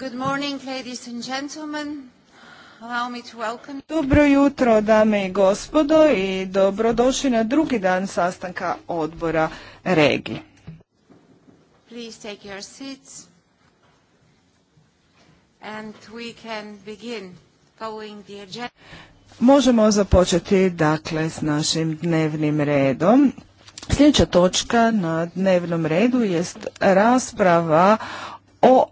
Good morning, ladies and gentlemen. Allow me to welcome. Dobro jutro, dame i gospodo, i dobrodošli na drugi dan sastanka odbora Regi. Please take your seats and we can begin following the agenda. Možemo započeti dakle s našim dnevnim redom. Sljedeća točka na dnevnom redu jest rasprava o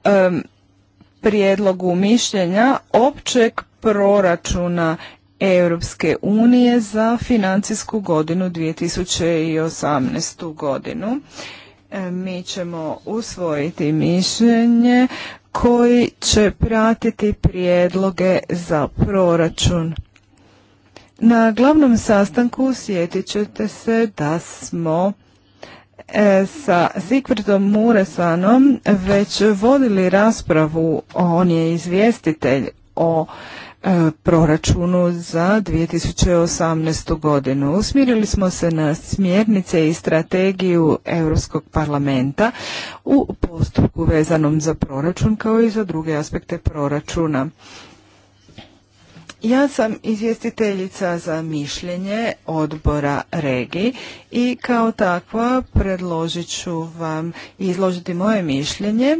prijedlogu mišljenja općeg proračuna Europske unije za financijsku godinu 2018. godinu. E, mi ćemo usvojiti mišljenje koji će pratiti prijedloge za proračun. Na glavnom sastanku sjetit ćete se da smo E, sa Sigvrdom Muresanom već vodili raspravu, on je izvjestitelj o e, proračunu za 2018. godinu. Usmjerili smo se na smjernice i strategiju Europskog parlamenta u postupku vezanom za proračun kao i za druge aspekte proračuna. Ja sam izvjestiteljica za mišljenje odbora Regi i kao takva predložit ću vam izložiti moje mišljenje.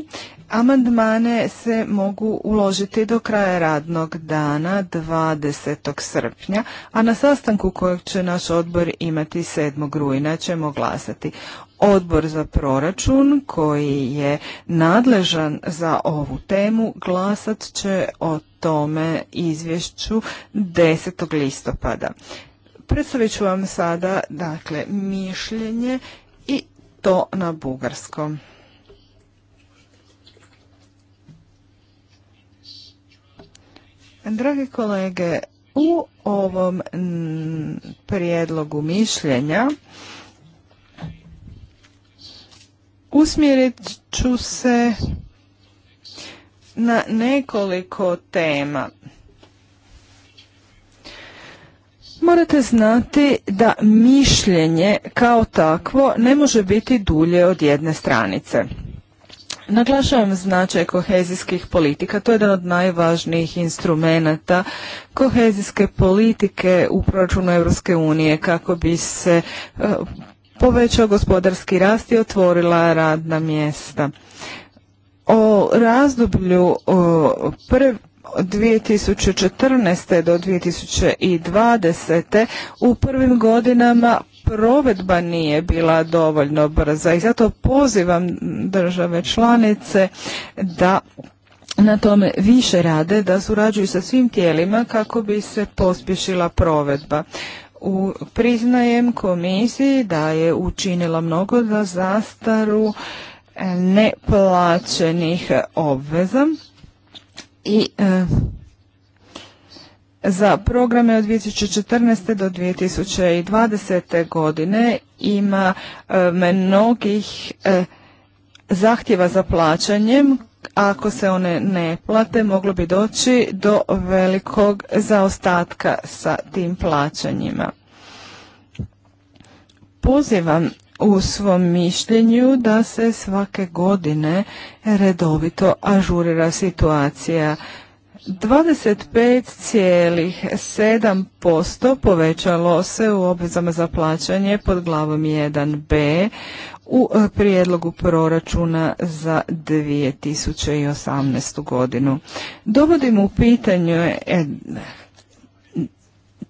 Amandmane se mogu uložiti do kraja radnog dana 20. srpnja, a na sastanku kojeg će naš odbor imati 7. rujna ćemo glasati. Odbor za proračun koji je nadležan za ovu temu glasat će o tome izvješću 10. listopada. Predstavit ću vam sada dakle, mišljenje i to na bugarskom. Dragi kolege, u ovom prijedlogu mišljenja Usmjerit ću se na nekoliko tema. Morate znati da mišljenje kao takvo ne može biti dulje od jedne stranice. Naglašavam značaj kohezijskih politika, to je jedan od najvažnijih instrumenata kohezijske politike u proračunu Europske unije kako bi se e, povećao gospodarski rast i otvorila radna mjesta. O razdoblju prv, 2014. do 2020. u prvim godinama provedba nije bila dovoljno brza i zato pozivam države članice da na tome više rade, da surađuju sa svim tijelima kako bi se pospješila provedba u, priznajem komisiji da je učinila mnogo za zastaru neplaćenih obveza i e, za programe od 2014. do 2020. godine ima e, mnogih e, zahtjeva za plaćanjem ako se one ne plate, moglo bi doći do velikog zaostatka sa tim plaćanjima. Pozivam u svom mišljenju da se svake godine redovito ažurira situacija 25,7% povećalo se u obvezama za plaćanje pod glavom 1b u e, prijedlogu proračuna za 2018. godinu. Dovodim u pitanje e,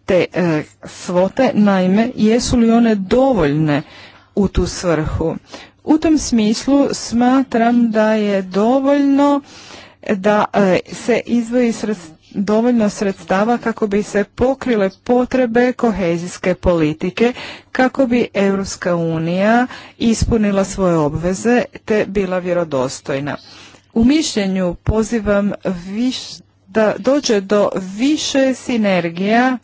te e, svote, naime, jesu li one dovoljne u tu svrhu? U tom smislu smatram da je dovoljno da e, se izvoji dovoljno sredstava kako bi se pokrile potrebe kohezijske politike, kako bi Europska unija ispunila svoje obveze te bila vjerodostojna. U mišljenju pozivam da dođe do više sinergija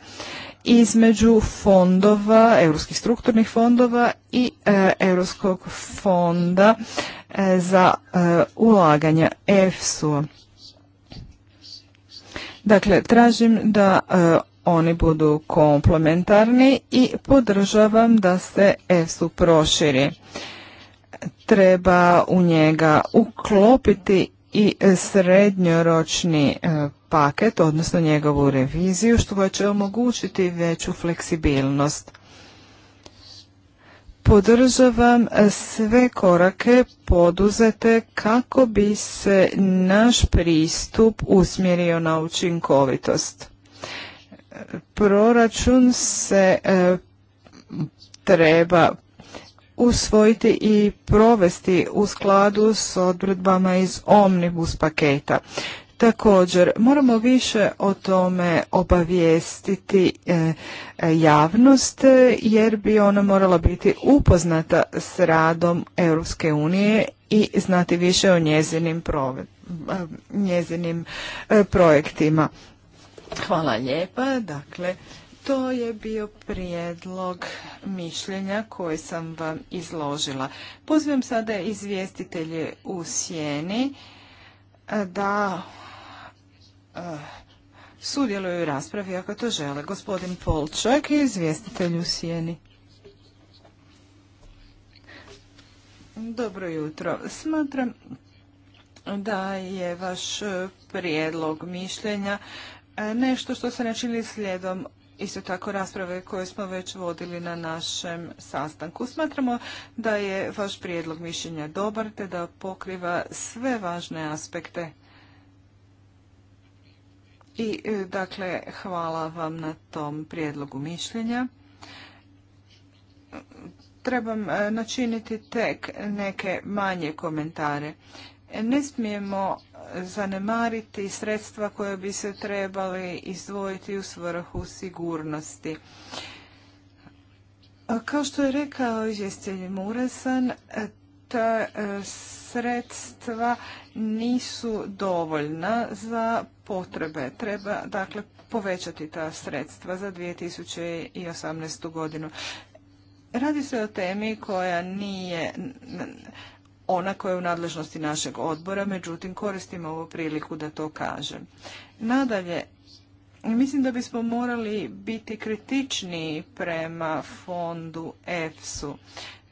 između fondova, europskih strukturnih fondova i e, Europskog fonda e, za e, ulaganja EFSU. Dakle, tražim da oni budu komplementarni i podržavam da se EFSU proširi. Treba u njega uklopiti i e, srednjoročni e, paket, odnosno njegovu reviziju, što će omogućiti veću fleksibilnost. Podržavam e, sve korake poduzete kako bi se naš pristup usmjerio na učinkovitost. Proračun se treba usvojiti i provesti u skladu s odredbama iz Omnibus paketa. Također, moramo više o tome obavijestiti e, javnost jer bi ona morala biti upoznata s radom Europske unije i znati više o njezinim, e, njezinim e, projektima. Hvala lijepa. Dakle, to je bio prijedlog mišljenja koje sam vam izložila. Pozivam sada izvjestitelje u sjeni eh, da eh, sudjeluju u raspravi ako to žele. Gospodin Polčak je izvjestitelj u sjeni. Dobro jutro. Smatram da je vaš prijedlog mišljenja eh, nešto što se ne čini slijedom isto tako rasprave koje smo već vodili na našem sastanku. Smatramo da je vaš prijedlog mišljenja dobar te da pokriva sve važne aspekte. I e, dakle, hvala vam na tom prijedlogu mišljenja. Trebam e, načiniti tek neke manje komentare. Ne smijemo zanemariti sredstva koja bi se trebali izdvojiti u svrhu sigurnosti. Kao što je rekao izvjestelj Muresan, ta e, sredstva nisu dovoljna za potrebe. Treba dakle povećati ta sredstva za 2018. godinu. Radi se o temi koja nije ona koja je u nadležnosti našeg odbora, međutim koristim ovu priliku da to kažem. Nadalje, mislim da bismo morali biti kritični prema fondu EFSU.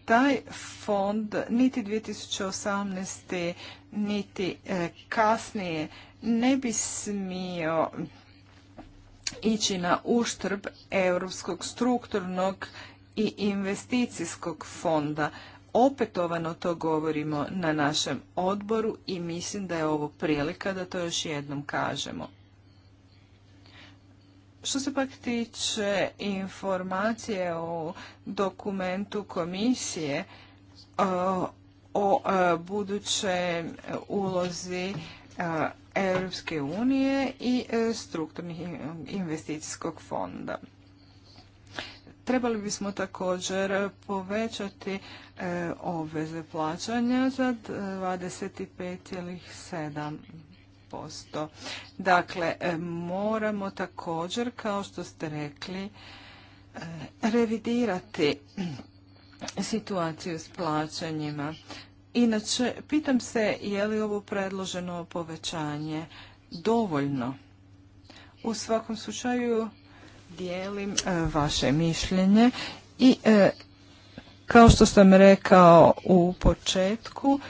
Taj fond niti 2018. niti e, kasnije ne bi smio ići na uštrb Europskog strukturnog i investicijskog fonda opetovano to govorimo na našem odboru i mislim da je ovo prilika da to još jednom kažemo. Što se pak tiče informacije o dokumentu komisije o e, budućem ulozi e, Europske unije i e, strukturnih investicijskog fonda. Trebali bismo također povećati e, obveze plaćanja za 25,7%. Posto. Dakle, e, moramo također, kao što ste rekli, e, revidirati situaciju s plaćanjima. Inače, pitam se je li ovo predloženo povećanje dovoljno. U svakom slučaju dijelim e, vaše mišljenje i e, kao što sam rekao u početku,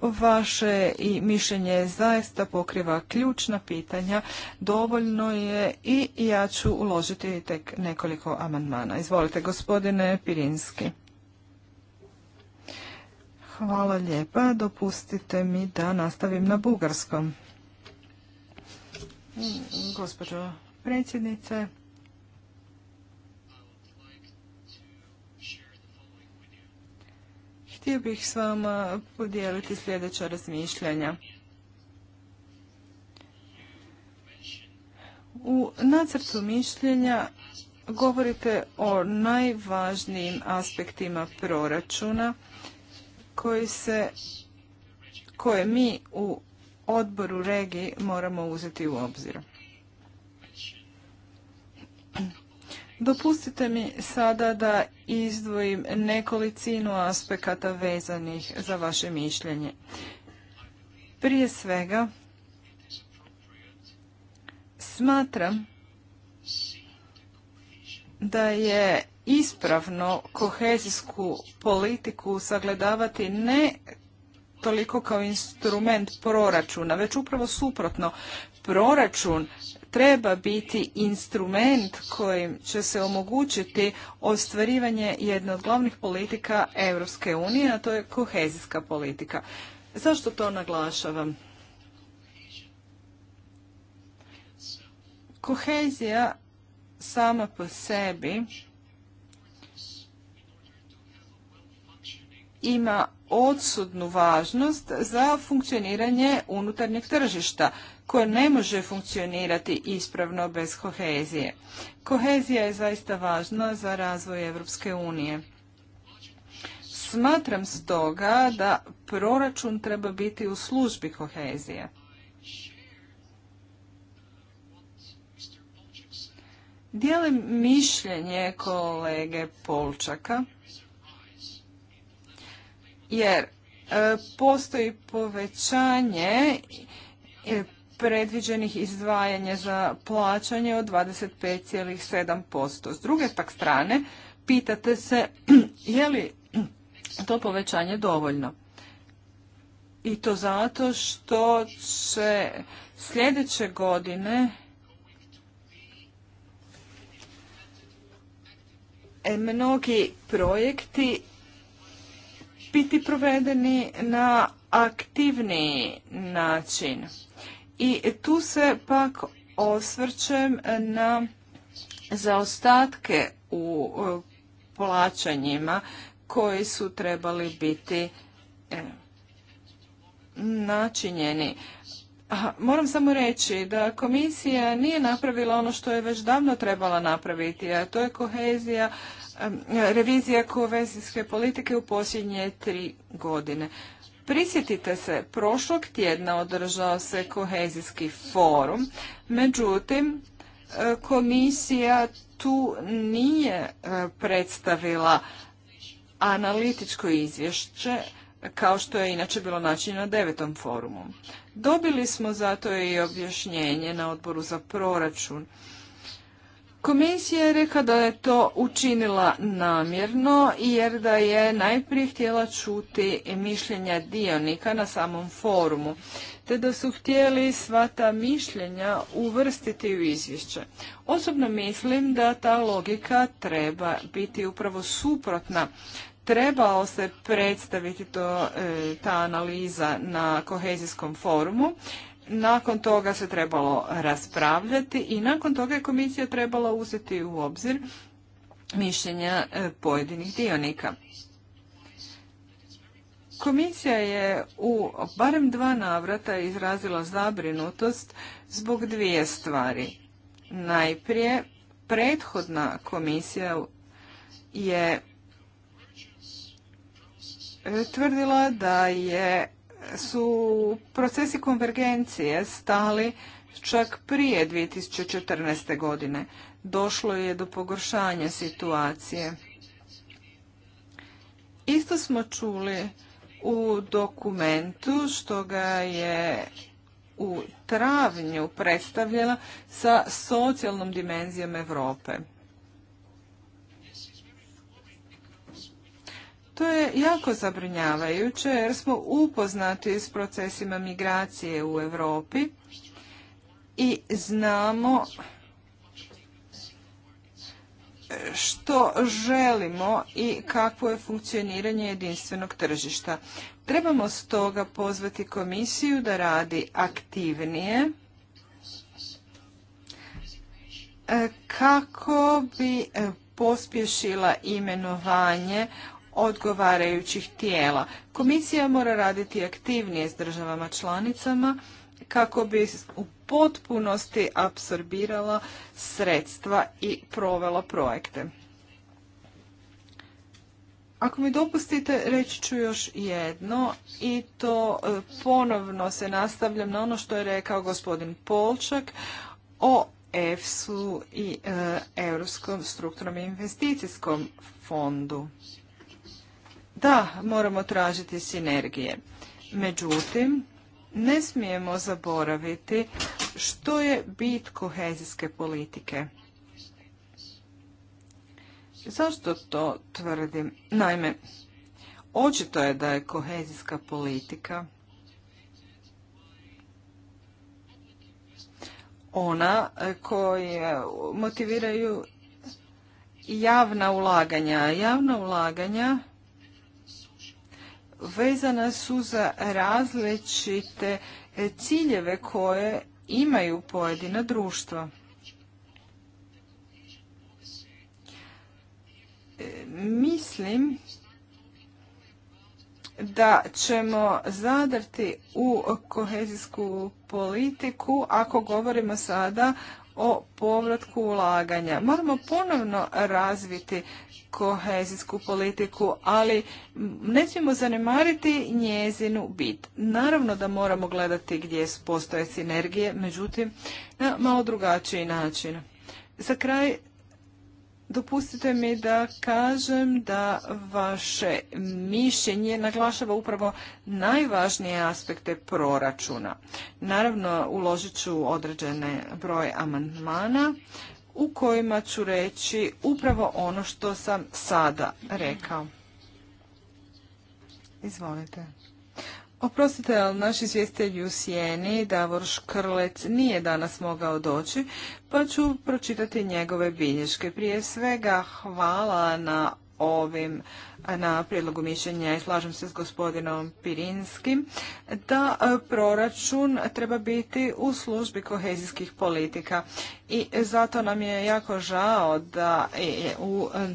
Vaše i mišljenje zaista pokriva ključna pitanja. Dovoljno je i ja ću uložiti tek nekoliko amandmana. Izvolite, gospodine Pirinski. Hvala lijepa. Dopustite mi da nastavim na bugarskom. Gospođo predsjednice, Htio bih s vama podijeliti sljedeća razmišljanja. U nacrtu mišljenja govorite o najvažnijim aspektima proračuna koji se, koje mi u odboru regiji moramo uzeti u obzir. Dopustite mi sada da izdvojim nekolicinu aspekata vezanih za vaše mišljenje. Prije svega, smatram da je ispravno kohezijsku politiku sagledavati ne toliko kao instrument proračuna, već upravo suprotno. Proračun treba biti instrument kojim će se omogućiti ostvarivanje jedne od glavnih politika Europske unije, a to je kohezijska politika. Zašto to naglašavam? Kohezija sama po sebi ima odsudnu važnost za funkcioniranje unutarnjeg tržišta koje ne može funkcionirati ispravno bez kohezije. Kohezija je zaista važna za razvoj Europske unije. Smatram stoga da proračun treba biti u službi kohezije. Dijelim mišljenje kolege Polčaka, jer e, postoji povećanje e, predviđenih izdvajanja za plaćanje od 25,7%. S druge pak strane, pitate se je li to povećanje dovoljno. I to zato što će sljedeće godine mnogi projekti biti provedeni na aktivni način. I tu se pak osvrćem na zaostatke u e, plaćanjima koji su trebali biti e, načinjeni. Moram samo reći da komisija nije napravila ono što je već davno trebala napraviti, a to je kohezija, e, revizija kohezijske politike u posljednje tri godine. Prisjetite se, prošlog tjedna održao se kohezijski forum, međutim, e, komisija tu nije e, predstavila analitičko izvješće, kao što je inače bilo načinjeno na devetom forumu. Dobili smo zato i objašnjenje na odboru za proračun Komisija je rekla da je to učinila namjerno jer da je najprije htjela čuti mišljenja dionika na samom forumu, te da su htjeli sva ta mišljenja uvrstiti u izvješće. Osobno mislim da ta logika treba biti upravo suprotna. Trebao se predstaviti to, e, ta analiza na kohezijskom forumu nakon toga se trebalo raspravljati i nakon toga je komisija trebala uzeti u obzir mišljenja e, pojedinih dionika. Komisija je u barem dva navrata izrazila zabrinutost zbog dvije stvari. Najprije, prethodna komisija je e, tvrdila da je su procesi konvergencije stali čak prije 2014. godine. Došlo je do pogoršanja situacije. Isto smo čuli u dokumentu što ga je u travnju predstavljala sa socijalnom dimenzijom Europe. To je jako zabrinjavajuće jer smo upoznati s procesima migracije u Europi i znamo što želimo i kakvo je funkcioniranje jedinstvenog tržišta. Trebamo stoga pozvati komisiju da radi aktivnije e, kako bi pospješila imenovanje odgovarajućih tijela. Komisija mora raditi aktivnije s državama članicama kako bi u potpunosti apsorbirala sredstva i provela projekte. Ako mi dopustite, reći ću još jedno i to e, ponovno se nastavljam na ono što je rekao gospodin Polčak o EFSU i e, Europskom strukturnom investicijskom fondu. Da, moramo tražiti sinergije. Međutim, ne smijemo zaboraviti što je bit kohezijske politike. Zašto to tvrdim? Naime, očito je da je kohezijska politika ona eh, koja eh, motiviraju javna ulaganja. Javna ulaganja vezana su za različite e, ciljeve koje imaju pojedina društva. E, mislim da ćemo zadrti u kohezijsku politiku ako govorimo sada o povratku ulaganja. Moramo ponovno razviti kohezijsku politiku, ali ne smijemo zanemariti njezinu bit. Naravno da moramo gledati gdje postoje sinergije, međutim na malo drugačiji način. Za kraj Dopustite mi da kažem da vaše mišljenje naglašava upravo najvažnije aspekte proračuna. Naravno, uložit ću određene broj amandmana u kojima ću reći upravo ono što sam sada rekao. Izvolite. Oprostite, ali naš izvjestitelj u Sijeni, Davor Škrlec, nije danas mogao doći, pa ću pročitati njegove bilješke. Prije svega, hvala na ovim na prijedlogu mišljenja i slažem se s gospodinom Pirinskim da e, proračun treba biti u službi kohezijskih politika i zato nam je jako žao da je u e,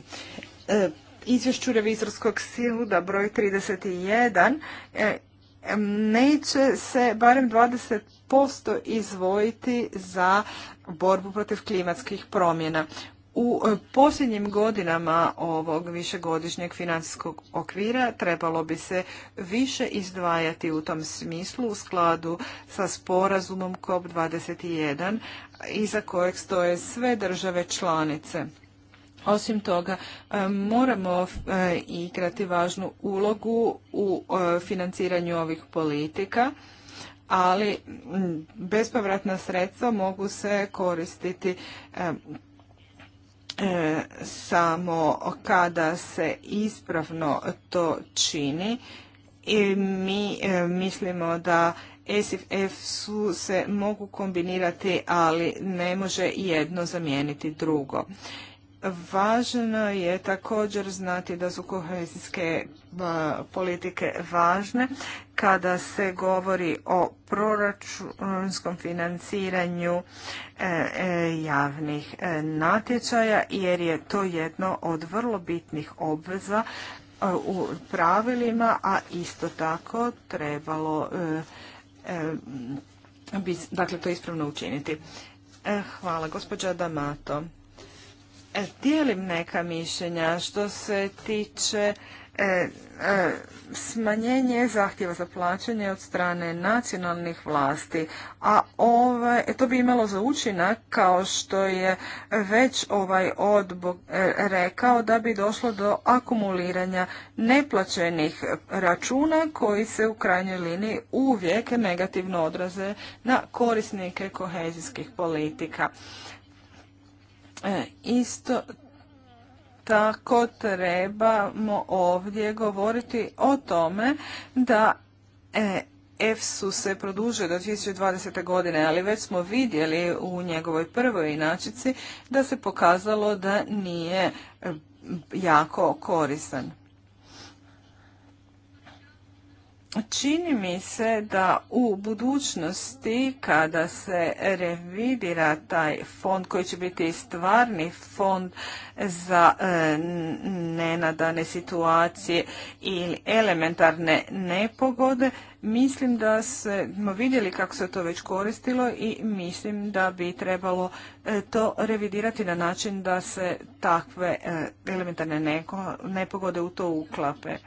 e, izvješću revizorskog siluda broj 31 neće se barem 20% izvojiti za borbu protiv klimatskih promjena. U e, posljednjim godinama ovog višegodišnjeg financijskog okvira trebalo bi se više izdvajati u tom smislu u skladu sa sporazumom COP21 iza kojeg stoje sve države članice. Osim toga, e, moramo e, igrati važnu ulogu u e, financiranju ovih politika, ali bespovratna sredstva mogu se koristiti samo kada se ispravno to čini. I mi mislimo da SFF su se mogu kombinirati, ali ne može jedno zamijeniti drugo. Važno je također znati da su kohezijske politike važne kada se govori o proračunskom financiranju e, e, javnih e, natječaja jer je to jedno od vrlo bitnih obveza u pravilima, a isto tako trebalo bi dakle to ispravno učiniti. Hvala gospođa Damato. E, dijelim neka mišljenja što se tiče e, e, smanjenje zahtjeva za plaćanje od strane nacionalnih vlasti, a ovaj, to bi imalo za učinak kao što je već ovaj odbog rekao da bi došlo do akumuliranja neplaćenih računa koji se u krajnjoj liniji uvijek negativno odraze na korisnike kohezijskih politika. E, isto tako trebamo ovdje govoriti o tome da e, EFSU se produžuje do 2020. godine, ali već smo vidjeli u njegovoj prvoj inačici da se pokazalo da nije e, jako koristan. Čini mi se da u budućnosti kada se revidira taj fond koji će biti stvarni fond za e, nenadane situacije ili elementarne nepogode, Mislim da smo vidjeli kako se to već koristilo i mislim da bi trebalo e, to revidirati na način da se takve e, elementarne nepogode u to uklape.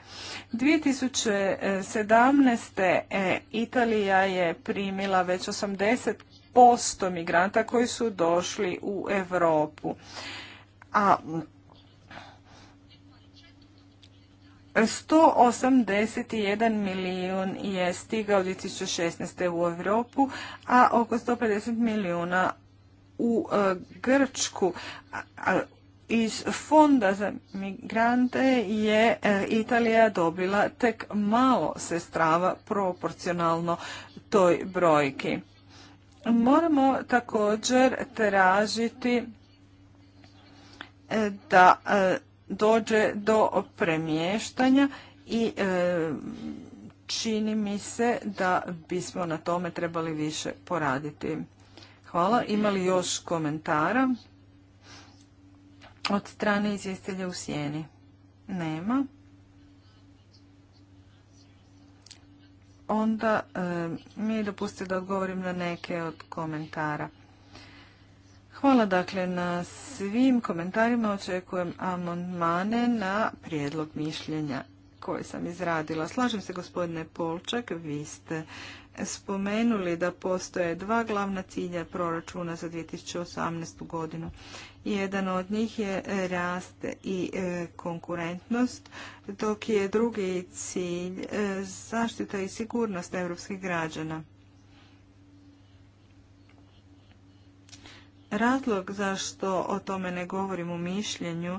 2017. E, Italija je primila već 80% migranta koji su došli u Europu. A 181 milijun je stigao 2016. u Europu, a oko 150 milijuna u e, Grčku. Iz fonda za migrante je e, Italija dobila tek malo sestrava proporcionalno toj brojki. Moramo također tražiti e, da dođe do premještanja i e, čini mi se da bismo na tome trebali više poraditi. Hvala. Ima li još komentara od strane izvjestelja u sjeni? Nema. Onda e, mi je dopustite da odgovorim na neke od komentara. Hvala dakle na svim komentarima. Očekujem amandmane na prijedlog mišljenja koje sam izradila. Slažem se gospodine Polčak, vi ste spomenuli da postoje dva glavna cilja proračuna za 2018. godinu. Jedan od njih je rast i e, konkurentnost, dok je drugi cilj e, zaštita i sigurnost europskih građana. Razlog zašto o tome ne govorim u mišljenju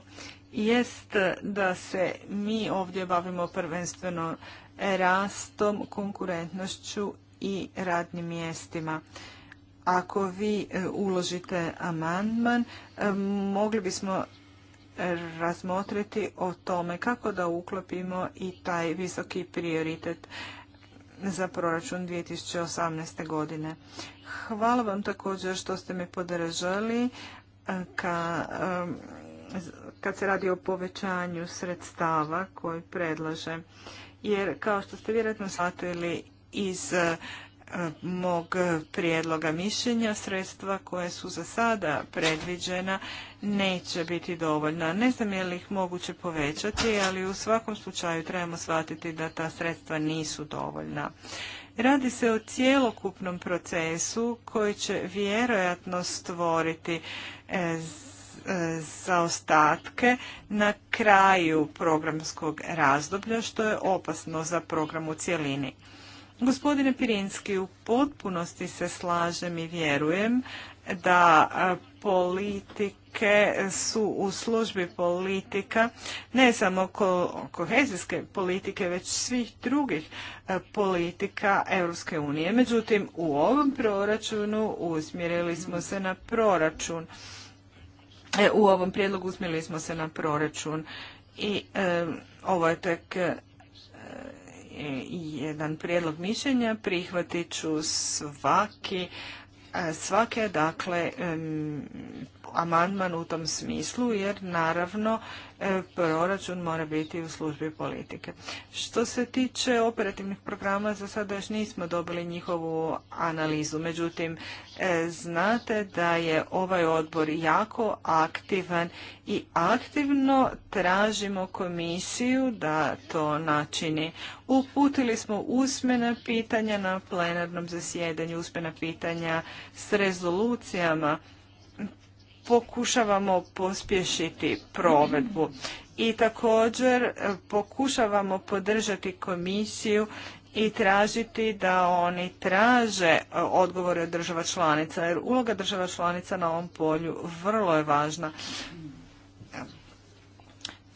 jest da se mi ovdje bavimo prvenstveno rastom, konkurentnošću i radnim mjestima. Ako vi e, uložite amandman, e, mogli bismo razmotriti o tome kako da uklopimo i taj visoki prioritet za proračun 2018. godine. Hvala vam također što ste me podržali e, e, kad se radi o povećanju sredstava koji predlaže. Jer kao što ste vjerojatno shvatili iz mog prijedloga mišljenja sredstva koje su za sada predviđena neće biti dovoljna. Ne znam je li ih moguće povećati, ali u svakom slučaju trebamo shvatiti da ta sredstva nisu dovoljna. Radi se o cjelokupnom procesu koji će vjerojatno stvoriti e, e, zaostatke na kraju programskog razdoblja, što je opasno za program u cjelini. Gospodine Pirinski, u potpunosti se slažem i vjerujem da politike su u službi politika, ne samo kohezijske politike, već svih drugih politika Europske unije. Međutim, u ovom proračunu usmjerili smo se na proračun. E, u ovom prijedlogu usmjerili smo se na proračun i e, ovo je tek jedan prijedlog mišljenja, prihvatit ću svaki e, svake dakle amandman u tom smislu jer naravno e, proračun mora biti u službi politike. Što se tiče operativnih programa, za sada još nismo dobili njihovu analizu. Međutim, e, znate da je ovaj odbor jako aktivan i aktivno tražimo komisiju da to načini. Uputili smo usmena pitanja na plenarnom zasjedanju, usmena pitanja s rezolucijama pokušavamo pospješiti provedbu i također e, pokušavamo podržati komisiju i tražiti da oni traže e, odgovore od država članica jer uloga država članica na ovom polju vrlo je važna.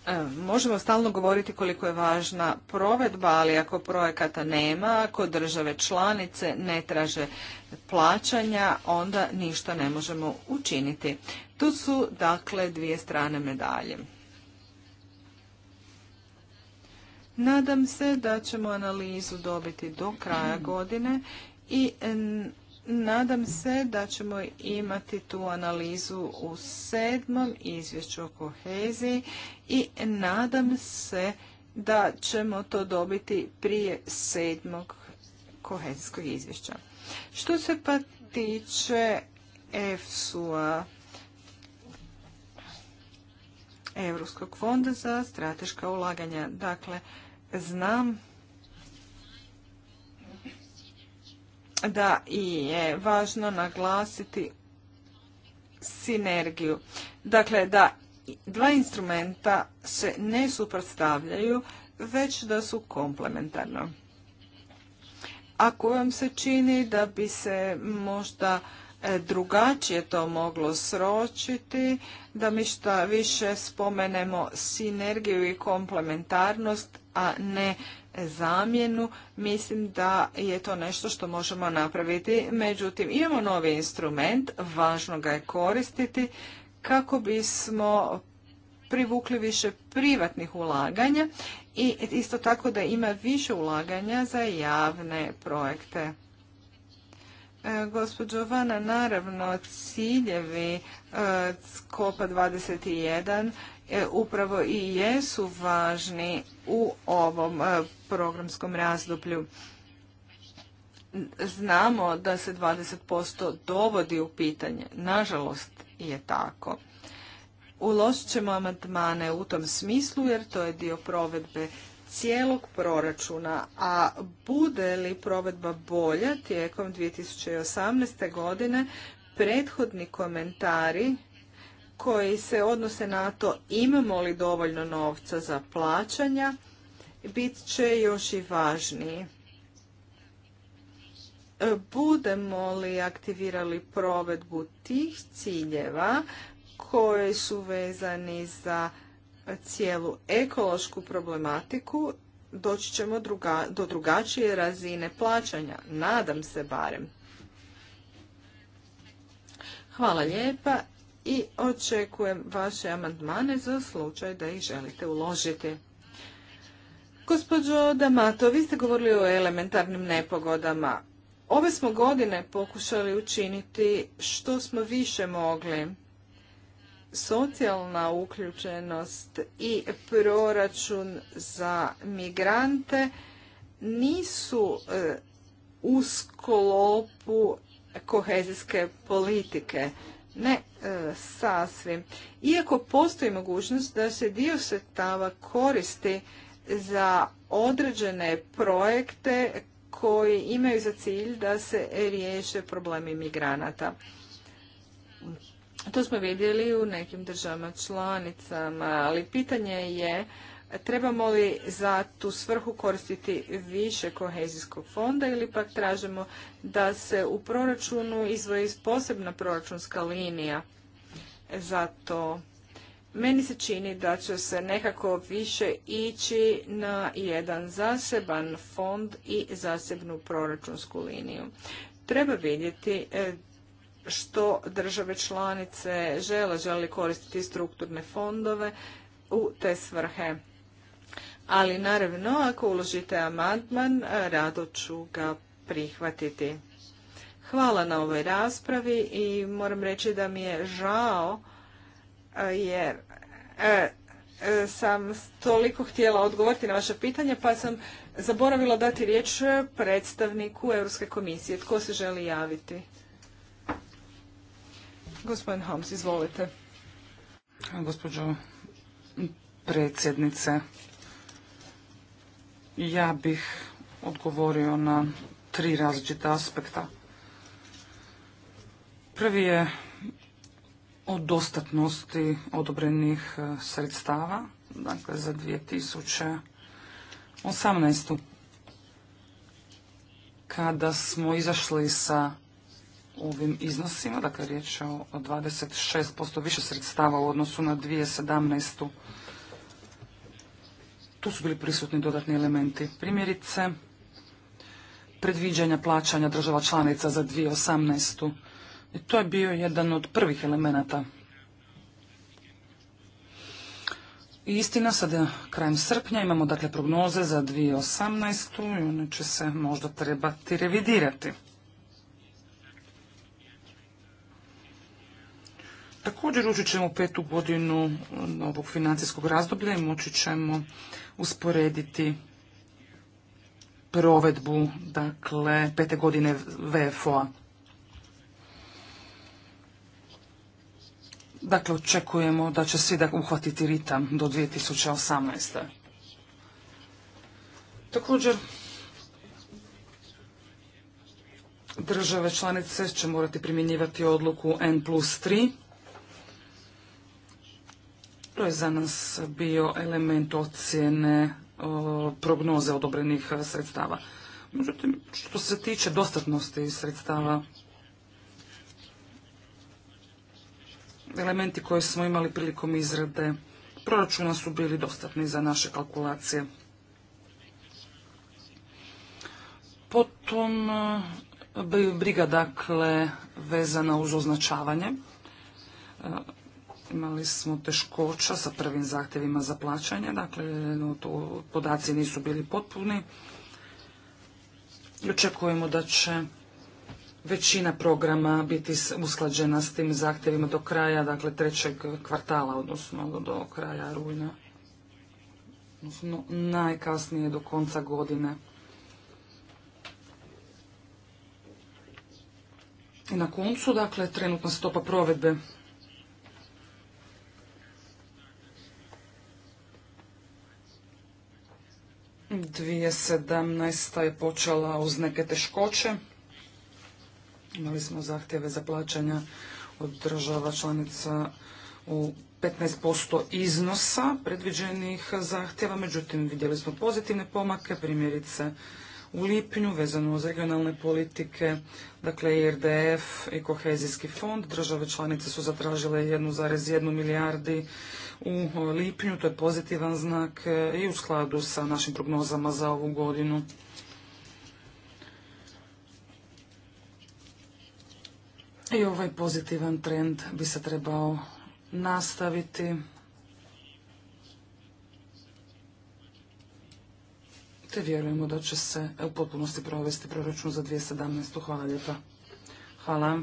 E, možemo stalno govoriti koliko je važna provedba, ali ako projekata nema, ako države članice ne traže plaćanja, onda ništa ne možemo učiniti. Tu su dakle dvije strane medalje. Nadam se da ćemo analizu dobiti do kraja hmm. godine i nadam se da ćemo imati tu analizu u sedmom izvješću o koheziji i nadam se da ćemo to dobiti prije sedmog kohezijskog izvješća. Što se pa tiče EFSU-a, Europskog fonda za strateška ulaganja. Dakle, znam da i je važno naglasiti sinergiju. Dakle, da dva instrumenta se ne suprotstavljaju, već da su komplementarno. Ako vam se čini da bi se možda e, drugačije to moglo sročiti, da mi šta više spomenemo sinergiju i komplementarnost, a ne zamjenu, mislim da je to nešto što možemo napraviti. Međutim, imamo novi instrument, važno ga je koristiti kako bismo privukli više privatnih ulaganja i isto tako da ima više ulaganja za javne projekte. E, Gospod Jovana, naravno ciljevi e, Skopa 21 e, upravo i jesu važni u ovom programskom razdoblju. Znamo da se 20% dovodi u pitanje. Nažalost je tako. Uložit ćemo amandmane u tom smislu jer to je dio provedbe cijelog proračuna, a bude li provedba bolja tijekom 2018. godine, prethodni komentari koji se odnose na to imamo li dovoljno novca za plaćanja, bit će još i važniji. Budemo li aktivirali provedbu tih ciljeva, koji su vezani za cijelu ekološku problematiku, doći ćemo druga, do drugačije razine plaćanja, nadam se barem. Hvala lijepa i očekujem vaše amandmane za slučaj da ih želite uložiti. Gospođo Damato, vi ste govorili o elementarnim nepogodama. Ove smo godine pokušali učiniti što smo više mogli socijalna uključenost i proračun za migrante nisu e, u sklopu kohezijske politike. Ne e, sasvim. Iako postoji mogućnost da se dio sredstava koristi za određene projekte koji imaju za cilj da se riješe problemi migranata. To smo vidjeli u nekim državama članicama, ali pitanje je trebamo li za tu svrhu koristiti više kohezijskog fonda ili pak tražimo da se u proračunu izvoji posebna proračunska linija za to. Meni se čini da će se nekako više ići na jedan zaseban fond i zasebnu proračunsku liniju. Treba vidjeti e, što države članice žele, žele koristiti strukturne fondove u te svrhe. Ali naravno, ako uložite amandman, rado ću ga prihvatiti. Hvala na ovoj raspravi i moram reći da mi je žao e, jer e, e, sam toliko htjela odgovoriti na vaše pitanje pa sam zaboravila dati riječ predstavniku Europske komisije. Tko se želi javiti? Gospodin Hams, izvolite. Gospođo predsjednice, ja bih odgovorio na tri različita aspekta. Prvi je o dostatnosti odobrenih e, sredstava, dakle za 2018. Kada smo izašli sa ovim iznosima, dakle riječ je o 26% više sredstava u odnosu na 2017. Tu su bili prisutni dodatni elementi. Primjerice, predviđanja plaćanja država članica za 2018. I to je bio jedan od prvih elemenata. I istina sada krajem srpnja imamo dakle prognoze za 2018. i one će se možda trebati revidirati. Također ući ćemo u petu godinu eh, novog financijskog razdoblja i moći ćemo usporediti provedbu dakle pete godine VFO-a. Dakle, očekujemo da će svi da uhvatiti ritam do 2018. Također, države članice će morati primjenjivati odluku N plus to je za nas bio element ocjene e, prognoze odobrenih e, sredstava. Međutim, što se tiče dostatnosti sredstava, elementi koje smo imali prilikom izrade proračuna su bili dostatni za naše kalkulacije. Potom e, briga dakle vezana uz označavanje. Imali smo teškoća sa prvim zahtjevima za plaćanje, dakle to podaci nisu bili potpuni. I očekujemo da će većina programa biti usklađena s tim zahtjevima do kraja, dakle trećeg kvartala, odnosno do kraja rujna, odnosno najkasnije do konca godine. I na koncu, dakle, trenutna stopa provedbe 2017. je počela uz neke teškoće. Imali smo zahtjeve za plaćanja od država članica u 15% iznosa predviđenih zahtjeva, međutim vidjeli smo pozitivne pomake, primjerice u lipnju vezano uz regionalne politike, dakle RDF, i kohezijski fond. Države članice su zatražile 1,1 milijardi u lipnju, to je pozitivan znak e, i u skladu sa našim prognozama za ovu godinu. I ovaj pozitivan trend bi se trebao nastaviti. Te vjerujemo da će se e, u potpunosti provesti proračun za 2017. Hvala lijepa. Hvala.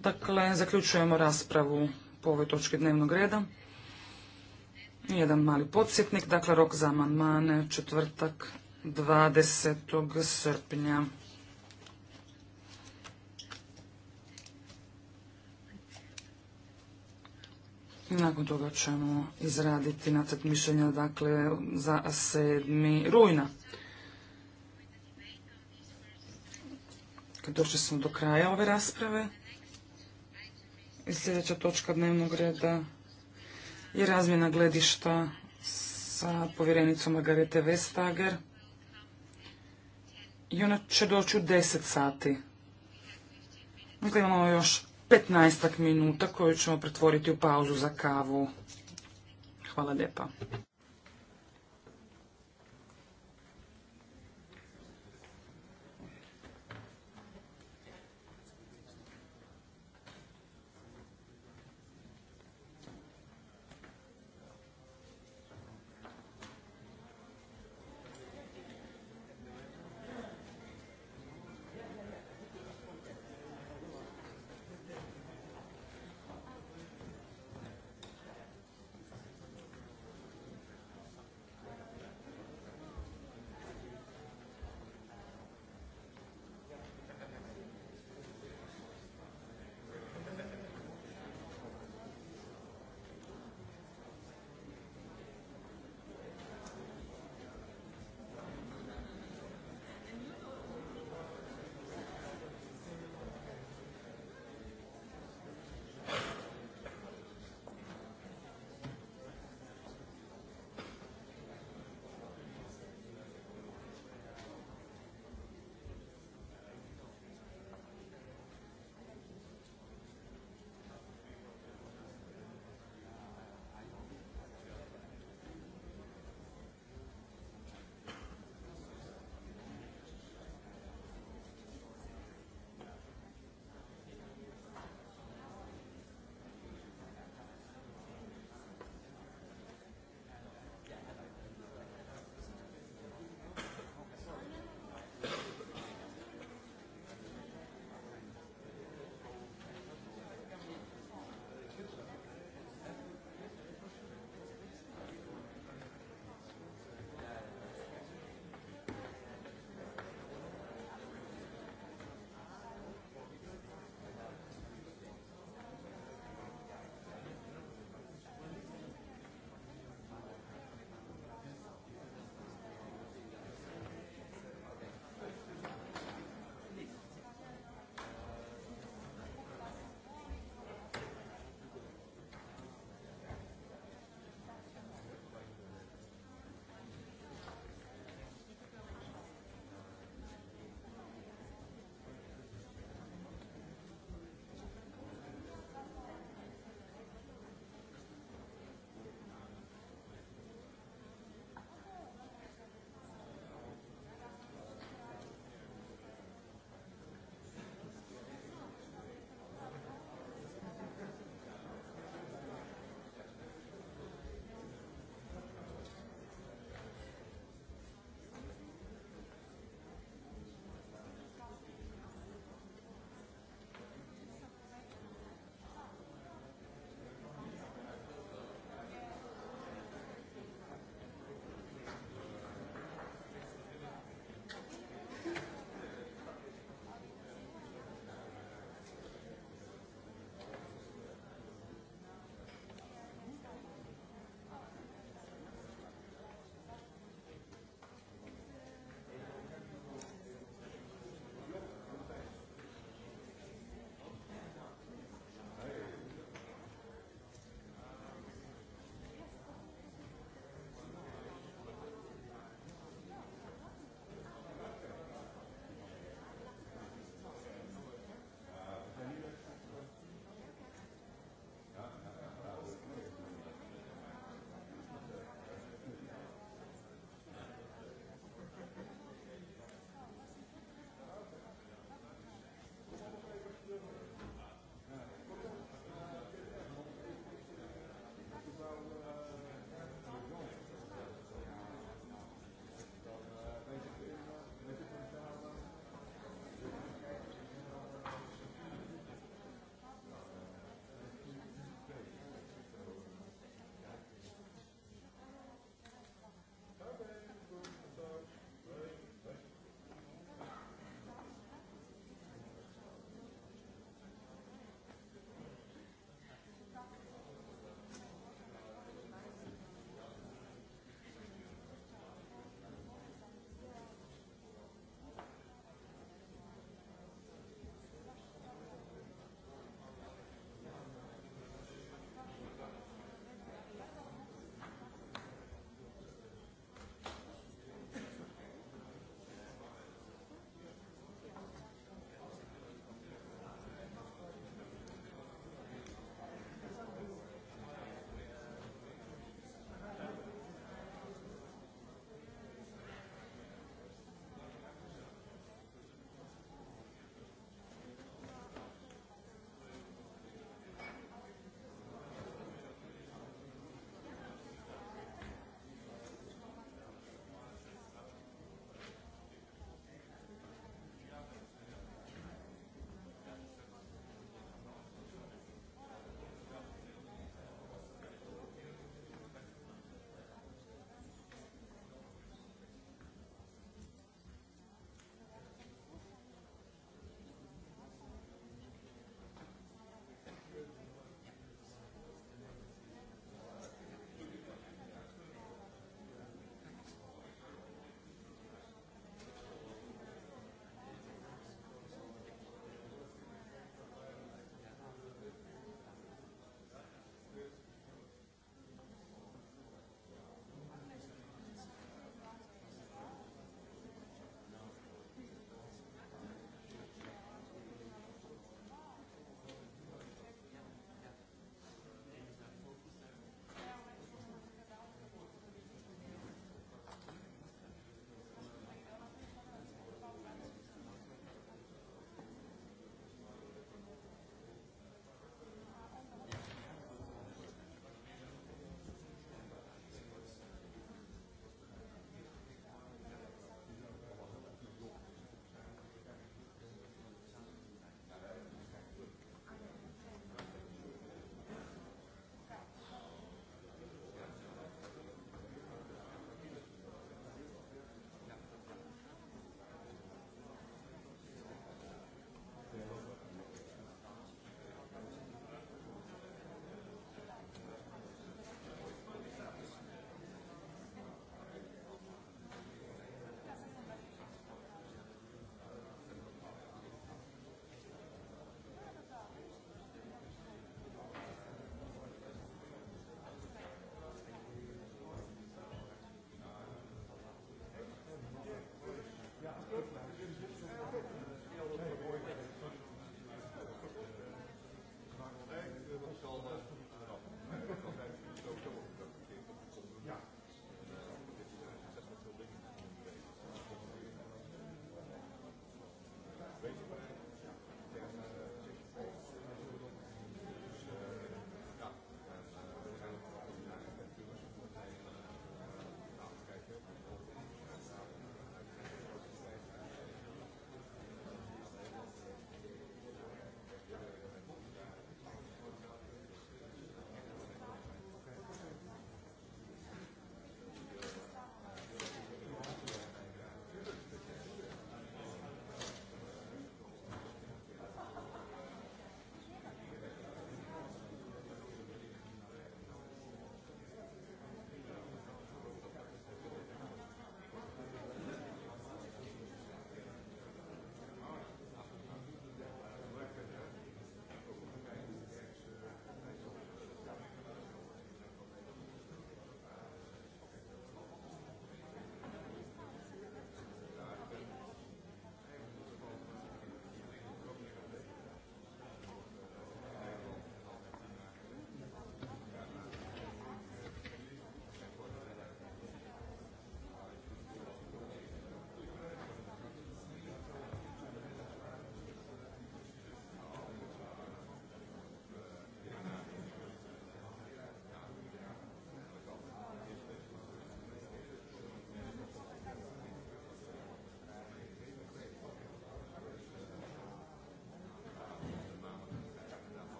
Dakle, zaključujemo raspravu po ovoj točki dnevnog reda. Jedan mali podsjetnik, dakle rok za amandmane četvrtak 20. srpnja. Nakon toga ćemo izraditi nacrt mišljenja dakle, za 7. rujna. Došli smo do kraja ove rasprave sljedeća točka dnevnog reda je razmjena gledišta sa povjerenicom Margarete Vestager. I ona će doći u 10 sati. Dakle, imamo još 15 minuta koju ćemo pretvoriti u pauzu za kavu. Hvala lijepa.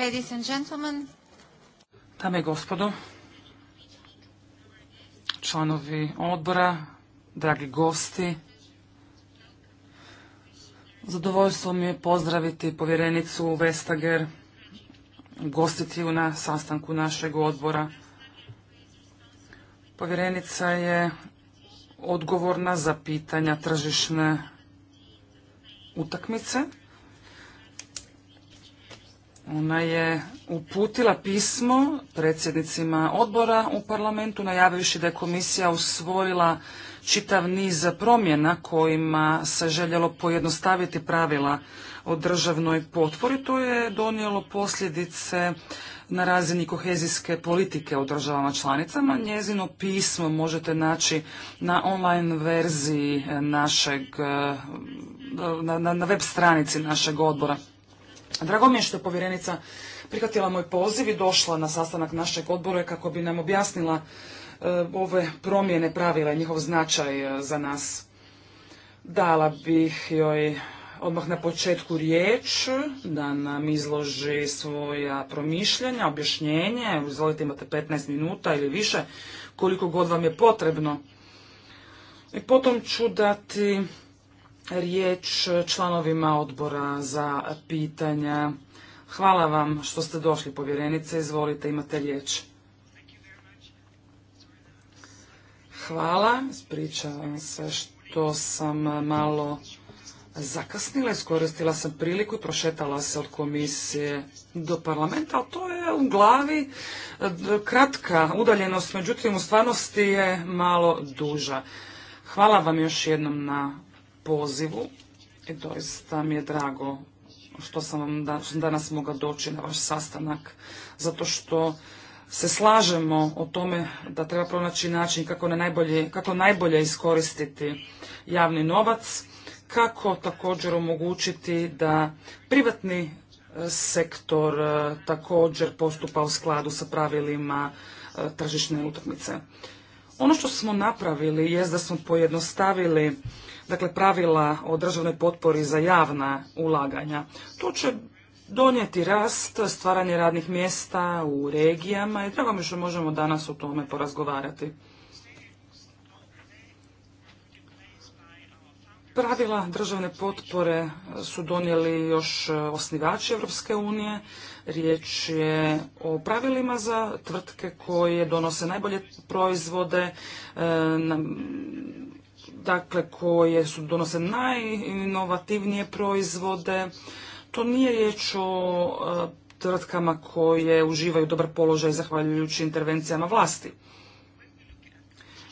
Ladies and gentlemen. Dame i gospodo, članovi odbora, dragi gosti, zadovoljstvo mi je pozdraviti povjerenicu Vestager, gostiti na sastanku našeg odbora. Povjerenica je odgovorna za pitanja tržišne utakmice ona je uputila pismo predsjednicima odbora u parlamentu najavivši da je komisija usvojila čitav niz promjena kojima se željelo pojednostaviti pravila o državnoj potpori. To je donijelo posljedice na razini kohezijske politike u državama članicama. Njezino pismo možete naći na online verziji našeg, na, na web stranici našeg odbora. Drago mi je što je povjerenica prihvatila moj poziv i došla na sastanak našeg odbora kako bi nam objasnila e, ove promjene pravila i njihov značaj e, za nas. Dala bih joj odmah na početku riječ da nam izloži svoja promišljanja, objašnjenje. Izvolite, imate 15 minuta ili više, koliko god vam je potrebno. I potom ću dati riječ članovima odbora za pitanja. Hvala vam što ste došli, povjerenice. Izvolite, imate riječ. Hvala. Ispričavam se što sam malo zakasnila. Iskoristila sam priliku i prošetala se od komisije do parlamenta, ali to je u glavi e, kratka udaljenost, međutim u stvarnosti je malo duža. Hvala vam još jednom na pozivu i doista mi je drago što sam vam danas mogla doći na vaš sastanak, zato što se slažemo o tome da treba pronaći način kako, na najbolje, kako najbolje iskoristiti javni novac, kako također omogućiti da privatni e, sektor e, također postupa u skladu sa pravilima e, tržišne utakmice. Ono što smo napravili je da smo pojednostavili dakle, pravila o državnoj potpori za javna ulaganja. To će donijeti rast, stvaranje radnih mjesta u regijama i drago mi što možemo danas o tome porazgovarati. Pravila državne potpore su donijeli još osnivači Europske unije Riječ je o pravilima za tvrtke koje donose najbolje proizvode, e, dakle koje su donose najinovativnije proizvode. To nije riječ o e, tvrtkama koje uživaju dobar položaj zahvaljujući intervencijama vlasti.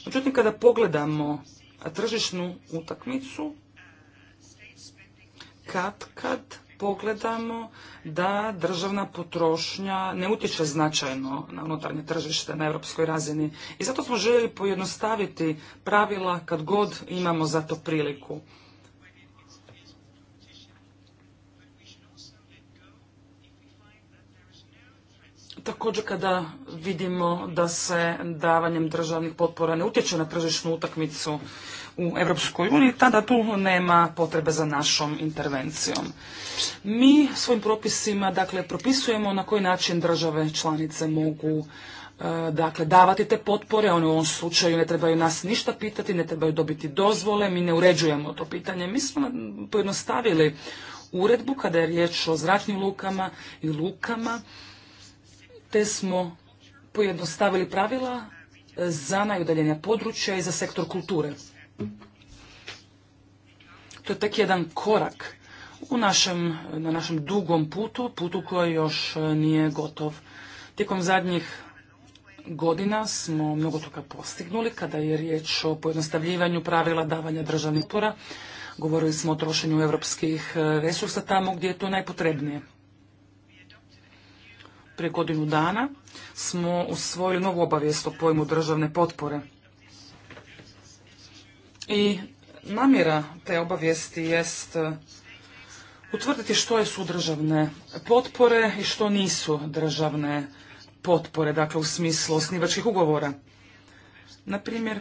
Međutim, kada pogledamo tržišnu utakmicu, kad kad pogledamo da državna potrošnja ne utječe značajno na unutarnje tržište na europskoj razini i zato smo željeli pojednostaviti pravila kad god imamo za to priliku. Također kada vidimo da se davanjem državnih potpora ne utječe na tržišnu utakmicu u EU tada tu nema potrebe za našom intervencijom. Mi svojim propisima, dakle, propisujemo na koji način države članice mogu e, dakle davati te potpore, one u ovom slučaju ne trebaju nas ništa pitati, ne trebaju dobiti dozvole, mi ne uređujemo to pitanje. Mi smo pojednostavili uredbu kada je riječ o zračnim lukama i lukama, te smo pojednostavili pravila za najudaljenja područja i za sektor kulture. To je tek jedan korak u našem, na našem dugom putu, putu koji još e, nije gotov. Tijekom zadnjih godina smo mnogo toga postignuli kada je riječ o pojednostavljivanju pravila davanja državnih pora. Govorili smo o trošenju europskih e, resursa tamo gdje je to najpotrebnije. Prije godinu dana smo usvojili novu obavijest o pojmu državne potpore. I namjera te obavijesti jest e, utvrditi što je su državne potpore i što nisu državne potpore, dakle u smislu osnivačkih ugovora. Naprimjer,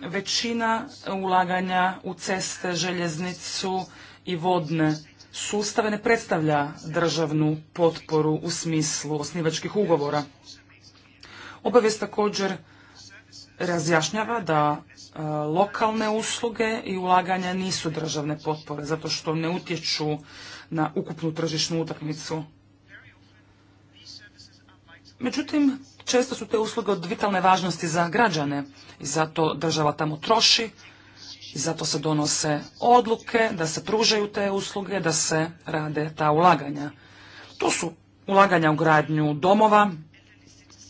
većina ulaganja u ceste, željeznicu i vodne sustave ne predstavlja državnu potporu u smislu osnivačkih ugovora. Obavijest također razjašnjava da E, lokalne usluge i ulaganja nisu državne potpore zato što ne utječu na ukupnu tržišnu utakmicu. Međutim, često su te usluge od vitalne važnosti za građane i zato država tamo troši i zato se donose odluke da se pružaju te usluge, da se rade ta ulaganja. To su ulaganja u gradnju domova,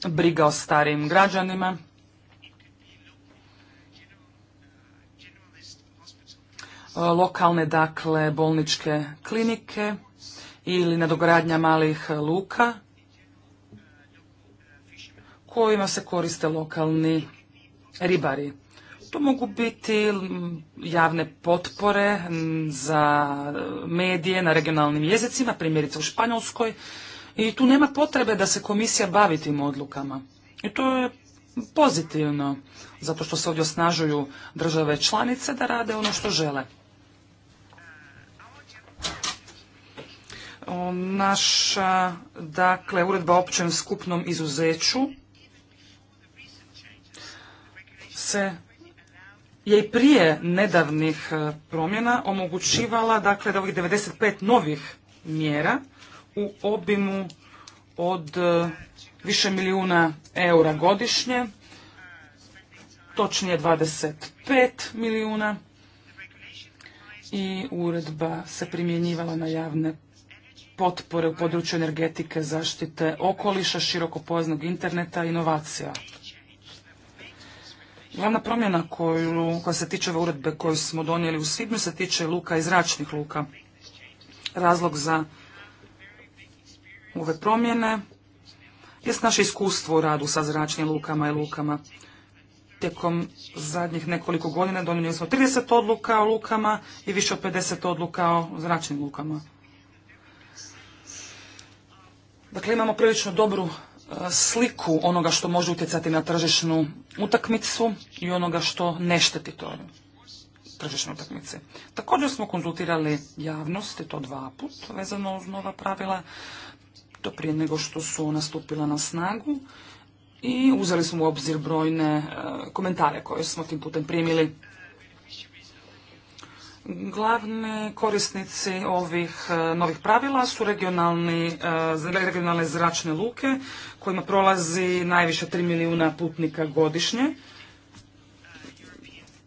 briga o starijim građanima, E, lokalne, dakle, bolničke klinike ili nadogradnja malih luka kojima se koriste lokalni ribari. To mogu biti javne potpore za medije na regionalnim jezicima, primjerice u Španjolskoj, i tu nema potrebe da se komisija bavi tim odlukama. I to je pozitivno, zato što se ovdje osnažuju države članice da rade ono što žele. naša dakle, uredba o općem skupnom izuzeću se je i prije nedavnih e, promjena omogućivala dakle da ovih 95 novih mjera u obimu od e, više milijuna eura godišnje, točnije 25 milijuna i uredba se primjenjivala na javne potpore u području energetike, zaštite okoliša, širokopoznog interneta i inovacija. Glavna promjena koja se tiče ove uredbe koju smo donijeli u svibnju se tiče luka i zračnih luka. Razlog za ove promjene jest naše iskustvo u radu sa zračnim lukama i lukama. Tijekom zadnjih nekoliko godina donijeli smo 30 odluka o lukama i više od 50 odluka o zračnim lukama. Dakle, imamo prilično dobru e, sliku onoga što može utjecati na tržišnu utakmicu i onoga što ne šteti to tržišne utakmice. Također smo konzultirali javnost, i to dva put, vezano uz nova pravila, to prije nego što su nastupila na snagu i uzeli smo u obzir brojne e, komentare koje smo tim putem primili. Glavni korisnici ovih e, novih pravila su e, regionalne zračne luke kojima prolazi najviše 3 milijuna putnika godišnje.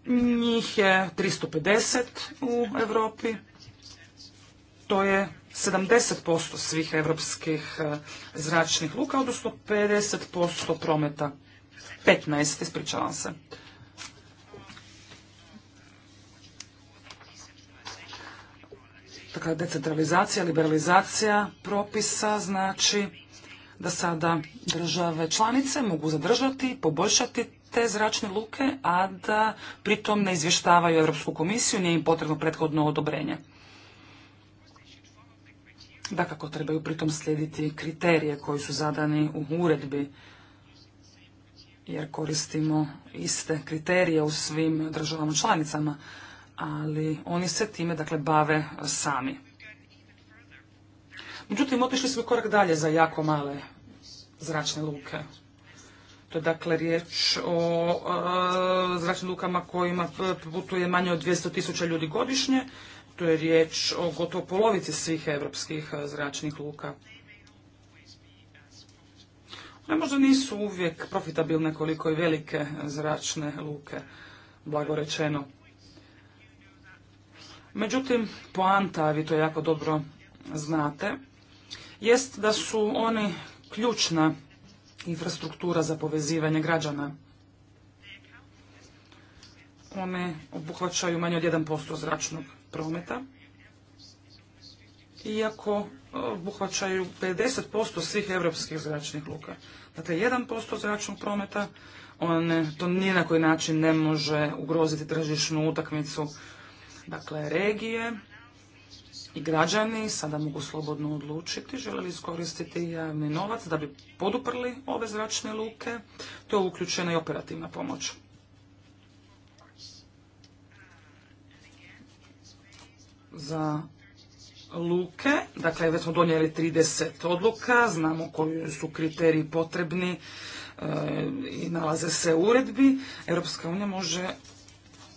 Njih je 350 u Europi. To je 70% svih europskih e, zračnih luka, odnosno 50% prometa. 15, ispričavam se. Dakle, decentralizacija, liberalizacija propisa znači da sada države članice mogu zadržati, poboljšati te zračne luke, a da pritom ne izvještavaju Europsku komisiju, nije im potrebno prethodno odobrenje. kako trebaju pritom slijediti kriterije koji su zadani u uredbi, jer koristimo iste kriterije u svim državama članicama ali oni se time dakle bave sami. Međutim, otišli smo korak dalje za jako male zračne luke. To je dakle riječ o e, zračnim lukama kojima putuje manje od 200 tisuća ljudi godišnje. To je riječ o gotovo polovici svih evropskih e, zračnih luka. ne možda nisu uvijek profitabilne koliko i velike zračne luke, blagorečeno. rečeno. Međutim, poanta, vi to jako dobro znate, jest da su oni ključna infrastruktura za povezivanje građana. One obuhvaćaju manje od 1% zračnog prometa, iako e, obuhvaćaju 50% svih europskih zračnih luka. Dakle, 1% zračnog prometa, on to ni na koji način ne može ugroziti tržišnu utakmicu Dakle, regije i građani sada mogu slobodno odlučiti žele li iskoristiti javni novac da bi poduprli ove zračne luke. To je uključena i operativna pomoć. Za luke, dakle već smo donijeli 30 odluka, znamo koji su kriteriji potrebni e, i nalaze se u uredbi. Europska unija može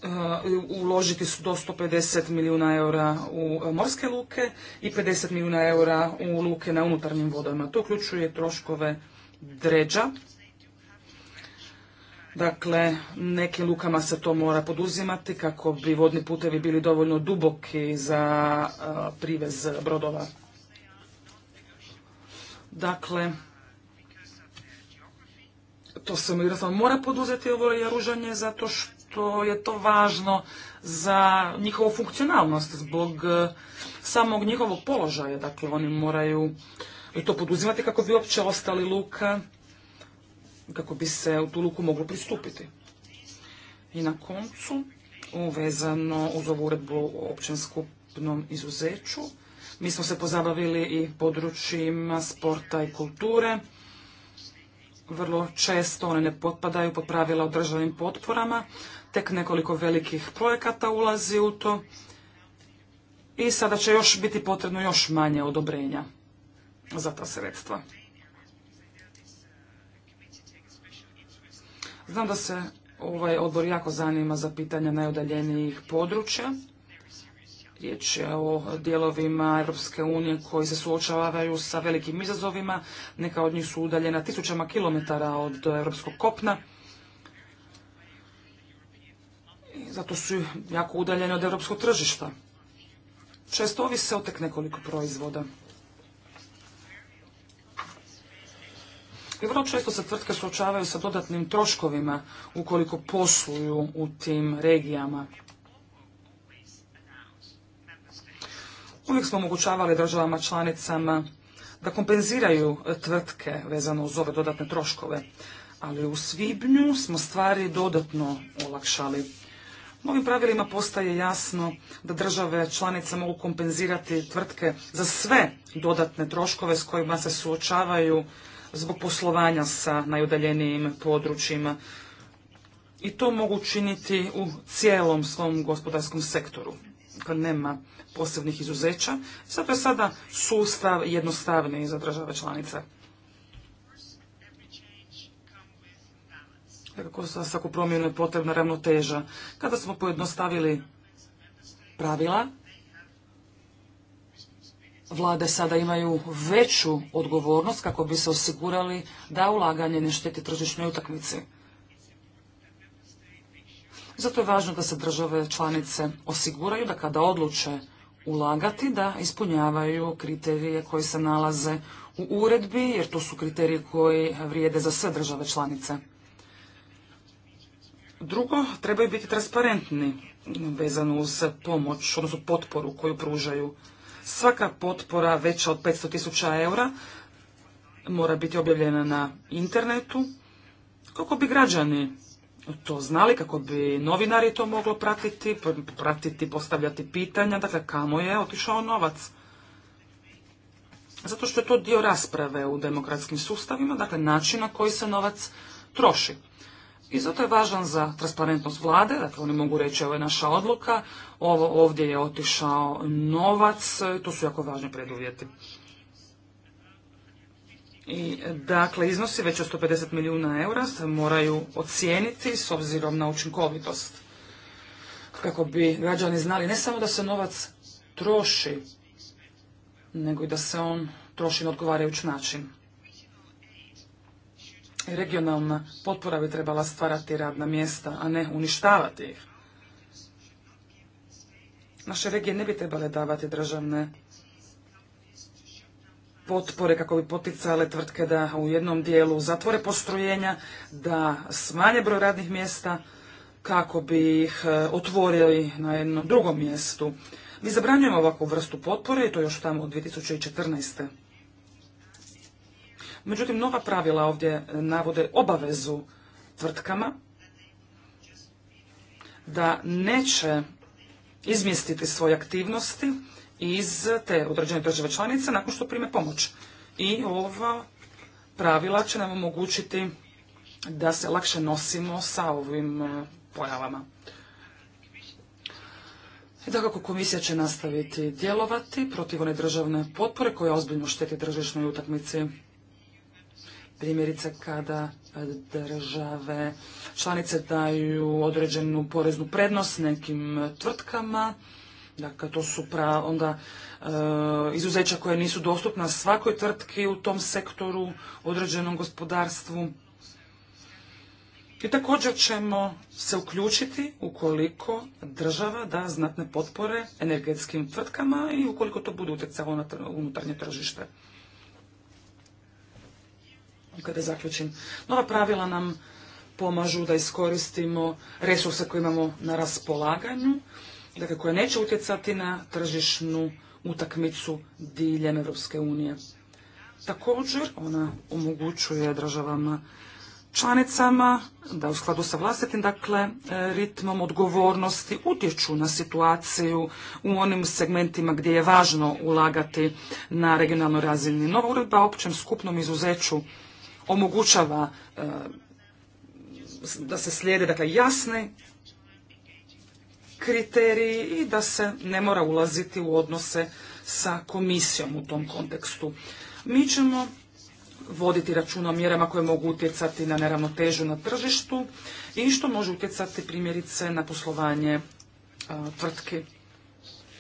Eh, uložiti su do 150 milijuna eura u eh, morske luke i 50 milijuna eura u luke na unutarnjim vodama. To uključuje troškove dređa. Dakle, nekim lukama se to mora poduzimati kako bi vodni putevi bili dovoljno duboki za eh, privez brodova. Dakle, to se jednostavno mora poduzeti ovo jaružanje zato što to je to važno za njihovu funkcionalnost zbog e, samog njihovog položaja. Dakle, oni moraju to poduzimati kako bi uopće ostali luka, kako bi se u tu luku moglo pristupiti. I na koncu, uvezano uz ovu uredbu o općem skupnom izuzeću, mi smo se pozabavili i područjima sporta i kulture. Vrlo često one ne potpadaju pod pravila o državnim potporama, tek nekoliko velikih projekata ulazi u to i sada će još biti potrebno još manje odobrenja za ta sredstva. Znam da se ovaj odbor jako zanima za pitanja najudaljenijih područja. Riječ je o dijelovima Europske unije koji se suočavaju sa velikim izazovima. Neka od njih su udaljena tisućama kilometara od europskog kopna. zato su jako udaljeni od europskog tržišta. Često ovise o tek nekoliko proizvoda. I vrlo često se tvrtke suočavaju sa dodatnim troškovima ukoliko posluju u tim regijama. Uvijek smo omogućavali državama članicama da kompenziraju tvrtke vezano uz ove dodatne troškove, ali u svibnju smo stvari dodatno olakšali. Novim pravilima postaje jasno da države članice mogu kompenzirati tvrtke za sve dodatne troškove s kojima se suočavaju zbog poslovanja sa najudaljenijim područjima. I to mogu činiti u cijelom svom gospodarskom sektoru. Kad nema posebnih izuzeća, zato je sada sustav jednostavniji za države članice. Kako svaku promjenu je potrebna ravnoteža. Kada smo pojednostavili pravila, vlade sada imaju veću odgovornost kako bi se osigurali da ulaganje ne šteti tržišnoj utakmici. Zato je važno da se države članice osiguraju da kada odluče ulagati, da ispunjavaju kriterije koji se nalaze u uredbi, jer to su kriteriji koji vrijede za sve države članice. Drugo, trebaju biti transparentni vezano uz pomoć, odnosno potporu koju pružaju. Svaka potpora veća od 500 tisuća eura mora biti objavljena na internetu kako bi građani to znali, kako bi novinari to moglo pratiti, pratiti, postavljati pitanja, dakle kamo je otišao novac. Zato što je to dio rasprave u demokratskim sustavima, dakle način na koji se novac troši. I zato je važan za transparentnost vlade, dakle oni mogu reći ovo je naša odluka, ovo ovdje je otišao novac, to su jako važni preduvjeti. I, dakle, iznosi već od 150 milijuna eura se moraju ocijeniti s obzirom na učinkovitost. Kako bi građani znali ne samo da se novac troši, nego i da se on troši na odgovarajući način. Regionalna potpora bi trebala stvarati radna mjesta, a ne uništavati ih. Naše regije ne bi trebale davati državne potpore kako bi poticale tvrtke da u jednom dijelu zatvore postrojenja, da smanje broj radnih mjesta kako bi ih e, otvorili na jednom drugom mjestu. Mi zabranjujemo ovakvu vrstu potpore i to još tamo od 2014. Međutim, nova pravila ovdje e, navode obavezu tvrtkama da neće izmjestiti svoje aktivnosti iz te određene države članice nakon što prime pomoć. I ova pravila će nam omogućiti da se lakše nosimo sa ovim e, pojavama. I kako komisija će nastaviti djelovati protiv one državne potpore koja ozbiljno šteti tržišnoj utakmici primjerice kada države članice daju određenu poreznu prednost nekim tvrtkama, dakle to su onda e, izuzeća koje nisu dostupna svakoj tvrtki u tom sektoru, određenom gospodarstvu. I također ćemo se uključiti ukoliko država da znatne potpore energetskim tvrtkama i ukoliko to bude utjecalo na unutarnje tržište kada zaključen. Nova pravila nam pomažu da iskoristimo resurse koje imamo na raspolaganju, dakle koje neće utjecati na tržišnu utakmicu diljem Europske unije. Također ona omogućuje državama članicama da u skladu sa vlastitim dakle e, ritmom odgovornosti utječu na situaciju u onim segmentima gdje je važno ulagati na regionalnoj razini. Nova uredba o općem skupnom izuzeću omogućava e, da se slijede dakle, jasni kriteriji i da se ne mora ulaziti u odnose sa komisijom u tom kontekstu. Mi ćemo voditi računa o mjerama koje mogu utjecati na neravnotežu na tržištu i što može utjecati primjerice na poslovanje a, e, tvrtki.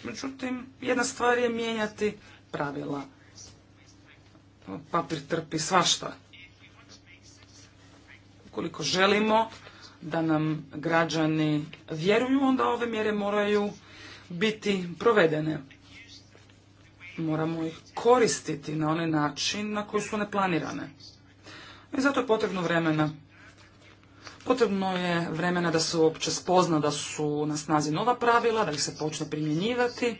Međutim, jedna stvar je mijenjati pravila. Papir trpi svašta. Koliko želimo da nam građani vjeruju, onda ove mjere moraju biti provedene. Moramo ih koristiti na onaj način na koji su one planirane. I zato je potrebno vremena. Potrebno je vremena da se uopće spozna da su na snazi nova pravila, da ih se počne primjenjivati,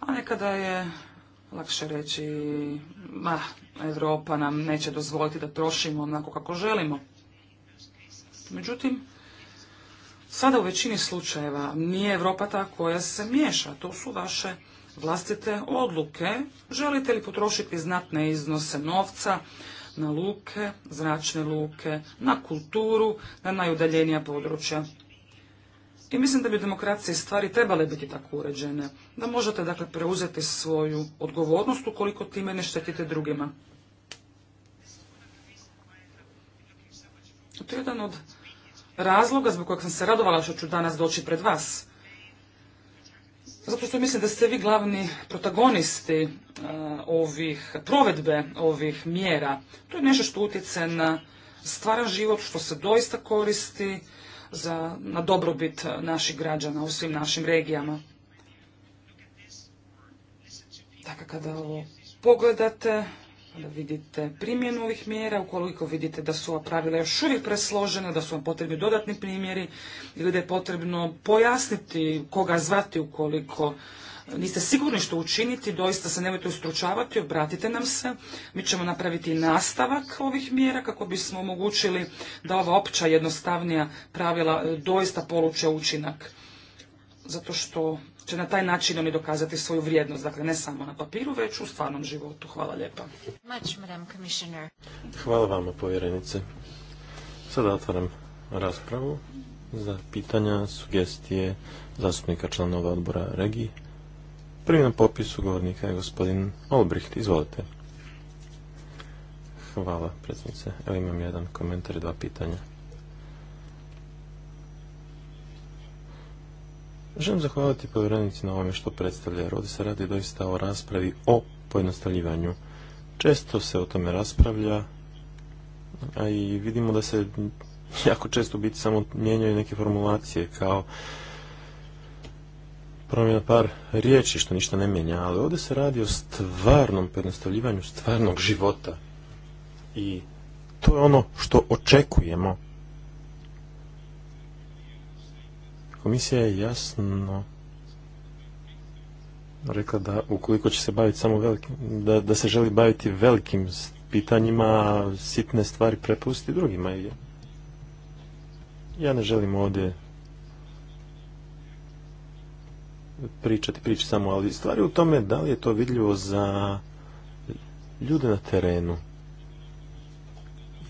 a nekada je lakše reći, ma, Europa nam neće dozvoliti da trošimo onako kako želimo. Međutim, sada u većini slučajeva nije Europa ta koja se miješa. To su vaše vlastite odluke. Želite li potrošiti znatne iznose novca na luke, zračne luke, na kulturu, na najudaljenija područja? I mislim da bi demokracije stvari trebale biti tako uređene, da možete dakle preuzeti svoju odgovornost ukoliko time ne štetite drugima. To je jedan od razloga zbog kojeg sam se radovala što ću danas doći pred vas. Zato što mislim da ste vi glavni protagonisti e, ovih provedbe ovih mjera. To je nešto što utjece na stvaran život, što se doista koristi na dobrobit naših građana u svim našim regijama. Dakle, kada ovo pogledate, da vidite primjenu ovih mjera, ukoliko vidite da su ova pravila još uvijek presložena, da su vam potrebni dodatni primjeri ili da je potrebno pojasniti koga zvati ukoliko niste sigurni što učiniti, doista se nemojte ustručavati, obratite nam se. Mi ćemo napraviti nastavak ovih mjera kako bismo omogućili da ova opća jednostavnija pravila e, doista poluče učinak. Zato što će na taj način oni dokazati svoju vrijednost, dakle ne samo na papiru, već u stvarnom životu. Hvala lijepa. Hvala vama, povjerenice. Sada otvaram raspravu za pitanja, sugestije zastupnika članova odbora Regi. Prvi na popisu govornika je gospodin Olbricht. Izvolite. Hvala, predsjednice. Evo imam jedan komentar i dva pitanja. Želim zahvaliti povjerenici na ovome što predstavlja, jer ovdje se radi doista o raspravi o pojednostavljivanju. Često se o tome raspravlja, a i vidimo da se jako često biti samo mijenjaju neke formulacije kao promjena par riječi što ništa ne mijenja, ali ovdje se radi o stvarnom pojednostavljivanju stvarnog života i to je ono što očekujemo Komisija je jasno rekla da ukoliko će se baviti samo velikim, da, da se želi baviti velikim pitanjima, sitne stvari prepustiti drugima. Ja ne želim ovdje pričati priči samo, ali stvari u tome da li je to vidljivo za ljude na terenu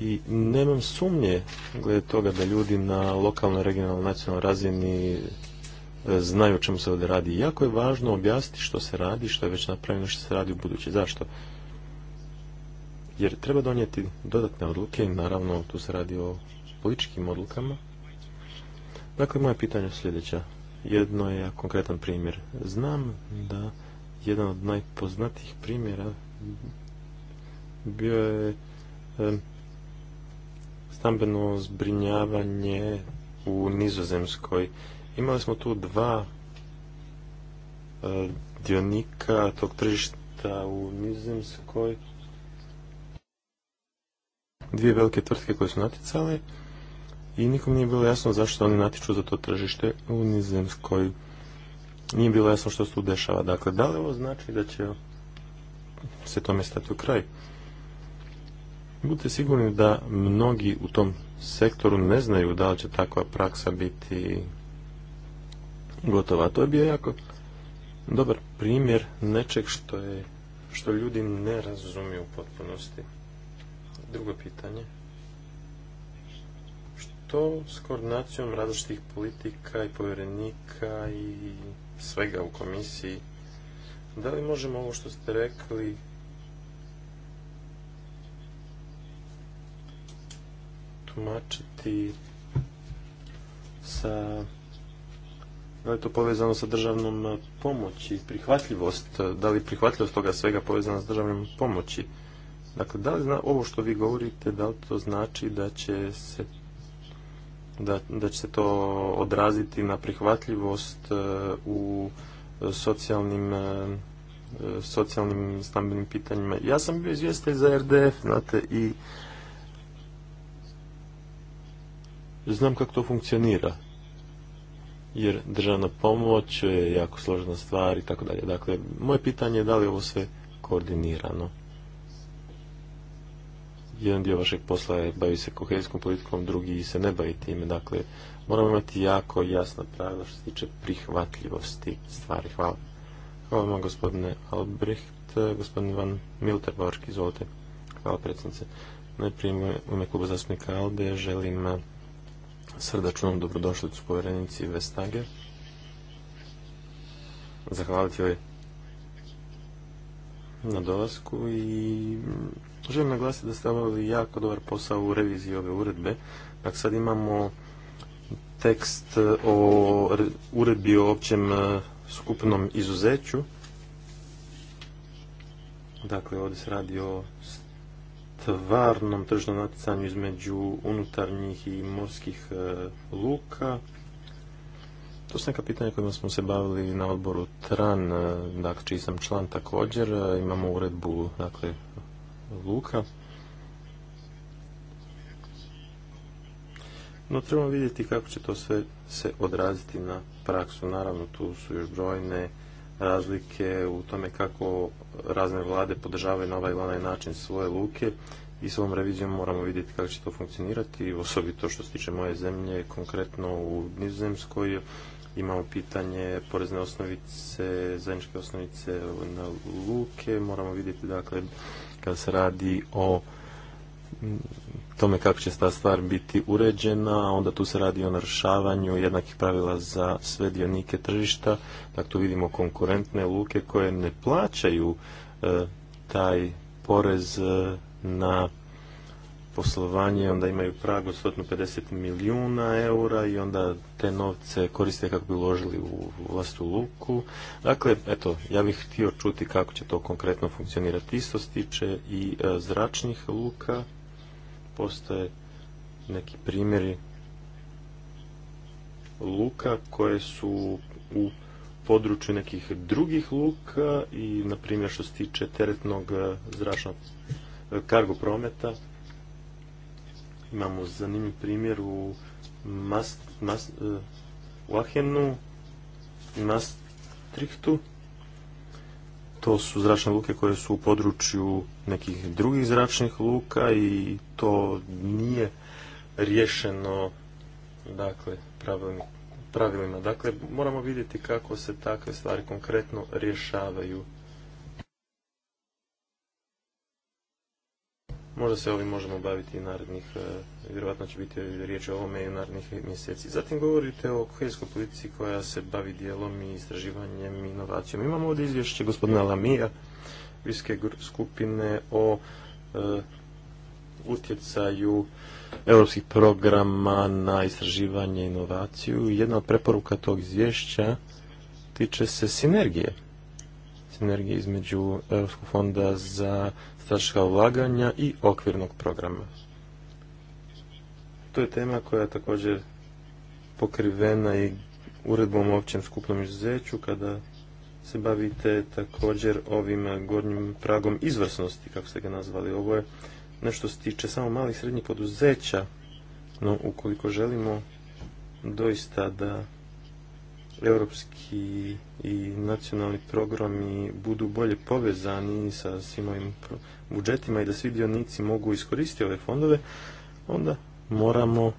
i nemam sumnje glede toga da ljudi na lokalnoj, regionalnoj, nacionalnoj razini e, znaju o čemu se ovdje radi. Jako je važno objasniti što se radi, što je već napravljeno, što se radi u budući. Zašto? Jer treba donijeti dodatne odluke i naravno tu se radi o političkim odlukama. Dakle, moje pitanje je sljedeća. Jedno je konkretan primjer. Znam da jedan od najpoznatijih primjera bio je stambeno zbrinjavanje u Nizozemskoj. Imali smo tu dva e, dionika tog tržišta u Nizozemskoj. Dvije velike tvrtke koje su naticale i nikom nije bilo jasno zašto oni natječu za to tržište u Nizozemskoj. Nije bilo jasno što se tu dešava. Dakle, da li ovo znači da će se tome stati u kraj? Budite sigurni da mnogi u tom sektoru ne znaju da li će takva praksa biti gotova. To je bio jako dobar primjer nečeg što je što ljudi ne razumiju u potpunosti. Drugo pitanje. Što s koordinacijom različitih politika i povjerenika i svega u komisiji? Da li možemo ovo što ste rekli tumačiti sa da li je to povezano sa državnom pomoći, prihvatljivost, da li je prihvatljivost toga svega povezana s državnom pomoći. Dakle, da li zna, ovo što vi govorite, da li to znači da će se da, će se to odraziti na prihvatljivost e, u socijalnim e, socijalnim stambenim pitanjima. Ja sam bio izvjestitelj za RDF, znate, i znam kako to funkcionira. Jer državna pomoć je jako složena stvar i tako dalje. Dakle, moje pitanje je da li je ovo sve koordinirano. Jedan dio vašeg posla je bavi se kohezijskom politikom, drugi se ne bavi time. Dakle, moramo imati jako jasna pravila što se tiče prihvatljivosti stvari. Hvala. Hvala vam gospodine Albrecht, gospodin Van Milterborg, izvolite. Hvala predsjednice. Najprije u ime kluba zastupnika Alde želim dobrodošli dobrodošlicu povjerenici Vestager. Zahvaliti joj na dolasku i želim naglasiti da ste obavili jako dobar posao u reviziji ove uredbe. Dakle, sad imamo tekst o uredbi o općem e, skupnom izuzeću. Dakle, ovdje se radi o stvarnom tržnom natjecanju između unutarnjih i morskih e, luka. To su neka pitanja kojima smo se bavili na odboru TRAN, e, dakle, čiji sam član također. E, imamo uredbu, dakle, luka. No, trebamo vidjeti kako će to sve se odraziti na praksu. Naravno, tu su još brojne razlike u tome kako razne vlade podržavaju na ovaj ili onaj način svoje luke i s ovom revizijom moramo vidjeti kako će to funkcionirati, osobito što se tiče moje zemlje, konkretno u Nizozemskoj imamo pitanje porezne osnovice, zajedničke osnovice na luke, moramo vidjeti dakle kada se radi o tome kako će ta stvar biti uređena, onda tu se radi o narušavanju jednakih pravila za sve dionike tržišta, dakle tu vidimo konkurentne luke koje ne plaćaju e, taj porez e, na poslovanje, onda imaju prag od 150 milijuna eura i onda te novce koriste kako bi uložili u vlastu luku. Dakle, eto, ja bih htio čuti kako će to konkretno funkcionirati. Isto se tiče i e, zračnih luka postoje neki primjeri luka koje su u području nekih drugih luka i na primjer što se tiče teretnog e, zračnog e, kargo prometa imamo zanimljiv primjer u Mas, e, u Ahenu i to su zračne luke koje su u području nekih drugih zračnih luka i to nije riješeno dakle, pravilima. Dakle, moramo vidjeti kako se takve stvari konkretno rješavaju. Možda se ovim možemo baviti narednih, e, vjerojatno će biti riječ o ovome i narednih mjeseci. Zatim govorite o kohezijskoj politici koja se bavi dijelom i istraživanjem i inovacijom. Imamo ovdje izvješće gospodina Lamija, viske skupine o e, utjecaju europskih programa na istraživanje i inovaciju. Jedna od preporuka tog izvješća tiče se sinergije. Sinergije između Europskog fonda za strateška ulaganja i okvirnog programa. To je tema koja je također pokrivena i uredbom o općem skupnom izuzeću kada se bavite također ovim gornjim pragom izvrsnosti, kako ste ga nazvali. Ovo je nešto se tiče samo malih srednjih poduzeća, no ukoliko želimo doista da europski i nacionalni programi budu bolje povezani sa svim ovim budžetima i da svi dionici mogu iskoristiti ove fondove, onda moramo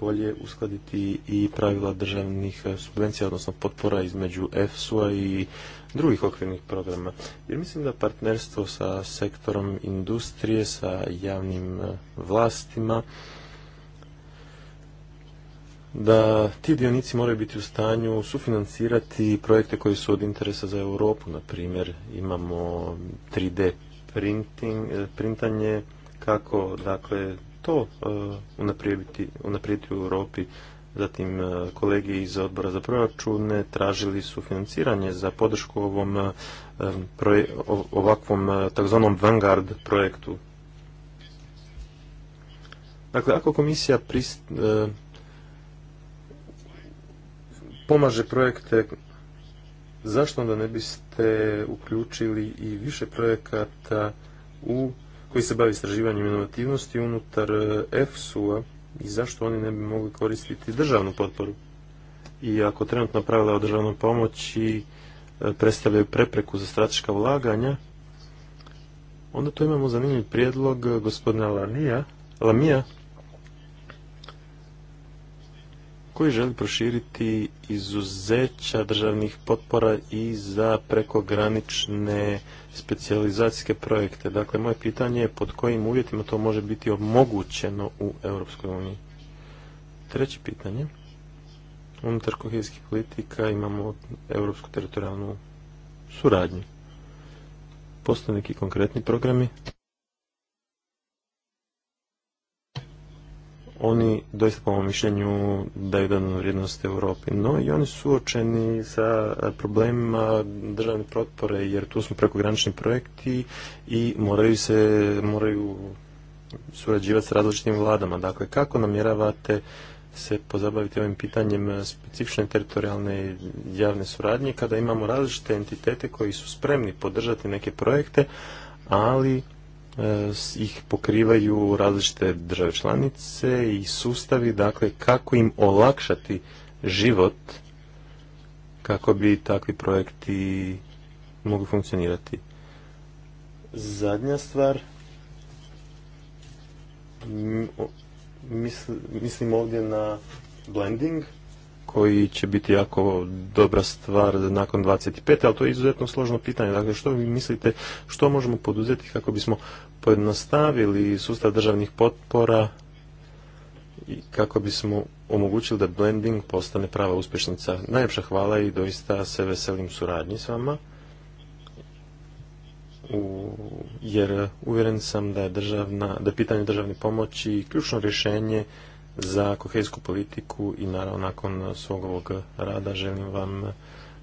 bolje uskladiti i pravila državnih eh, subvencija, odnosno potpora između EFSU-a i drugih okvirnih programa. Jer mislim da partnerstvo sa sektorom industrije, sa javnim eh, vlastima, da ti dionici moraju biti u stanju sufinancirati projekte koji su od interesa za Europu. Na primjer, imamo 3D printing, eh, printanje, kako dakle, to eh, unaprijediti, unaprijediti u Europi. Zatim eh, kolege iz odbora za proračune tražili su financiranje za podršku ovom ovakvom takzvanom vanguard projektu. Dakle, ako komisija pomaže projekte, zašto onda ne biste uključili i više projekata u koji se bavi istraživanjem inovativnosti unutar EFSU-a i zašto oni ne bi mogli koristiti državnu potporu? I ako trenutno pravila o državnoj pomoći e, predstavljaju prepreku za strateška ulaganja, onda tu imamo zanimljiv prijedlog gospodina Lamija koji želi proširiti izuzeća državnih potpora i za prekogranične specijalizacijske projekte. Dakle, moje pitanje je pod kojim uvjetima to može biti omogućeno u Europskoj uniji. Treće pitanje. Unutar kohezijskih politika imamo europsku teritorijalnu suradnju. Postoje neki konkretni programi? oni doista po mom mišljenju daju dodanu vrijednost Europi. No i oni su suočeni sa problemima državne protpore jer tu smo prekogranični projekti i moraju se moraju surađivati sa različitim vladama. Dakle, kako namjeravate se pozabaviti ovim pitanjem specifične teritorijalne javne suradnje kada imamo različite entitete koji su spremni podržati neke projekte, ali E, ih pokrivaju različite države članice i sustavi, dakle kako im olakšati život kako bi takvi projekti mogli funkcionirati. Zadnja stvar, mislim ovdje na blending, koji će biti jako dobra stvar nakon 25. ali to je izuzetno složno pitanje. Dakle, što vi mislite, što možemo poduzeti kako bismo pojednostavili sustav državnih potpora i kako bismo omogućili da blending postane prava uspješnica. Najljepša hvala i doista se veselim suradnji s vama. jer uvjeren sam da je državna, da pitanje državne pomoći ključno rješenje za kohezijsku politiku i naravno nakon svog ovog rada želim vam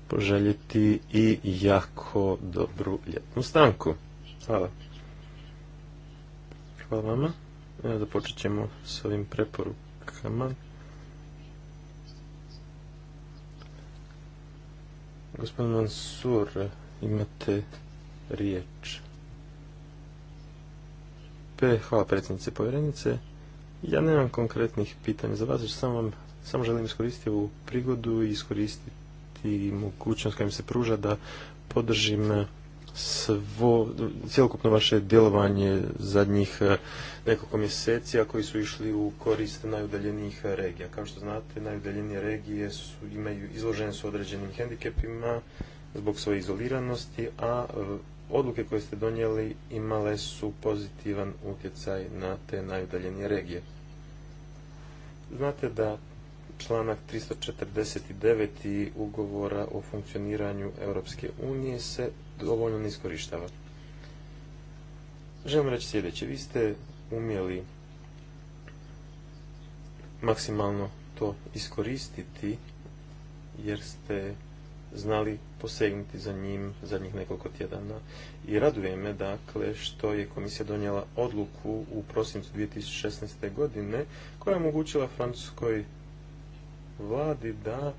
poželjeti i jako dobru ljetnu stanku. Hvala. Hvala vama. da e, počet ćemo s ovim preporukama. Gospodin Mansur, imate riječ. P, hvala predsjednice povjerenice. Ja nemam konkretnih pitanja za vas, samo samo želim iskoristiti ovu prigodu i iskoristiti mogućnost koja mi se pruža da podržim svo, cjelokupno vaše djelovanje zadnjih eh, nekoliko mjeseci, a koji su išli u korist najudaljenijih regija. Kao što znate, najudaljenije regije su, imaju, izložene su određenim hendikepima zbog svoje izoliranosti, a eh, odluke koje ste donijeli imale su pozitivan utjecaj na te najudaljenije regije. Znate da članak 349. ugovora o funkcioniranju Europske unije se dovoljno ne iskorištava. Želim reći sljedeće. Vi ste umjeli maksimalno to iskoristiti jer ste znali posegnuti za njim zadnjih nekoliko tjedana. I raduje me, dakle, što je komisija donijela odluku u prosincu 2016. godine koja je omogućila francuskoj vladi da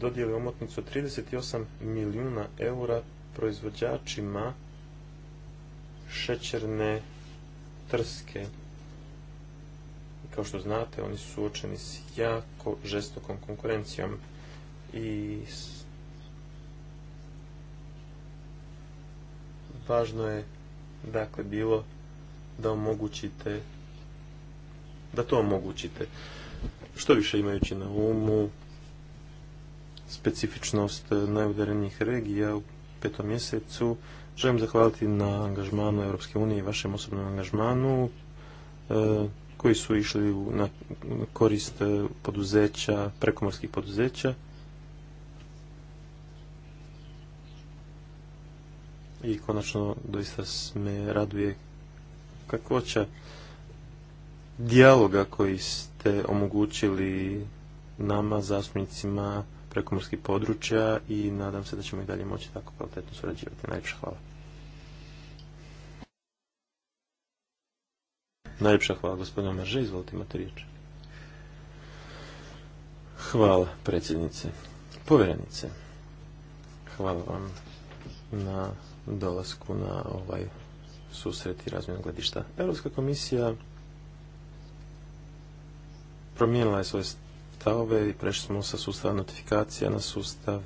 dodijeli omotnicu 38 milijuna eura proizvođačima šećerne trske. Kao što znate, oni su suočeni s jako žestokom konkurencijom i važno je dakle bilo da omogućite da to omogućite što više imajući na umu specifičnost eh, najudarenih regija u petom mjesecu želim zahvaliti na angažmanu Europske unije i vašem osobnom angažmanu eh, koji su išli na korist eh, poduzeća, prekomorskih poduzeća i konačno doista me raduje kakvoća dijaloga koji ste omogućili nama, zastupnicima prekomorskih područja i nadam se da ćemo i dalje moći tako kvalitetno surađivati. Najljepša hvala. Najljepša hvala, gospodine Marže, izvolite imate riječ. Hvala, predsjednice. Povjerenice, hvala vam na dolasku na ovaj susret i razmjenu gledišta. Europska komisija promijenila je svoje stavove i prešli smo sa sustava notifikacija na sustav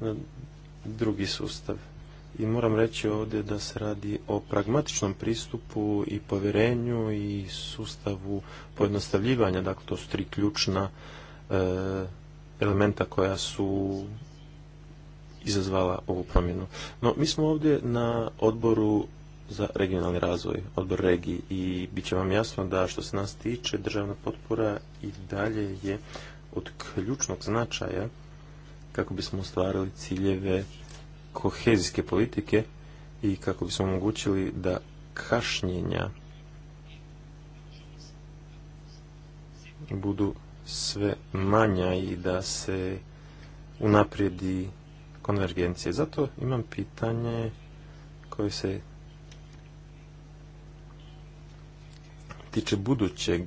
na drugi sustav. I moram reći ovdje da se radi o pragmatičnom pristupu i povjerenju i sustavu pojednostavljivanja. Dakle, to su tri ključna e, elementa koja su izazvala ovu promjenu. No, mi smo ovdje na odboru za regionalni razvoj, odbor regiji i bit će vam jasno da što se nas tiče državna potpora i dalje je od ključnog značaja kako bismo ostvarili ciljeve kohezijske politike i kako bismo omogućili da kašnjenja budu sve manja i da se unaprijedi konvergencije. Zato imam pitanje koje se tiče budućeg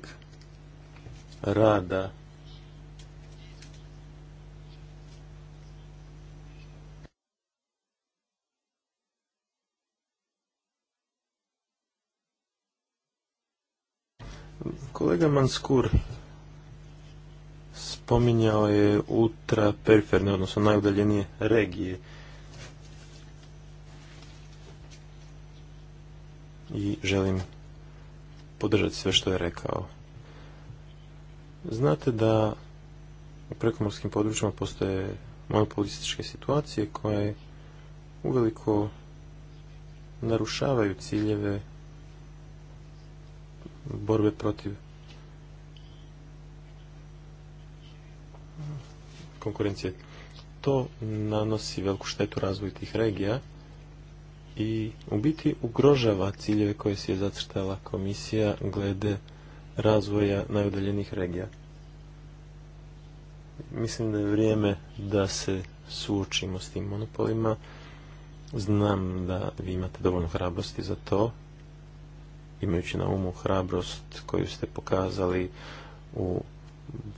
rada Kolega Manskur spominjao je ultraperiferne, odnosno najudaljenije regije. I želim podržati sve što je rekao. Znate da u prekomorskim područjima postoje monopolističke situacije koje uveliko narušavaju ciljeve borbe protiv konkurencije. To nanosi veliku štetu razvoju tih regija i u biti ugrožava ciljeve koje si je zacrtala komisija glede razvoja najudaljenih regija. Mislim da je vrijeme da se suočimo s tim monopolima. Znam da vi imate dovoljno hrabrosti za to, imajući na umu hrabrost koju ste pokazali u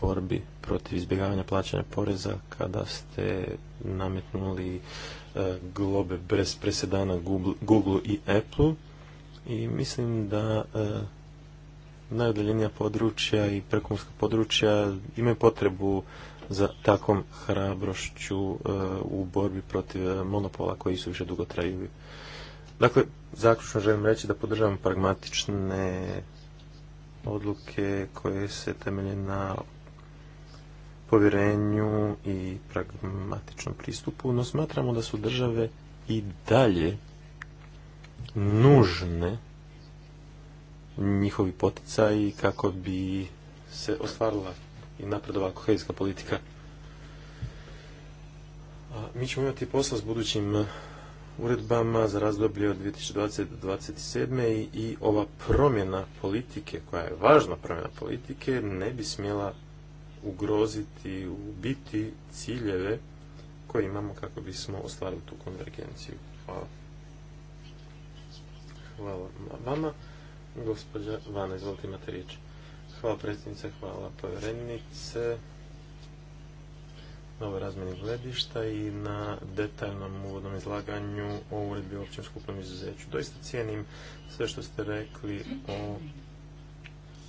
borbi protiv izbjegavanja plaćanja poreza kada ste nametnuli e, globe bez presedana Google, i Apple i mislim da e, najudaljenija područja i prekomorska područja imaju potrebu za takvom hrabrošću e, u borbi protiv monopola koji su više dugo traju. Dakle, zaključno želim reći da podržavam pragmatične odluke koje se temelje na povjerenju i pragmatičnom pristupu, no smatramo da su države i dalje nužne njihovi poticaji kako bi se ostvarila i napredovala kohezijska politika. Mi ćemo imati posla s budućim uredbama za razdoblje od 2020 do 2027. i ova promjena politike, koja je važna promjena politike, ne bi smjela ugroziti, ubiti ciljeve koje imamo kako bismo ostvarili tu konvergenciju. Hvala. Hvala vama. Gospođa Vana, izvolite imate riječ. Hvala predsjednice, hvala povjerenice na ovoj razmjeni gledišta i na detaljnom uvodnom izlaganju o uredbi o općem skupnom izuzeću. Doista cijenim sve što ste rekli o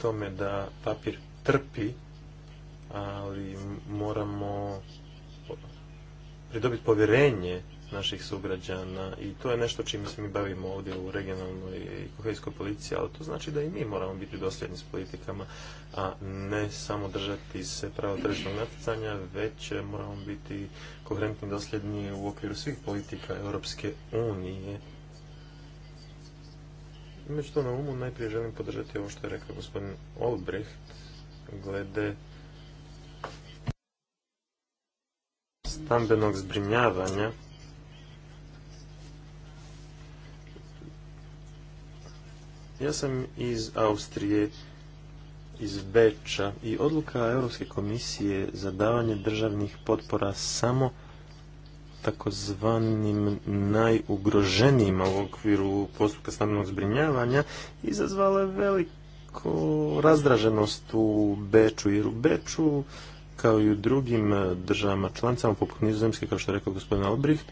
tome da papir trpi, ali moramo pridobiti povjerenje naših sugrađana i to je nešto čime se mi bavimo ovdje u regionalnoj i kohejskoj policiji, ali to znači da i mi moramo biti dosljedni s politikama, a ne samo držati se pravo tržišnog natjecanja, već moramo biti koherentni dosljedni u okviru svih politika Europske unije. Imajući to na umu, najprije želim podržati ovo što je rekao gospodin Olbricht glede stambenog zbrinjavanja Ja sam iz Austrije, iz Beča i odluka Europske komisije za davanje državnih potpora samo takozvanim najugroženijima u okviru postupka stambenog zbrinjavanja izazvala je veliku razdraženost u Beču jer u Beču kao i u drugim državama članicama poput nizozemske kao što je rekao gospodin Albrecht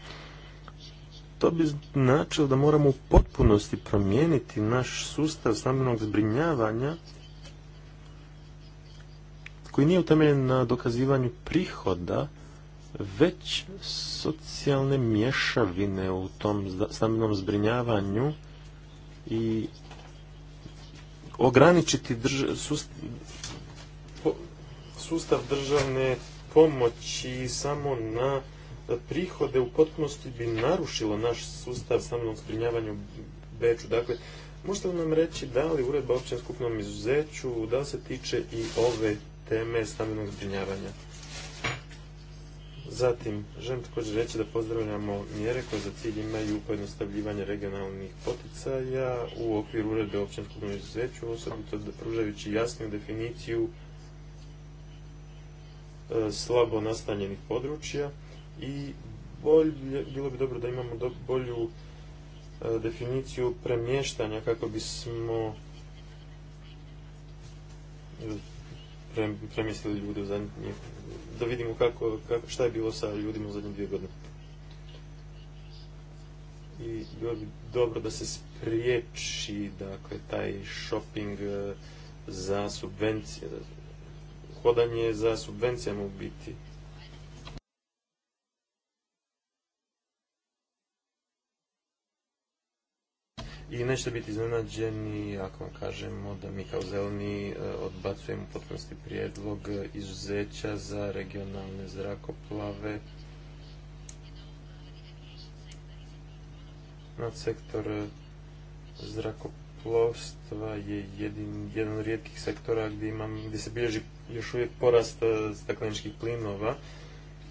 to bi značilo da moramo u potpunosti promijeniti naš sustav stambenog zbrinjavanja koji nije utemeljen na dokazivanju prihoda, već socijalne mješavine u tom stambenom zbrinjavanju i ograničiti sustav državne pomoći samo na prihode u potpunosti bi narušilo naš sustav stambenog zbrinjavanja u Beču. Dakle, možete li nam reći da li uredba o općem skupnom izuzeću, da li se tiče i ove teme stambenog zbrinjavanja? Zatim, želim također reći da pozdravljamo mjere koje za cilj imaju pojednostavljivanje regionalnih poticaja u okviru uredbe o općem skupnom izuzeću, osobito da pružajući jasnu definiciju e, slabo nastanjenih područja i bilo bi dobro da imamo do, bolju e, definiciju premještanja kako bismo pre, premjestili ljude u zadnje, da vidimo kako, kako, šta je bilo sa ljudima u zadnje dvije godine. I bilo bi dobro da se spriječi dakle, taj shopping e, za subvencije, hodanje za subvencijama u biti. i nećete biti iznenađeni ako vam kažemo da mi kao zeleni e, odbacujemo potpunosti prijedlog e, izuzeća za regionalne zrakoplave nad sektor e, zrakoplovstva je jedin, jedan od rijetkih sektora gdje, gdje se bilježi još uvijek porast stakleničkih plinova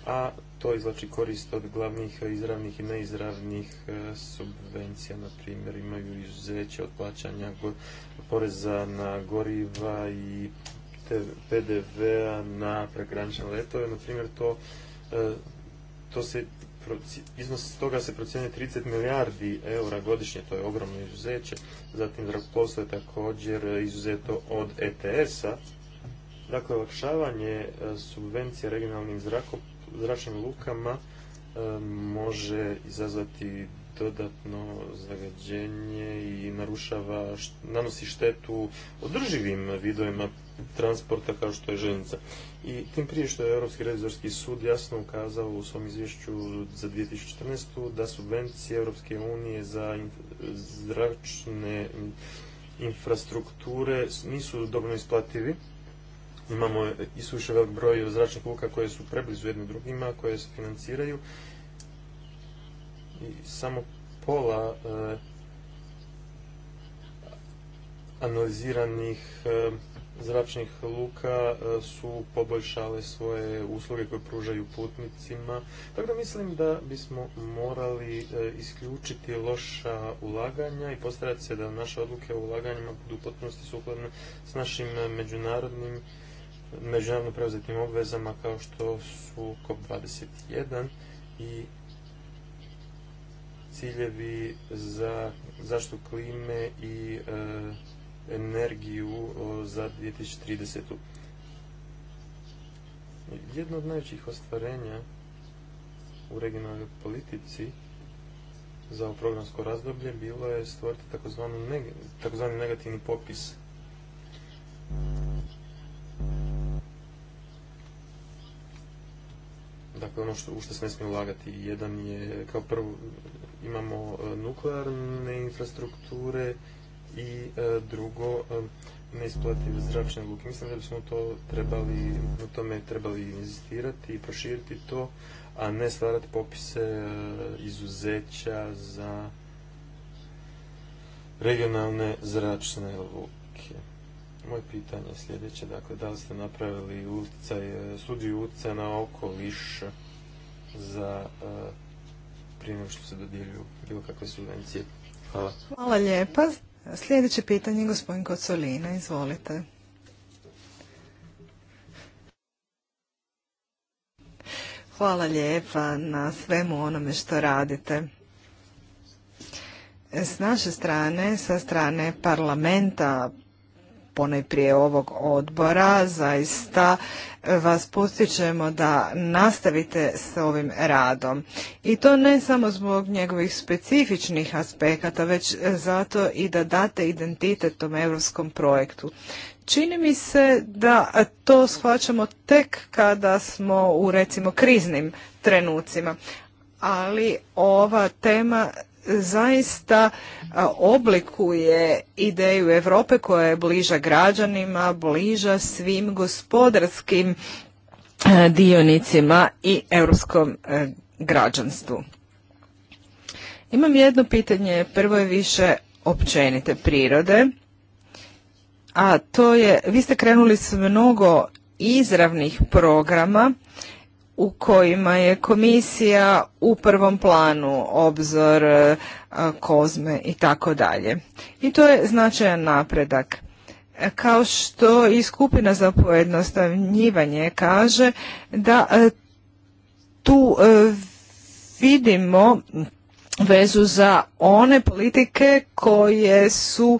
a to izlači korist od glavnih izravnih i neizravnih e, subvencija. Na primjer, imaju izuzeće od plaćanja poreza na goriva i PDV-a na pregranične letove. Na primjer, to, e, to se iznos toga se procjenjuje 30 milijardi eura godišnje, to je ogromno izuzeće. Zatim zrakoplovstvo je također izuzeto od ETS-a. Dakle, olakšavanje e, subvencije regionalnim zrakoplovstvom zračnim lukama e, može izazvati dodatno zagađenje i narušava, nanosi štetu održivim vidovima transporta kao što je željeznica. I tim prije što je Europski revizorski sud jasno ukazao u svom izvješću za 2014. da subvencije Europske unije za zračne infrastrukture nisu dobro isplativi imamo i suviše velik broj zračnih luka koje su preblizu jedne drugima, koje se financiraju. I samo pola e, analiziranih e, zračnih luka e, su poboljšale svoje usluge koje pružaju putnicima. Tako da mislim da bismo morali isključiti loša ulaganja i postarati se da naše odluke o ulaganjima budu u potpunosti sukladne s našim međunarodnim međunarodno preuzetim obvezama kao što su COP21 i ciljevi za zaštitu klime i e, energiju za 2030. Jedno od najvećih ostvarenja u regionalnoj politici za ovo programsko razdoblje bilo je stvoriti takozvani negativni popis Dakle, ono što, u što se ne smije ulagati, jedan je, kao prvo, imamo e, nuklearne infrastrukture i e, drugo, e, neisplative zračne luke. Mislim da bismo to trebali, na tome trebali inzistirati i proširiti to, a ne stvarati popise izuzeća za regionalne zračne luke. Moje pitanje je sljedeće, dakle, da li ste napravili utjecaj, e, studiju utjecaja na okoliš za e, prije što se dodjeljuju bilo kakve subvencije? Hvala. Hvala lijepa. Sljedeće pitanje je gospodin Kocolina, izvolite. Hvala lijepa na svemu onome što radite. S naše strane, sa strane parlamenta, prije ovog odbora. Zaista e, vas postičemo da nastavite s ovim radom. I to ne samo zbog njegovih specifičnih aspekata, već e, zato i da date identitet tom europskom projektu. Čini mi se da to shvaćamo tek kada smo u recimo kriznim trenucima, ali ova tema zaista oblikuje ideju Europe koja je bliža građanima, bliža svim gospodarskim dionicima i europskom građanstvu. Imam jedno pitanje, prvo je više općenite prirode, a to je, vi ste krenuli s mnogo izravnih programa u kojima je komisija u prvom planu obzor e, kozme i tako dalje. I to je značajan napredak. E, kao što i skupina za pojednostavnjivanje kaže da e, tu vidimo vezu za one politike koje su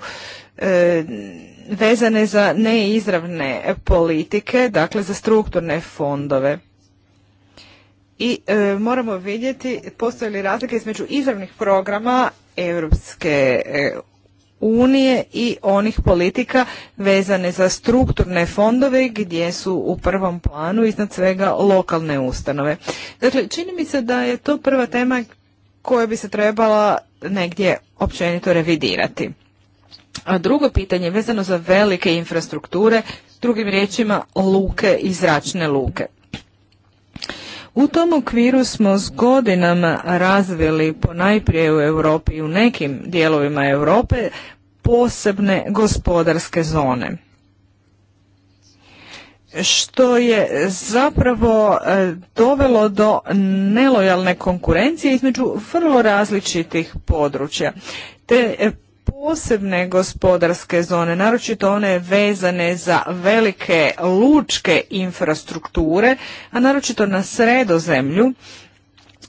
vezane za neizravne politike, dakle za strukturne fondove i e, moramo vidjeti postoje li razlike između izravnih programa Europske e, unije i onih politika vezane za strukturne fondove gdje su u prvom planu iznad svega lokalne ustanove. Dakle, čini mi se da je to prva tema koja bi se trebala negdje općenito revidirati. A drugo pitanje vezano za velike infrastrukture, drugim riječima luke i zračne luke. U tom okviru smo s godinama razvili ponajprije u Europi i u nekim dijelovima Europe posebne gospodarske zone što je zapravo e, dovelo do nelojalne konkurencije između vrlo različitih područja. Te posebne gospodarske zone, naročito one vezane za velike lučke infrastrukture, a naročito na sredozemlju,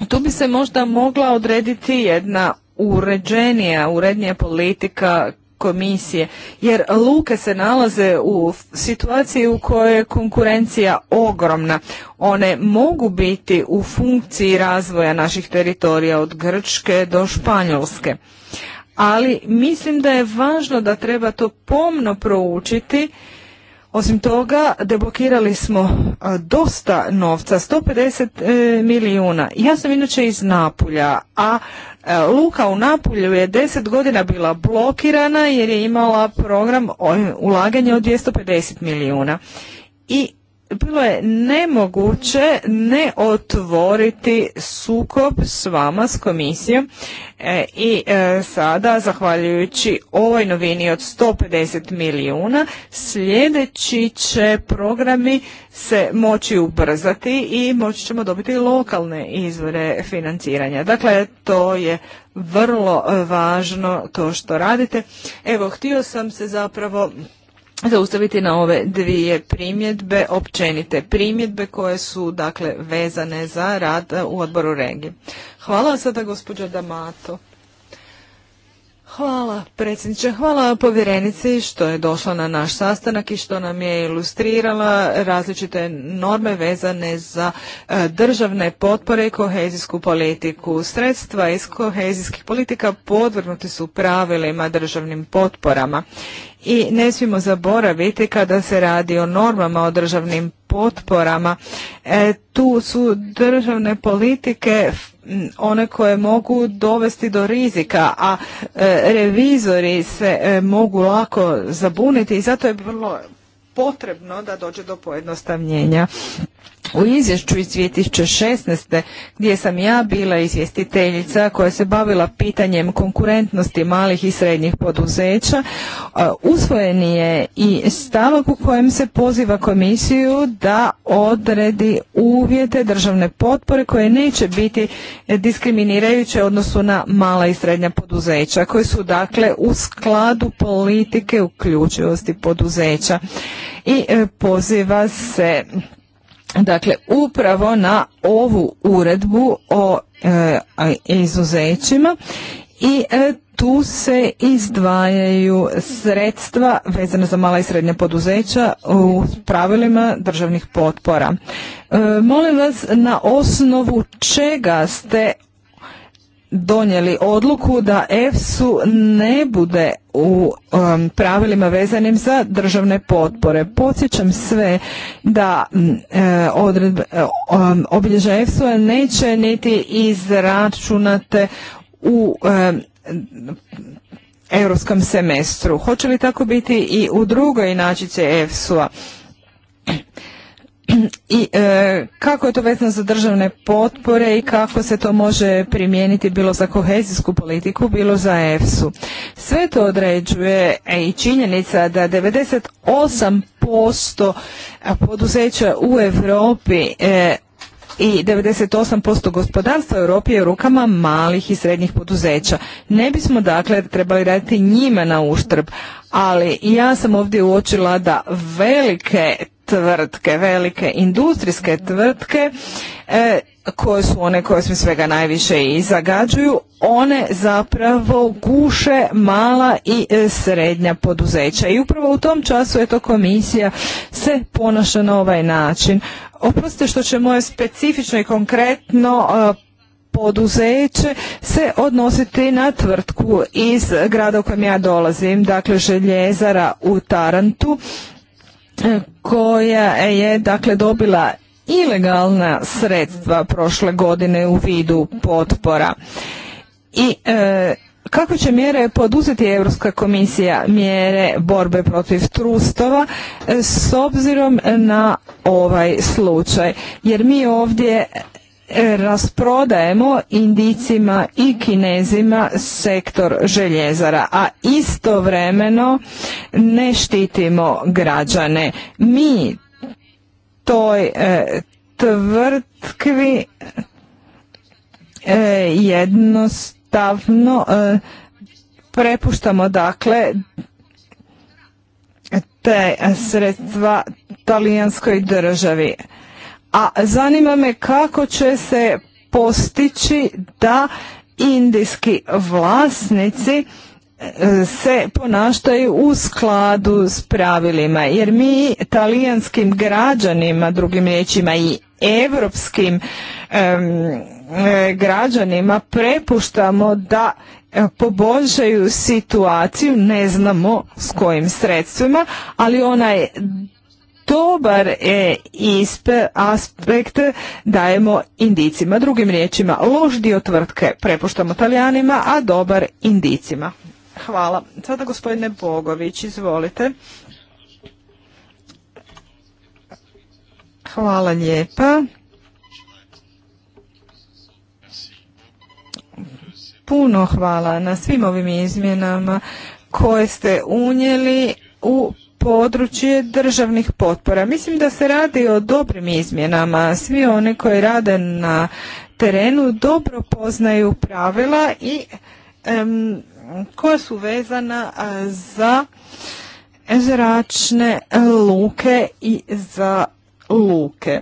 tu bi se možda mogla odrediti jedna uređenija, urednija politika komisije, jer luke se nalaze u situaciji u kojoj je konkurencija ogromna. One mogu biti u funkciji razvoja naših teritorija od Grčke do Španjolske ali mislim da je važno da treba to pomno proučiti. Osim toga, deblokirali smo dosta novca, 150 e, milijuna. Ja sam inače iz Napulja, a e, Luka u Napulju je 10 godina bila blokirana jer je imala program ulaganja od 250 milijuna. I bilo je nemoguće ne otvoriti sukob s vama, s komisijom e, i e, sada, zahvaljujući ovoj novini od 150 milijuna, sljedeći će programi se moći ubrzati i moći ćemo dobiti lokalne izvore financiranja. Dakle, to je vrlo važno to što radite. Evo, htio sam se zapravo zaustaviti na ove dvije primjedbe, općenite primjedbe koje su dakle vezane za rad u odboru regije. Hvala sada gospođo Damato. Hvala predsjedniče, hvala povjerenici što je došla na naš sastanak i što nam je ilustrirala različite norme vezane za e, državne potpore i kohezijsku politiku. Sredstva iz kohezijskih politika podvrnuti su pravilima državnim potporama i ne smijemo zaboraviti kada se radi o normama o državnim potporama. E, tu su državne politike one koje mogu dovesti do rizika, a e, revizori se e, mogu lako zabuniti i zato je vrlo potrebno da dođe do pojednostavnjenja. U izvješću iz 2016. gdje sam ja bila izvjestiteljica koja se bavila pitanjem konkurentnosti malih i srednjih poduzeća, usvojen je i stavak u kojem se poziva komisiju da odredi uvjete državne potpore koje neće biti diskriminirajuće odnosu na mala i srednja poduzeća, koje su dakle u skladu politike uključivosti poduzeća i e, poziva se dakle upravo na ovu uredbu o e, izuzećima i e, tu se izdvajaju sredstva vezane za mala i srednja poduzeća u pravilima državnih potpora. molim vas na osnovu čega ste donijeli odluku da EFSU ne bude u um, pravilima vezanim za državne potpore. Podsjećam sve da mm, e, e, um, obilježja efsu neće niti izračunate u europskom semestru. Hoće li tako biti i u drugoj inačice EFSU-a? i e, kako je to vezano za državne potpore i kako se to može primijeniti bilo za kohezijsku politiku, bilo za EFSU. Sve to određuje e, i činjenica da 98% poduzeća u Europi e, i 98% gospodarstva u Europi je u rukama malih i srednjih poduzeća. Ne bismo dakle trebali raditi njima na uštrb, ali ja sam ovdje uočila da velike tvrtke, velike industrijske tvrtke e, koje su one koje sve svega najviše i zagađuju, one zapravo guše mala i e, srednja poduzeća. I upravo u tom času je to komisija se ponaša na ovaj način. Oprostite što će moje specifično i konkretno e, poduzeće se odnositi na tvrtku iz grada u kojem ja dolazim, dakle željezara u Tarantu koja je dakle dobila ilegalna sredstva prošle godine u vidu potpora. I e, kako će mjere poduzeti Europska komisija mjere borbe protiv trustova e, s obzirom na ovaj slučaj? Jer mi ovdje E, rasprodajemo Indicima i Kinezima sektor željezara, a istovremeno ne štitimo građane. Mi toj e, tvrtkvi e, jednostavno prepuštamo dakle te sredstva talijanskoj državi a zanima me kako će se postići da indijski vlasnici e, se ponašaju u skladu s pravilima jer mi talijanskim građanima drugim riječima i europskim e, građanima prepuštamo da e, poboljšaju situaciju, ne znamo s kojim sredstvima, ali ona je dobar e, ispe, aspekt dajemo indicima. Drugim riječima, loš dio tvrtke prepuštamo talijanima, a dobar indicima. Hvala. Sada gospodine Bogović, izvolite. Hvala lijepa. Puno hvala na svim ovim izmjenama koje ste unijeli u područje državnih potpora. Mislim da se radi o dobrim izmjenama. Svi oni koji rade na terenu dobro poznaju pravila i koja su vezana za zračne luke i za luke.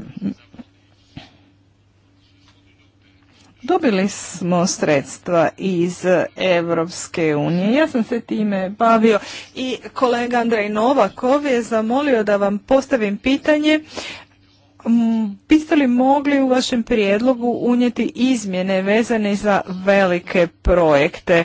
Dobili smo sredstva iz Evropske unije. Ja sam se time bavio i kolega Andrej Novakov je zamolio da vam postavim pitanje mm, biste li mogli u vašem prijedlogu unijeti izmjene vezane za velike projekte? E,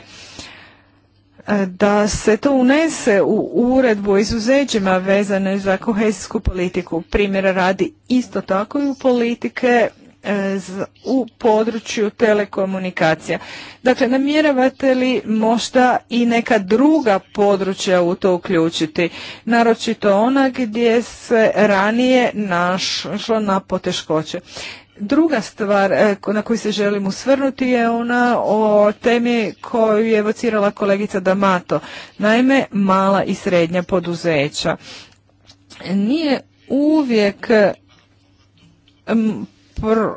da se to unese u uredbu o izuzećima vezane za kohezijsku politiku, primjera radi isto tako i u politike E, u području telekomunikacija. Dakle, namjeravate li možda i neka druga područja u to uključiti, naročito ona gdje se ranije našlo na poteškoće? Druga stvar e, na koju se želim usvrnuti je ona o temi koju je evocirala kolegica Damato, naime mala i srednja poduzeća. Nije uvijek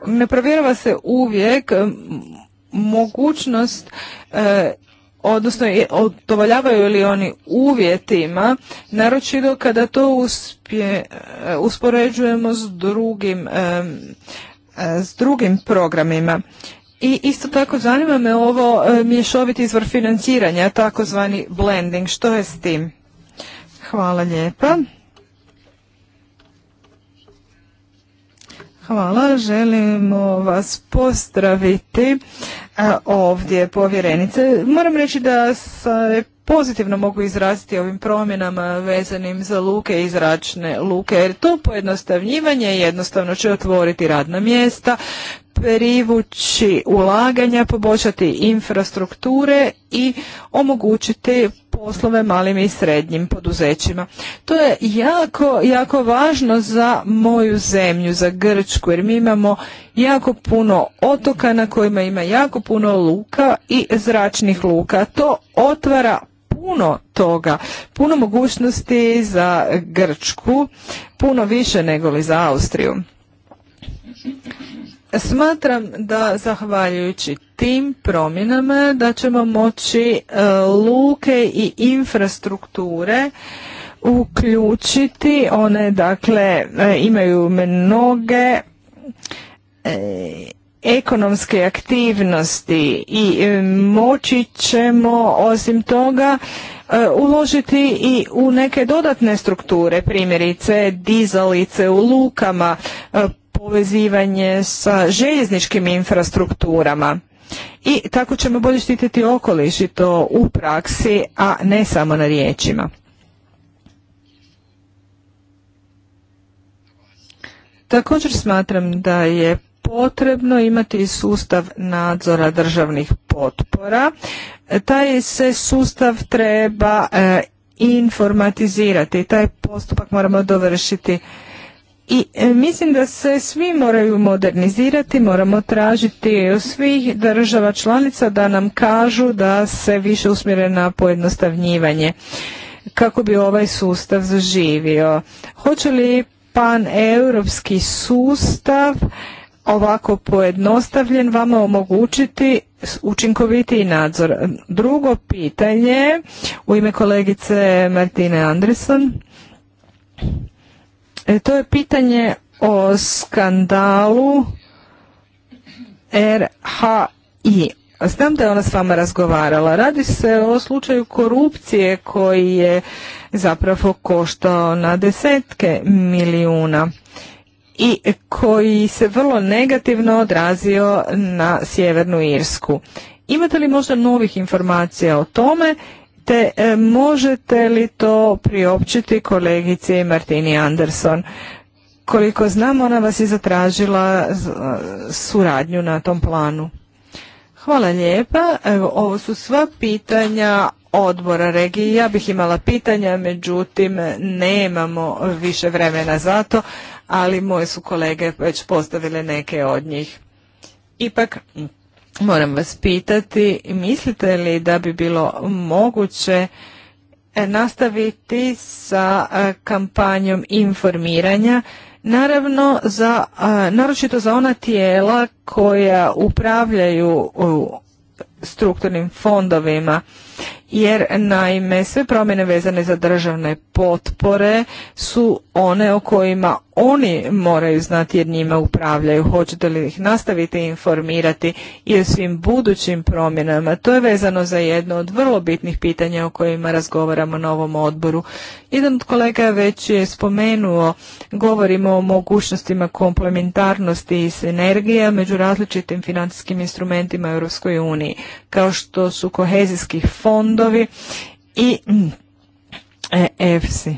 ne provjerava se uvijek mogućnost e, odnosno odovoljavaju li oni uvjetima, naročito kada to e, uspoređujemo s drugim, e, s drugim programima. I isto tako zanima me ovo mješoviti izvor financiranja, takozvani blending. Što je s tim? Hvala lijepa. Hvala, želimo vas pozdraviti ovdje povjerenice. Moram reći da se pozitivno mogu izraziti ovim promjenama vezanim za luke i zračne luke, jer to pojednostavnjivanje jednostavno će otvoriti radna mjesta, privući ulaganja, poboljšati infrastrukture i omogućiti poslove malim i srednjim poduzećima. To je jako, jako važno za moju zemlju, za Grčku, jer mi imamo jako puno otoka na kojima ima jako puno luka i zračnih luka. To otvara puno toga, puno mogućnosti za Grčku, puno više nego li za Austriju. Smatram da zahvaljujući tim promjenama da ćemo moći e, luke i infrastrukture uključiti. One dakle e, imaju mnoge e, ekonomske aktivnosti i e, moći ćemo osim toga e, uložiti i u neke dodatne strukture, primjerice dizalice u lukama, e, povezivanje sa željezničkim infrastrukturama. I tako ćemo bolje štititi okoliš i to u praksi, a ne samo na riječima. Također smatram da je potrebno imati sustav nadzora državnih potpora. Taj se sustav treba e, informatizirati, taj postupak moramo dovršiti. I e, mislim da se svi moraju modernizirati, moramo tražiti od svih država članica da nam kažu da se više usmjere na pojednostavnjivanje kako bi ovaj sustav zaživio. Hoće li pan europski sustav ovako pojednostavljen vama omogućiti učinkovitiji nadzor. Drugo pitanje u ime kolegice Martine Anderson. E, to je pitanje o skandalu RHI. Znam da je ona s vama razgovarala. Radi se o slučaju korupcije koji je zapravo koštao na desetke milijuna i koji se vrlo negativno odrazio na Sjevernu Irsku. Imate li možda novih informacija o tome te e, možete li to priopćiti kolegici Martini Anderson? Koliko znam, ona vas je zatražila e, suradnju na tom planu. Hvala lijepa. ovo su sva pitanja odbora regije. Ja bih imala pitanja, međutim nemamo više vremena za to, ali moje su kolege već postavile neke od njih. Ipak moram vas pitati, mislite li da bi bilo moguće e, nastaviti sa e, kampanjom informiranja Naravno, za, e, naročito za ona tijela koja upravljaju strukturnim fondovima jer naime sve promjene vezane za državne potpore su one o kojima oni moraju znati jer njima upravljaju. Hoćete li ih nastaviti informirati i o svim budućim promjenama? To je vezano za jedno od vrlo bitnih pitanja o kojima razgovaramo na ovom odboru. Jedan od kolega već je spomenuo, govorimo o mogućnostima komplementarnosti i sinergija među različitim financijskim instrumentima u EU, kao što su fond fondovi i mm, EFSI. E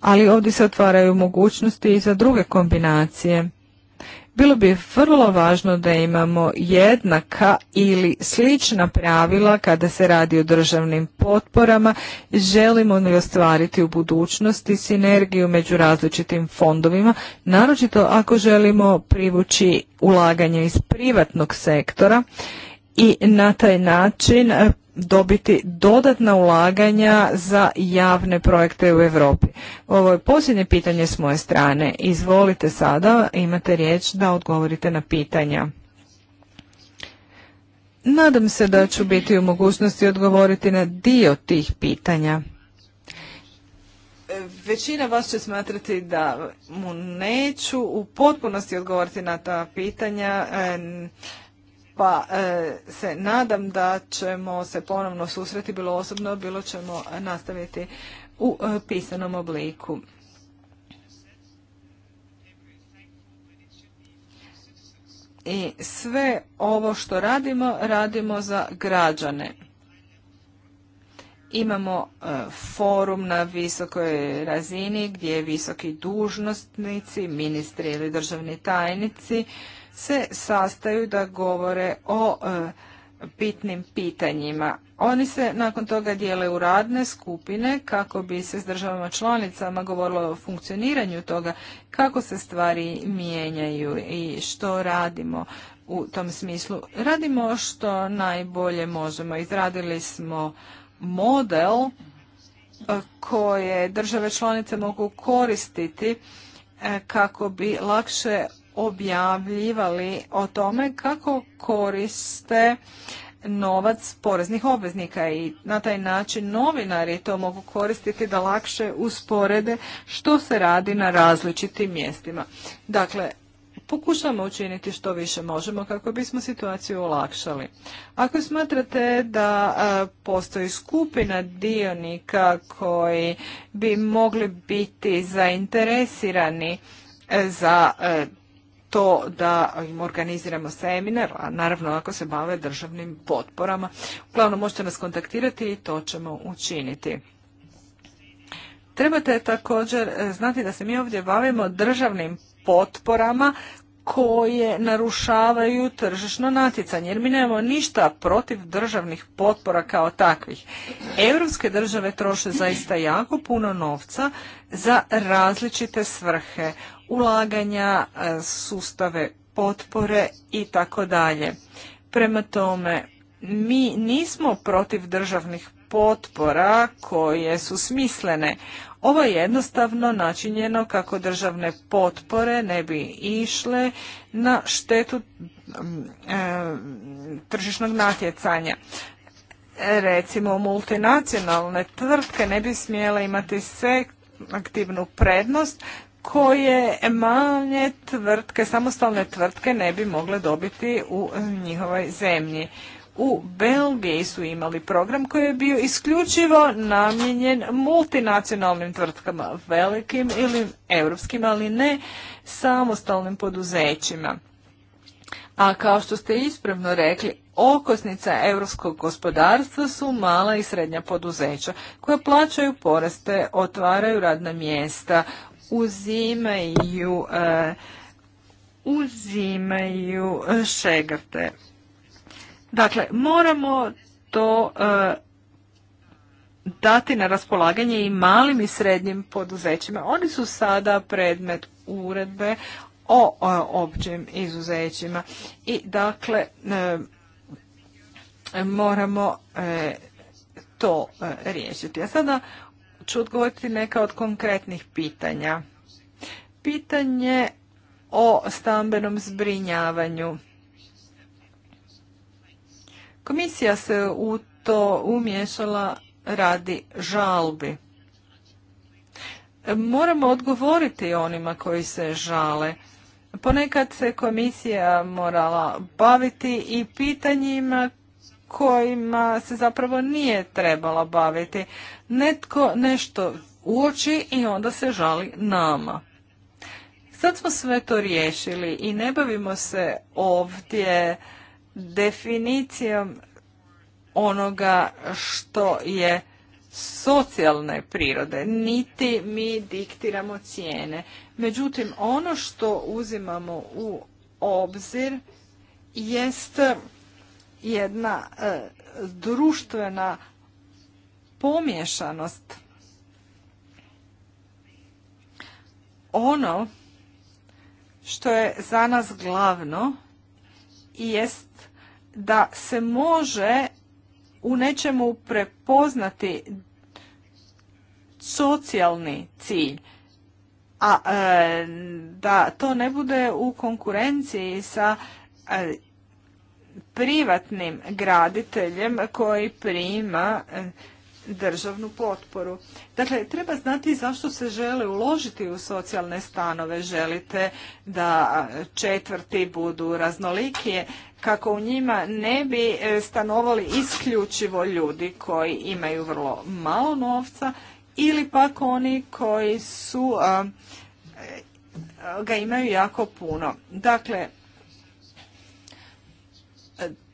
Ali ovdje se otvaraju mogućnosti i za druge kombinacije. Bilo bi vrlo važno da imamo jednaka ili slična pravila kada se radi o državnim potporama. Želimo li ostvariti u budućnosti sinergiju među različitim fondovima, naročito ako želimo privući ulaganje iz privatnog sektora i na taj način eh, dobiti dodatna ulaganja za javne projekte u Europi. Ovo je posljednje pitanje s moje strane. Izvolite sada, imate riječ da odgovorite na pitanja. Nadam se da ću biti u mogućnosti odgovoriti na dio tih pitanja. Većina vas će smatrati da mu neću u potpunosti odgovoriti na ta pitanja pa e, se nadam da ćemo se ponovno susreti, bilo osobno, bilo ćemo nastaviti u e, pisanom obliku. I sve ovo što radimo, radimo za građane. Imamo e, forum na visokoj razini gdje visoki dužnostnici, ministri ili državni tajnici se sastaju da govore o e, bitnim pitanjima. Oni se nakon toga dijele u radne skupine kako bi se s državama članicama govorilo o funkcioniranju toga, kako se stvari mijenjaju i što radimo u tom smislu. Radimo što najbolje možemo. Izradili smo model e, koje države članice mogu koristiti e, kako bi lakše objavljivali o tome kako koriste novac poreznih obveznika i na taj način novinari to mogu koristiti da lakše usporede što se radi na različitim mjestima. Dakle, pokušamo učiniti što više možemo kako bismo situaciju olakšali. Ako smatrate da postoji skupina dionika koji bi mogli biti zainteresirani e, za e, to da im organiziramo seminar, a naravno ako se bave državnim potporama. Uglavnom možete nas kontaktirati i to ćemo učiniti. Trebate također e, znati da se mi ovdje bavimo državnim potporama koje narušavaju tržišno natjecanje. Jer mi nemamo ništa protiv državnih potpora kao takvih. Europske države troše zaista jako puno novca za različite svrhe ulaganja, e, sustave potpore i tako dalje. Prema tome, mi nismo protiv državnih potpora koje su smislene. Ovo je jednostavno načinjeno kako državne potpore ne bi išle na štetu e, tržišnog natjecanja. Recimo, multinacionalne tvrtke ne bi smjele imati se aktivnu prednost koje manje tvrtke, samostalne tvrtke ne bi mogle dobiti u e, njihovoj zemlji. U Belgiji su imali program koji je bio isključivo namijenjen multinacionalnim tvrtkama, velikim ili europskim, ali ne samostalnim poduzećima. A kao što ste ispravno rekli, okosnica europskog gospodarstva su mala i srednja poduzeća koja plaćaju poreste, otvaraju radna mjesta, uzimaju e, uzimaju e, šegrte. Dakle, moramo to e, dati na raspolaganje i malim i srednjim poduzećima. Oni su sada predmet uredbe o općim izuzećima. I dakle, moramo to riješiti. A sada ću odgovoriti neka od konkretnih pitanja. Pitanje o stambenom zbrinjavanju. Komisija se u to umješala radi žalbi. Moramo odgovoriti onima koji se žale. Ponekad se komisija morala baviti i pitanjima kojima se zapravo nije trebala baviti. Netko nešto uoči i onda se žali nama. Sad smo sve to riješili i ne bavimo se ovdje definicijom onoga što je socijalne prirode, niti mi diktiramo cijene. Međutim, ono što uzimamo u obzir jest jedna e, društvena pomješanost. Ono što je za nas glavno jest da se može u nečemu prepoznati socijalni cilj, a e, da to ne bude u konkurenciji sa e, privatnim graditeljem koji prima e, državnu potporu. Dakle, treba znati zašto se žele uložiti u socijalne stanove. Želite da četvrti budu raznolikije, kako u njima ne bi e, stanovali isključivo ljudi koji imaju vrlo malo novca ili pak oni koji su e, ga imaju jako puno. Dakle,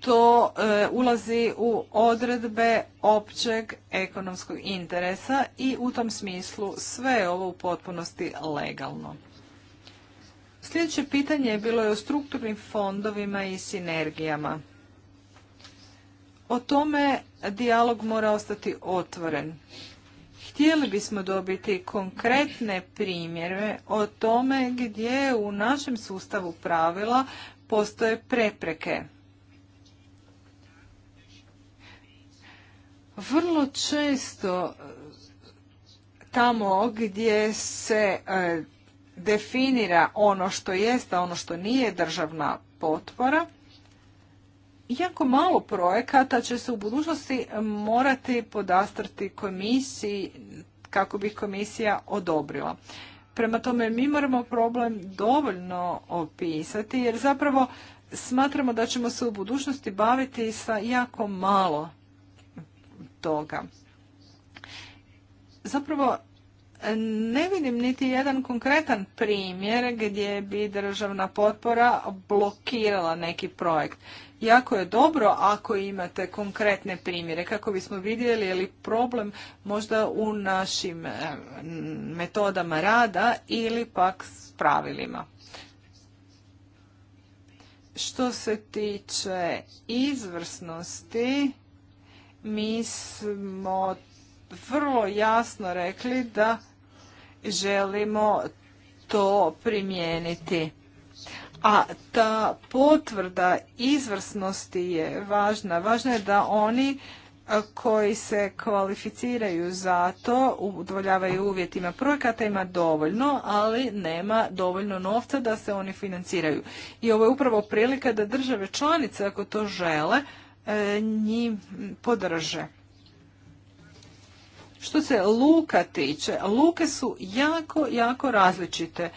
to e, ulazi u odredbe općeg ekonomskog interesa i u tom smislu sve je ovo u potpunosti legalno. Sljedeće pitanje je bilo je o strukturnim fondovima i sinergijama. O tome dijalog mora ostati otvoren. Htjeli bismo dobiti konkretne primjere o tome gdje u našem sustavu pravila postoje prepreke Vrlo često e, tamo gdje se e, definira ono što jest, a ono što nije državna potpora, jako malo projekata će se u budućnosti morati podastrati komisiji kako bi komisija odobrila. Prema tome mi moramo problem dovoljno opisati jer zapravo smatramo da ćemo se u budućnosti baviti sa jako malo toga. Zapravo ne vidim niti jedan konkretan primjer gdje bi državna potpora blokirala neki projekt. Jako je dobro ako imate konkretne primjere kako bismo vidjeli je li problem možda u našim eh, metodama rada ili pak s pravilima. Što se tiče izvrsnosti, mi smo vrlo jasno rekli da želimo to primijeniti. A ta potvrda izvrsnosti je važna. Važno je da oni koji se kvalificiraju za to, udovoljavaju uvjetima projekata, ima dovoljno, ali nema dovoljno novca da se oni financiraju. I ovo je upravo prilika da države članice, ako to žele, E, njih podrže. Što se luka tiče, luke su jako, jako različite.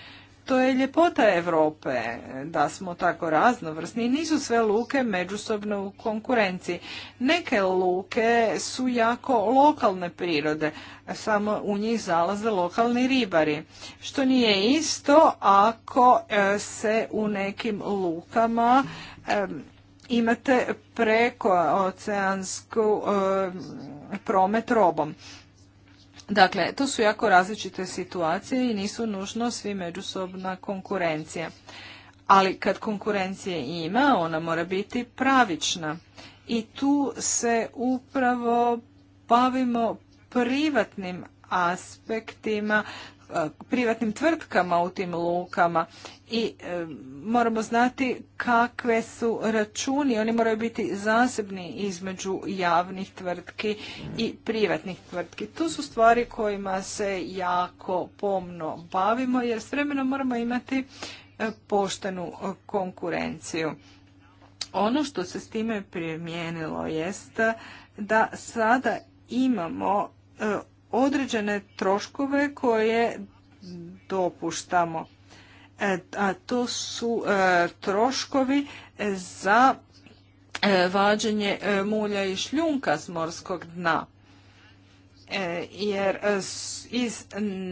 To je ljepota Europe da smo tako raznovrsni i nisu sve luke međusobno u konkurenciji. Neke luke su jako lokalne prirode, samo u njih zalaze lokalni ribari, što nije isto ako e, se u nekim lukama imate preko oceansku eh, promet robom. Dakle, to su jako različite situacije i nisu nužno svi međusobna konkurencija. Ali kad konkurencije ima, ona mora biti pravična. I tu se upravo bavimo privatnim aspektima E, privatnim tvrtkama u tim lukama i e, moramo znati kakve su računi. Oni moraju biti zasebni između javnih tvrtki i privatnih tvrtki. Tu su stvari kojima se jako pomno bavimo jer s vremenom moramo imati e, poštenu konkurenciju. Ono što se s time primijenilo jest da sada imamo određene troškove koje dopuštamo. E, a to su e, troškovi za e, vađenje mulja i šljunka s morskog dna. Jer iz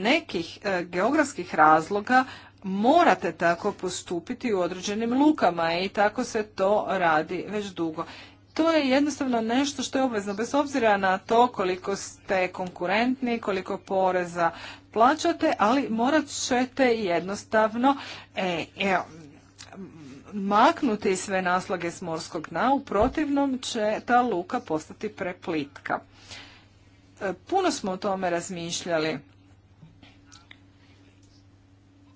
nekih geografskih razloga morate tako postupiti u određenim lukama i tako se to radi već dugo to je jednostavno nešto što je obvezno, bez obzira na to koliko ste konkurentni, koliko poreza plaćate, ali morat ćete jednostavno e, e maknuti sve naslage s morskog dna, u protivnom će ta luka postati preplitka. E, puno smo o tome razmišljali.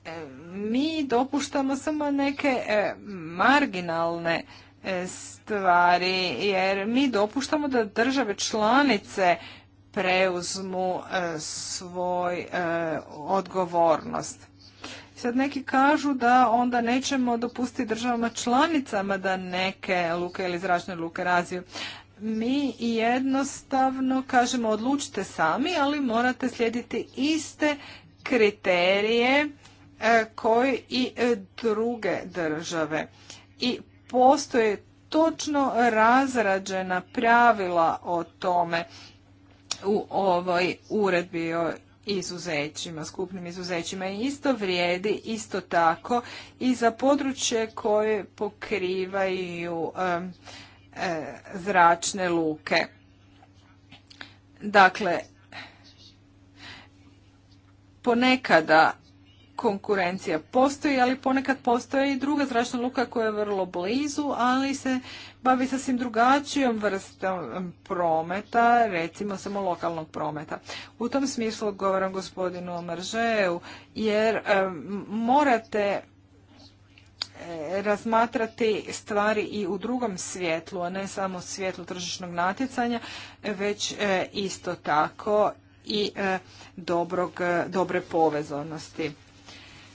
E, mi dopuštamo samo neke marginalne stvari jer mi dopuštamo da države članice preuzmu e, svoj e, odgovornost. Sad neki kažu da onda nećemo dopustiti državama članicama da neke luke ili zračne luke razviju. Mi jednostavno kažemo odlučite sami, ali morate slijediti iste kriterije e, koje i druge države. I postoje točno razrađena pravila o tome u ovoj uredbi o izuzećima, skupnim izuzećima. isto vrijedi, isto tako i za područje koje pokrivaju e, zračne luke. Dakle, ponekada konkurencija postoji, ali ponekad postoje i druga zračna luka koja je vrlo blizu, ali se bavi sasvim drugačijom vrstom prometa, recimo samo lokalnog prometa. U tom smislu odgovaram gospodinu Omržeju, jer e, morate e, razmatrati stvari i u drugom svjetlu, a ne samo svjetlu tržišnog natjecanja, već e, isto tako i dobre povezanosti.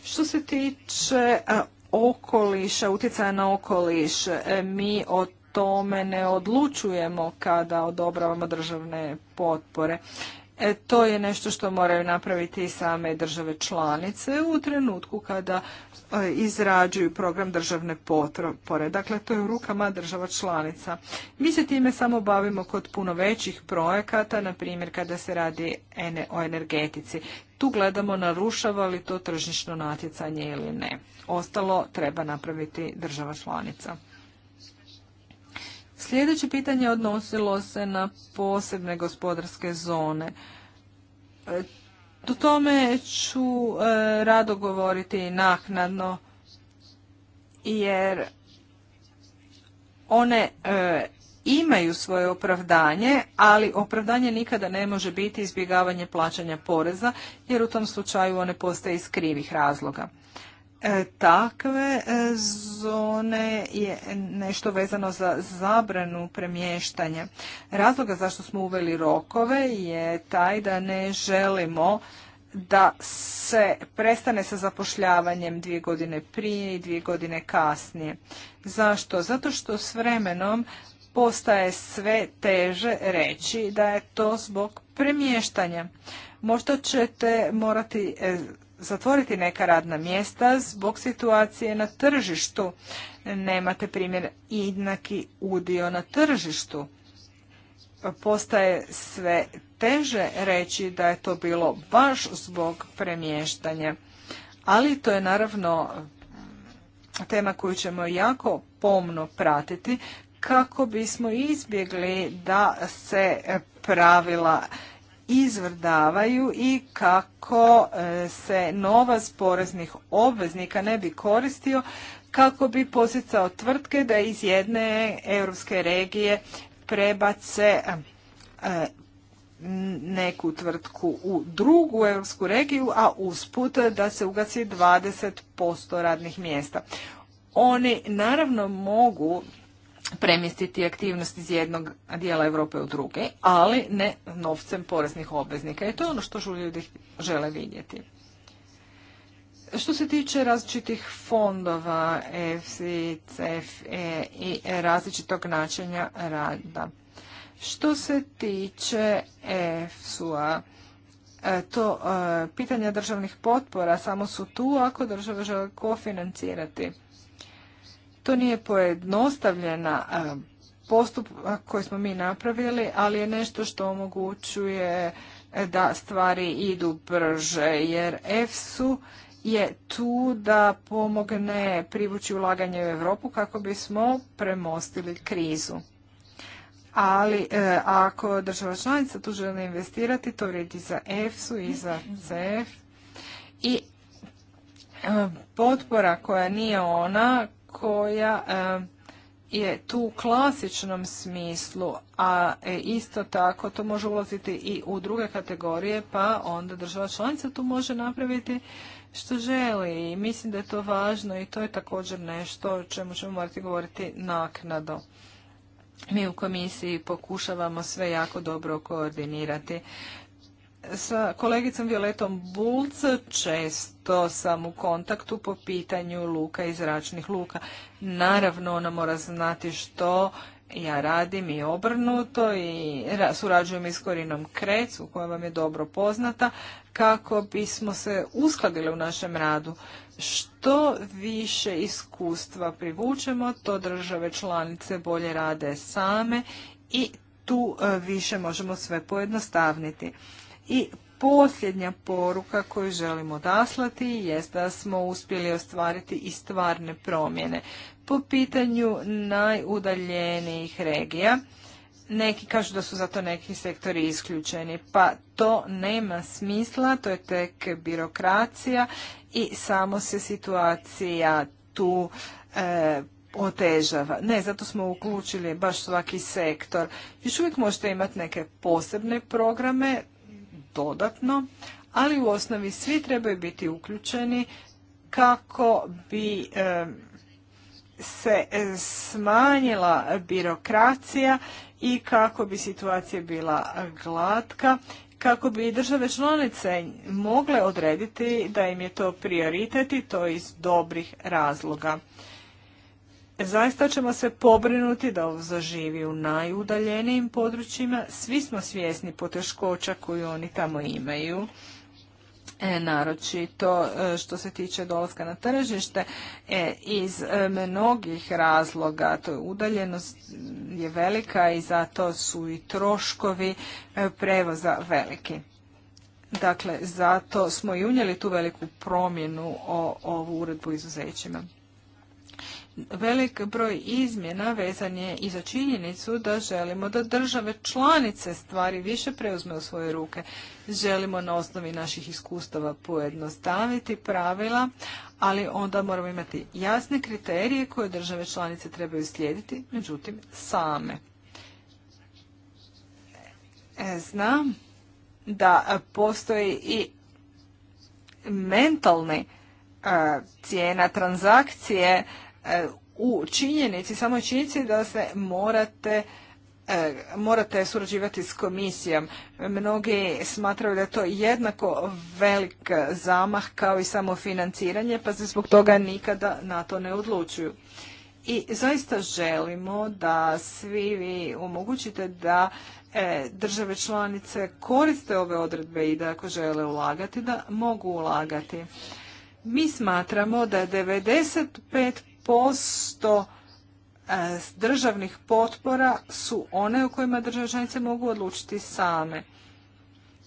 Što se tiče e, okoliša, utjecaja na okoliš, e, mi o tome ne odlučujemo kada odobravamo državne potpore. E, to je nešto što moraju napraviti i same države članice u trenutku kada e, izrađuju program državne potpore. Dakle, to je u rukama država članica. Mi se time samo bavimo kod puno većih projekata, na primjer kada se radi o energetici. Tu gledamo narušava li to tržišno natjecanje ili ne. Ostalo treba napraviti država članica. Sljedeće pitanje odnosilo se na posebne gospodarske zone. E, o tome ću e, rado govoriti naknadno, jer one e, imaju svoje opravdanje, ali opravdanje nikada ne može biti izbjegavanje plaćanja poreza, jer u tom slučaju one postaje iz krivih razloga. E, takve e, zone je nešto vezano za zabranu premještanja. Razloga zašto smo uveli rokove je taj da ne želimo da se prestane sa zapošljavanjem dvije godine prije i dvije godine kasnije. Zašto? Zato što s vremenom postaje sve teže reći da je to zbog premještanja. Možda ćete morati e, zatvoriti neka radna mjesta zbog situacije na tržištu. Nemate primjer jednaki udio na tržištu. Postaje sve teže reći da je to bilo baš zbog premještanja. Ali to je naravno tema koju ćemo jako pomno pratiti kako bismo izbjegli da se pravila izvrdavaju i kako e, se novac poreznih obveznika ne bi koristio kako bi posjecao tvrtke da iz jedne europske regije prebace e, neku tvrtku u drugu europsku regiju, a usput da se ugasi 20% radnih mjesta. Oni naravno mogu premjestiti aktivnost iz jednog dijela Europe u druge, ali ne novcem poreznih obveznika. I to je ono što ljudi žele vidjeti. Što se tiče različitih fondova, EFSI, CFE i različitog načinja rada. Što se tiče EFSU-a, e, to e, pitanja državnih potpora samo su tu ako država žele kofinancirati. To nije pojednostavljena e, postupak koji smo mi napravili, ali je nešto što omogućuje e, da stvari idu brže, jer EFSU je tu da pomogne privući ulaganje u Europu kako bismo premostili krizu. Ali e, ako država članica tu želi investirati, to vrijedi za EFSU i za CEF. I potpora koja nije ona, koja eh, je tu u klasičnom smislu, a e, isto tako to može ulaziti i u druge kategorije, pa onda država članica tu može napraviti što želi i mislim da je to važno i to je također nešto o čemu ćemo morati govoriti naknado. Mi u komisiji pokušavamo sve jako dobro koordinirati sa kolegicom Violetom Bulc često sam u kontaktu po pitanju luka i zračnih luka. Naravno, ona mora znati što ja radim i obrnuto i surađujem i s Korinom Krecu koja vam je dobro poznata kako bismo se uskladili u našem radu. Što više iskustva privučemo, to države članice bolje rade same i tu e, više možemo sve pojednostavniti. I posljednja poruka koju želimo odaslati je da smo uspjeli ostvariti i stvarne promjene. Po pitanju najudaljenijih regija, neki kažu da su zato neki sektori isključeni, pa to nema smisla, to je tek birokracija i samo se situacija tu e, otežava. Ne, zato smo uključili baš svaki sektor. Još uvijek možete imati neke posebne programe, dodatno, ali u osnovi svi trebaju biti uključeni kako bi se smanjila birokracija i kako bi situacija bila glatka, kako bi države članice mogle odrediti da im je to prioritet i to iz dobrih razloga. Zaista ćemo se pobrinuti da ovo zaživi u najudaljenijim područjima. Svi smo svjesni poteškoća koju oni tamo imaju. E, naročito e, što se tiče dolaska na tržište e, iz e, mnogih razloga to je udaljenost je velika i zato su i troškovi prevoza veliki dakle zato smo i unijeli tu veliku promjenu o ovu uredbu izuzećima Velik broj izmjena vezan je i za činjenicu da želimo da države članice stvari više preuzme u svoje ruke. Želimo na osnovi naših iskustava pojednostaviti pravila, ali onda moramo imati jasne kriterije koje države članice trebaju slijediti, međutim same. E, znam da postoji i mentalni e, cijena transakcije E, u činjenici, samo činjenici da se morate e, morate surađivati s komisijom. Mnogi smatraju da je to jednako velik zamah kao i samo financiranje, pa se zbog toga nikada na to ne odlučuju. I zaista želimo da svi vi omogućite da e, države članice koriste ove odredbe i da ako žele ulagati, da mogu ulagati. Mi smatramo da 95 posto e, državnih potpora su one o kojima države članice mogu odlučiti same.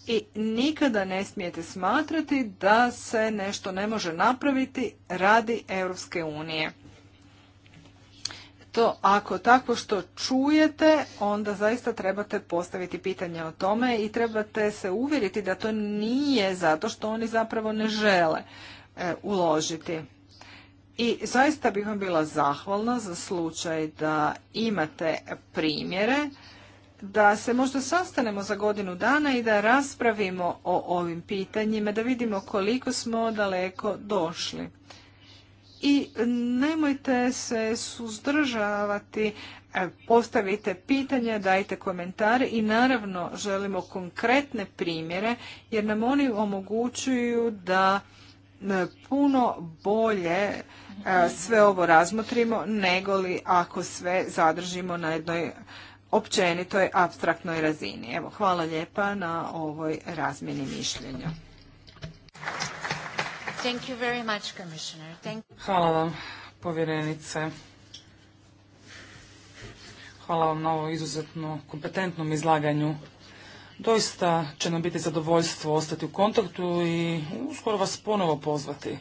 I nikada ne smijete smatrati da se nešto ne može napraviti radi Europske unije. To ako tako što čujete, onda zaista trebate postaviti pitanje o tome i trebate se uvjeriti da to nije zato što oni zapravo ne žele e, uložiti. I zaista bih vam bila zahvalna za slučaj da imate primjere, da se možda sastanemo za godinu dana i da raspravimo o ovim pitanjima, da vidimo koliko smo daleko došli. I nemojte se suzdržavati, e, postavite pitanja, dajte komentare i naravno želimo konkretne primjere jer nam oni omogućuju da e, puno bolje E, sve ovo razmotrimo, nego li ako sve zadržimo na jednoj općenitoj, abstraktnoj razini. Evo, hvala lijepa na ovoj razmjeni mišljenja. Thank you hvala vam, povjerenice. Hvala vam na ovo izuzetno kompetentnom izlaganju. Doista će nam biti zadovoljstvo ostati u kontaktu i uskoro vas ponovo pozvati.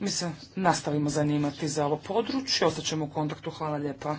Mi se nastavimo zanimati za ovo područje. Ostaćemo u kontaktu. Hvala lijepa.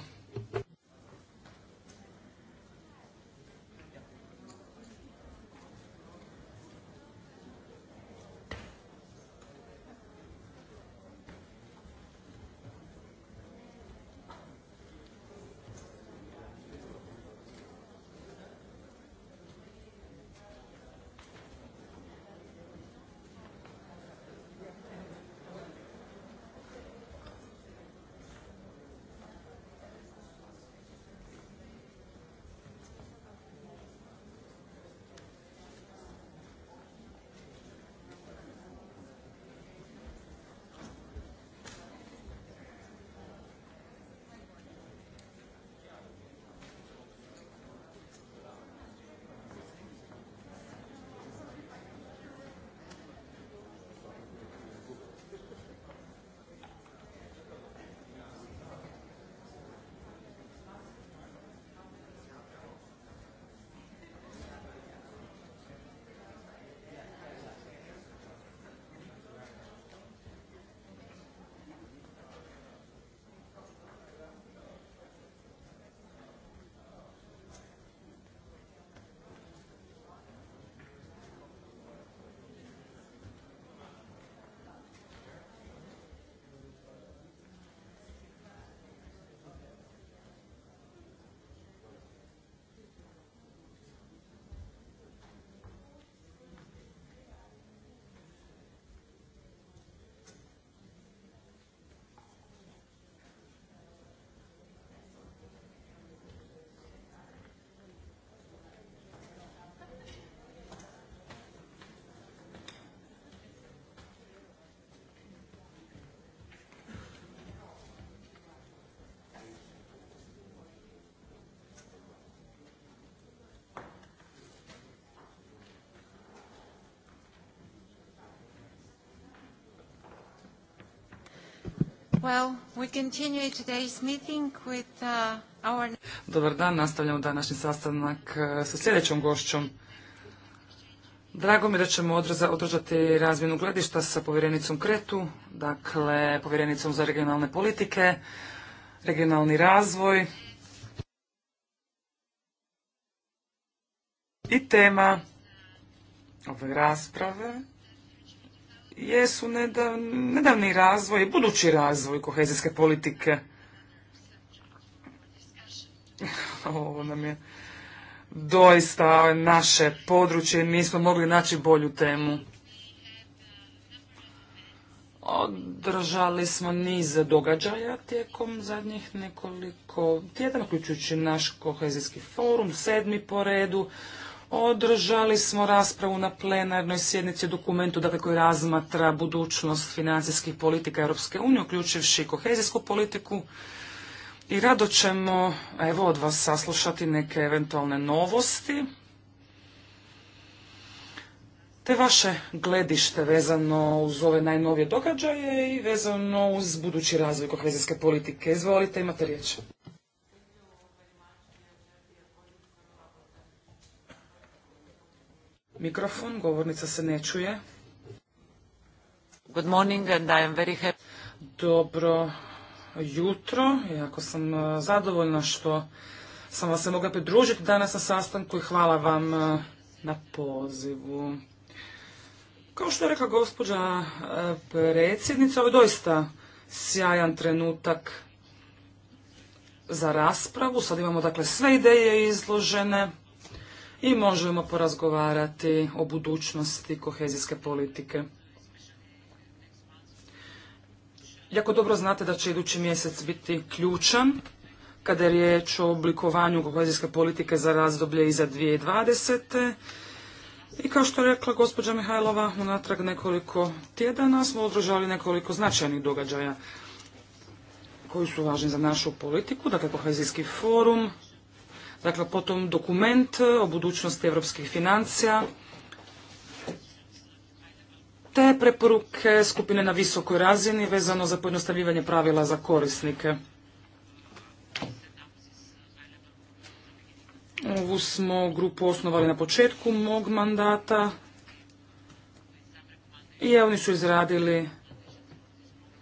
Well, we uh, Dobar dan, nastavljamo današnji sastanak uh, sa sljedećom gošćom. Drago mi da ćemo održati razmjenu gledišta sa povjerenicom Kretu, dakle povjerenicom za regionalne politike, regionalni razvoj i tema ove rasprave jesu nedavni razvoj i budući razvoj kohezijske politike. Ovo nam je doista naše područje, nismo mogli naći bolju temu. Održali smo niz događaja tijekom zadnjih nekoliko tjedana, uključujući naš kohezijski forum, sedmi po redu. Održali smo raspravu na plenarnoj sjednici o dokumentu dakle, koji razmatra budućnost financijskih politika Europske unije, uključivši kohezijsku politiku. I rado ćemo evo, od vas saslušati neke eventualne novosti, te vaše gledište vezano uz ove najnovije događaje i vezano uz budući razvoj kohezijske politike. Izvolite, imate riječ. Mikrofon, govornica se ne čuje. Good morning and I Dobro jutro, jako sam e, zadovoljna što sam vas se mogla pridružiti danas na sastanku i hvala vam e, na pozivu. Kao što je rekla gospođa e, predsjednica, ovo je doista sjajan trenutak za raspravu. Sad imamo dakle sve ideje izložene i možemo porazgovarati o budućnosti kohezijske politike. Jako dobro znate da će idući mjesec biti ključan kada je riječ o oblikovanju kohezijske politike za razdoblje iza 2020. I kao što je rekla gospođa Mihajlova, unatrag nekoliko tjedana smo održali nekoliko značajnih događaja koji su važni za našu politiku, dakle kohezijski forum, Dakle, potom dokument e, o budućnosti europskih financija, te preporuke skupine na visokoj razini vezano za pojednostavljivanje pravila za korisnike. Ovu smo grupu osnovali na početku mog mandata i oni su izradili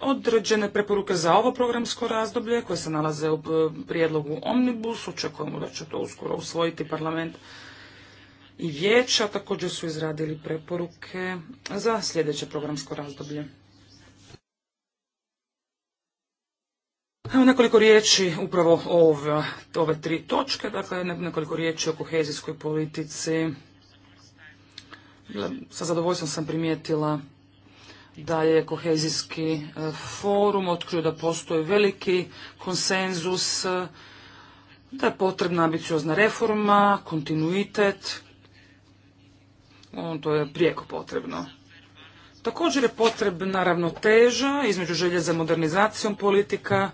određene preporuke za ovo programsko razdoblje koje se nalaze u e, prijedlogu Omnibus, očekujemo da će to uskoro usvojiti parlament i vijeća, također su izradili preporuke za sljedeće programsko razdoblje. Evo nekoliko riječi upravo o ove tri točke, dakle nekoliko riječi o kohezijskoj politici. Sa zadovoljstvom sam primijetila da je kohezijski e, forum otkrio da postoji veliki konsenzus, e, da je potrebna ambiciozna reforma, kontinuitet, on to je prijeko potrebno. Također je potrebna ravnoteža između želje za modernizacijom politika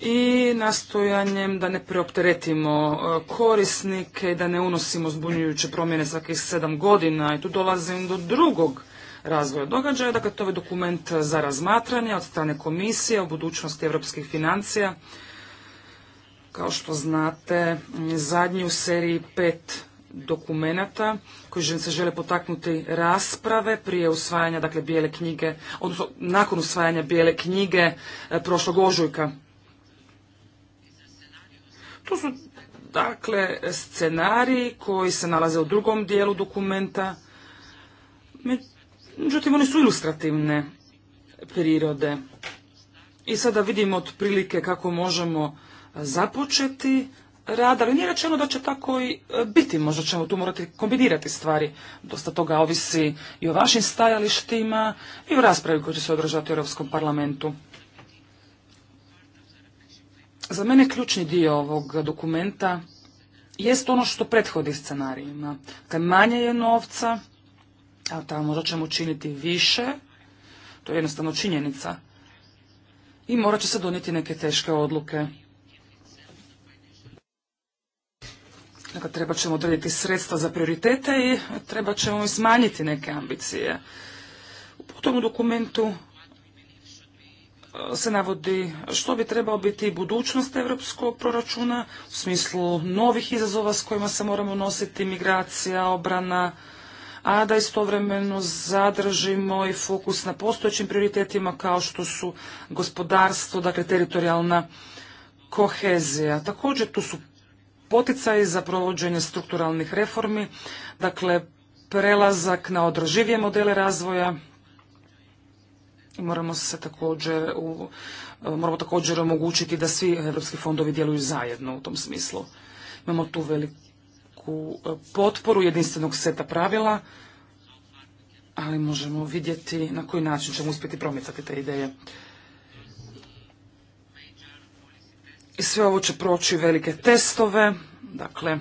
i nastojanjem da ne preopteretimo e, korisnike, da ne unosimo zbunjujuće promjene svakih sedam godina i tu dolazim do drugog razvoja događaja. Dakle, to je dokument za razmatranje od strane komisije o budućnosti europskih financija. Kao što znate, zadnji u seriji pet dokumenata koji se žele potaknuti rasprave prije usvajanja dakle bijele knjige, odnosno nakon usvajanja bijele knjige e, prošlog ožujka. To su dakle scenariji koji se nalaze u drugom dijelu dokumenta. Međutim, one su ilustrativne prirode. I sada vidimo otprilike kako možemo započeti rad, ali nije rečeno da će tako i e, biti. Možda ćemo tu morati kombinirati stvari. Dosta toga ovisi i o vašim stajalištima i o raspravi koja će se održati u Europskom parlamentu. Za mene ključni dio ovog dokumenta jest ono što prethodi scenarijima. Kad manje je novca, a tamo možda ćemo učiniti više, to je jednostavno činjenica. I morat će se donijeti neke teške odluke. Dakle, treba ćemo odrediti sredstva za prioritete i treba ćemo i smanjiti neke ambicije. U tom dokumentu e, se navodi što bi trebao biti budućnost europskog proračuna u smislu novih izazova s kojima se moramo nositi, migracija, obrana, a da istovremeno zadržimo i fokus na postojećim prioritetima kao što su gospodarstvo, dakle teritorijalna kohezija. Također tu su poticaji za provođenje strukturalnih reformi, dakle prelazak na održivije modele razvoja, i moramo se također u, moramo također omogućiti da svi europski fondovi djeluju zajedno u tom smislu. Imamo tu veliku u e, potporu jedinstvenog seta pravila, ali možemo vidjeti na koji način ćemo uspjeti promicati te ideje. I sve ovo će proći velike testove, dakle,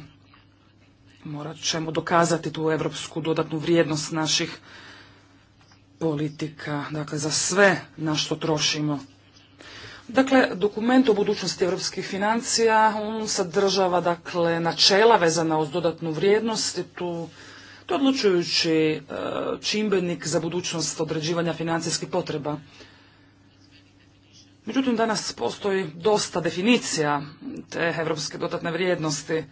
morat ćemo dokazati tu evropsku dodatnu vrijednost naših politika, dakle, za sve na što trošimo Dakle, dokument o budućnosti europskih financija, on sadržava dakle načela vezana uz dodatnu vrijednost i tu to odlučujući e, čimbenik za budućnost određivanja financijskih potreba. Međutim, danas postoji dosta definicija te evropske dodatne vrijednosti.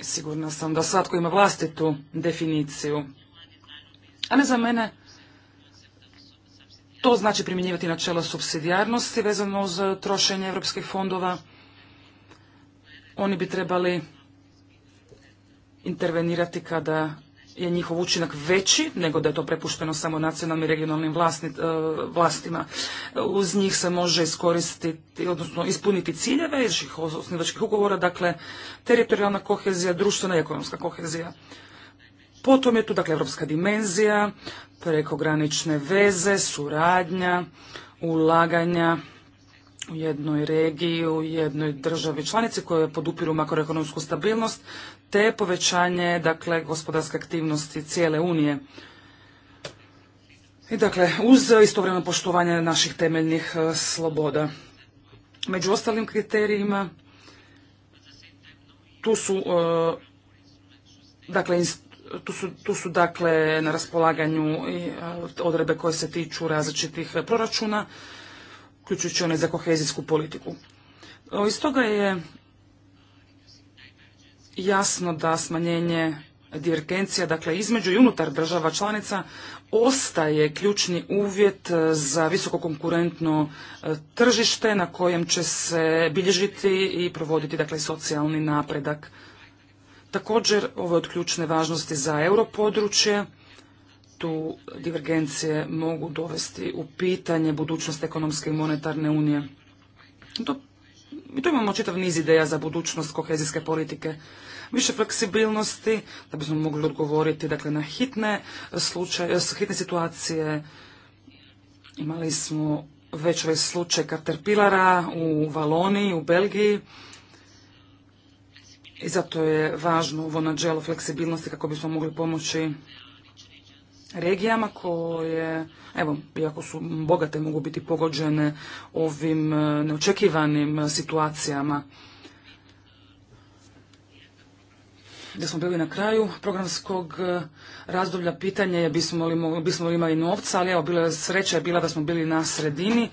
Sigurna sam da svatko ima vlastitu definiciju. A ne za mene to znači primjenjivati načelo subsidijarnosti vezano uz trošenje europskih fondova. Oni bi trebali intervenirati kada je njihov učinak veći nego da je to prepušteno samo nacionalnim i regionalnim e, vlastima. Uz njih se može iskoristiti, odnosno ispuniti ciljeve iz osnivačkih ugovora, dakle teritorijalna kohezija, društvena i ekonomska kohezija. Potom je tu dakle evropska dimenzija, prekogranične veze, suradnja, ulaganja u jednoj regiji, u jednoj državi članici koje podupiru makroekonomsku stabilnost, te povećanje dakle gospodarske aktivnosti cijele unije. I dakle, uz istovremeno poštovanje naših temeljnih e, sloboda. Među ostalim kriterijima tu su e, dakle tu su, tu su dakle na raspolaganju e, odredbe koje se tiču različitih proračuna, uključujući one za kohezijsku politiku. Iz toga je jasno da smanjenje divergencija, dakle između i unutar država članica, ostaje ključni uvjet e, za visoko konkurentno e, tržište na kojem će se bilježiti i provoditi dakle socijalni napredak. Također, ovo je od ključne važnosti za europodručje. Tu divergencije mogu dovesti u pitanje budućnost ekonomske i monetarne unije. To, mi tu imamo čitav niz ideja za budućnost kohezijske politike. Više fleksibilnosti, da bismo mogli odgovoriti dakle, na hitne, hitne situacije. Imali smo već ovaj slučaj Caterpillara u Valoniji, u Belgiji. I zato je važno ovo načelo fleksibilnosti kako bismo mogli pomoći regijama koje, evo, iako su bogate, mogu biti pogođene ovim e, neočekivanim situacijama. Da smo bili na kraju programskog e, razdoblja, pitanje je bismo li, bismo imali novca, ali evo, bila, sreća je bila da smo bili na sredini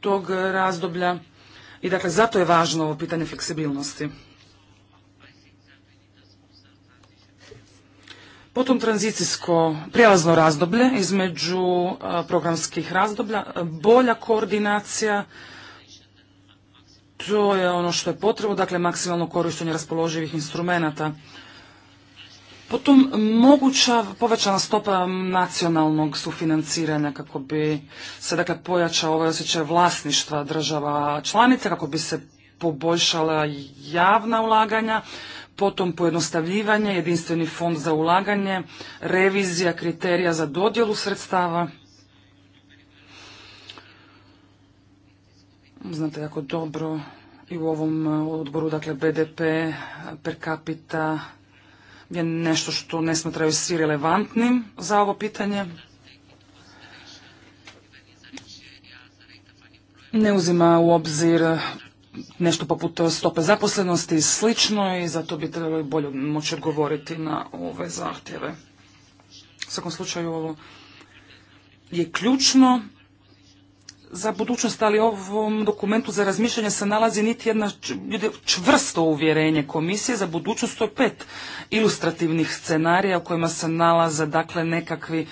tog e, razdoblja i dakle zato je važno ovo pitanje fleksibilnosti. Potom tranzicijsko prijelazno razdoblje između programskih razdoblja, bolja koordinacija, to je ono što je potrebno, dakle maksimalno korištenje raspoloživih instrumenata. Potom moguća povećana stopa nacionalnog sufinanciranja kako bi se dakle pojačao ovaj osjećaj vlasništva država članica, kako bi se poboljšala javna ulaganja, potom pojednostavljivanje, jedinstveni fond za ulaganje, revizija kriterija za dodjelu sredstava. Znate jako dobro i u ovom e, odboru, dakle BDP per capita je nešto što ne smatraju svi relevantnim za ovo pitanje. Ne uzima u obzir nešto poput stope zaposlenosti i slično i zato bi trebali bolje moći odgovoriti na ove zahtjeve. U svakom slučaju ovo je ključno za budućnost, ali u ovom dokumentu za razmišljanje se nalazi niti jedna čvrsto uvjerenje komisije za budućnost, to pet ilustrativnih scenarija u kojima se nalaze dakle nekakvi e,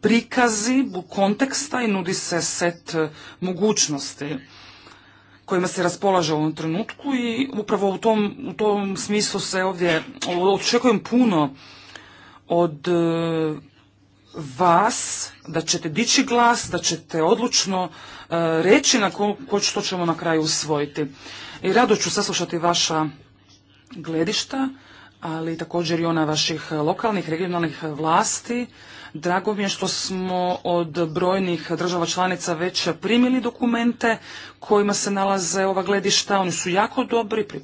prikazi prikazi konteksta i nudi se set e, mogućnosti kojima se raspolaže u ovom trenutku i upravo u tom, u tom smislu se ovdje očekujem puno od e, vas, da ćete dići glas, da ćete odlučno e, reći na ko, ko, što ćemo na kraju usvojiti. I rado ću saslušati vaša gledišta, ali također i ona vaših lokalnih, regionalnih vlasti, Drago mi je što smo od brojnih država članica već primili dokumente kojima se nalaze ova gledišta. Oni su jako dobri, e,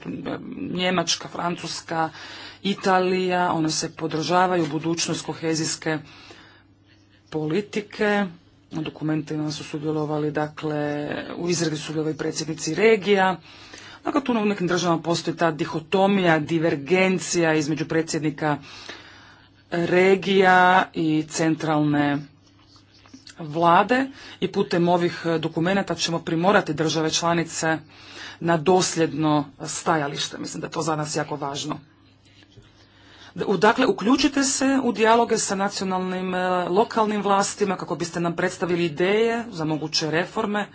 Njemačka, Francuska, Italija, one se podržavaju budućnost kohezijske politike. U dokumentima su sudjelovali, dakle, u izradi su sudjelovali predsjednici regija. Dakle, tu u nekim državama postoji ta dihotomija, divergencija između predsjednika regija i centralne vlade i putem ovih dokumenata ćemo primorati države članice na dosljedno stajalište. Mislim da je to za nas jako važno. Dakle, uključite se u dijaloge sa nacionalnim e, lokalnim vlastima kako biste nam predstavili ideje za moguće reforme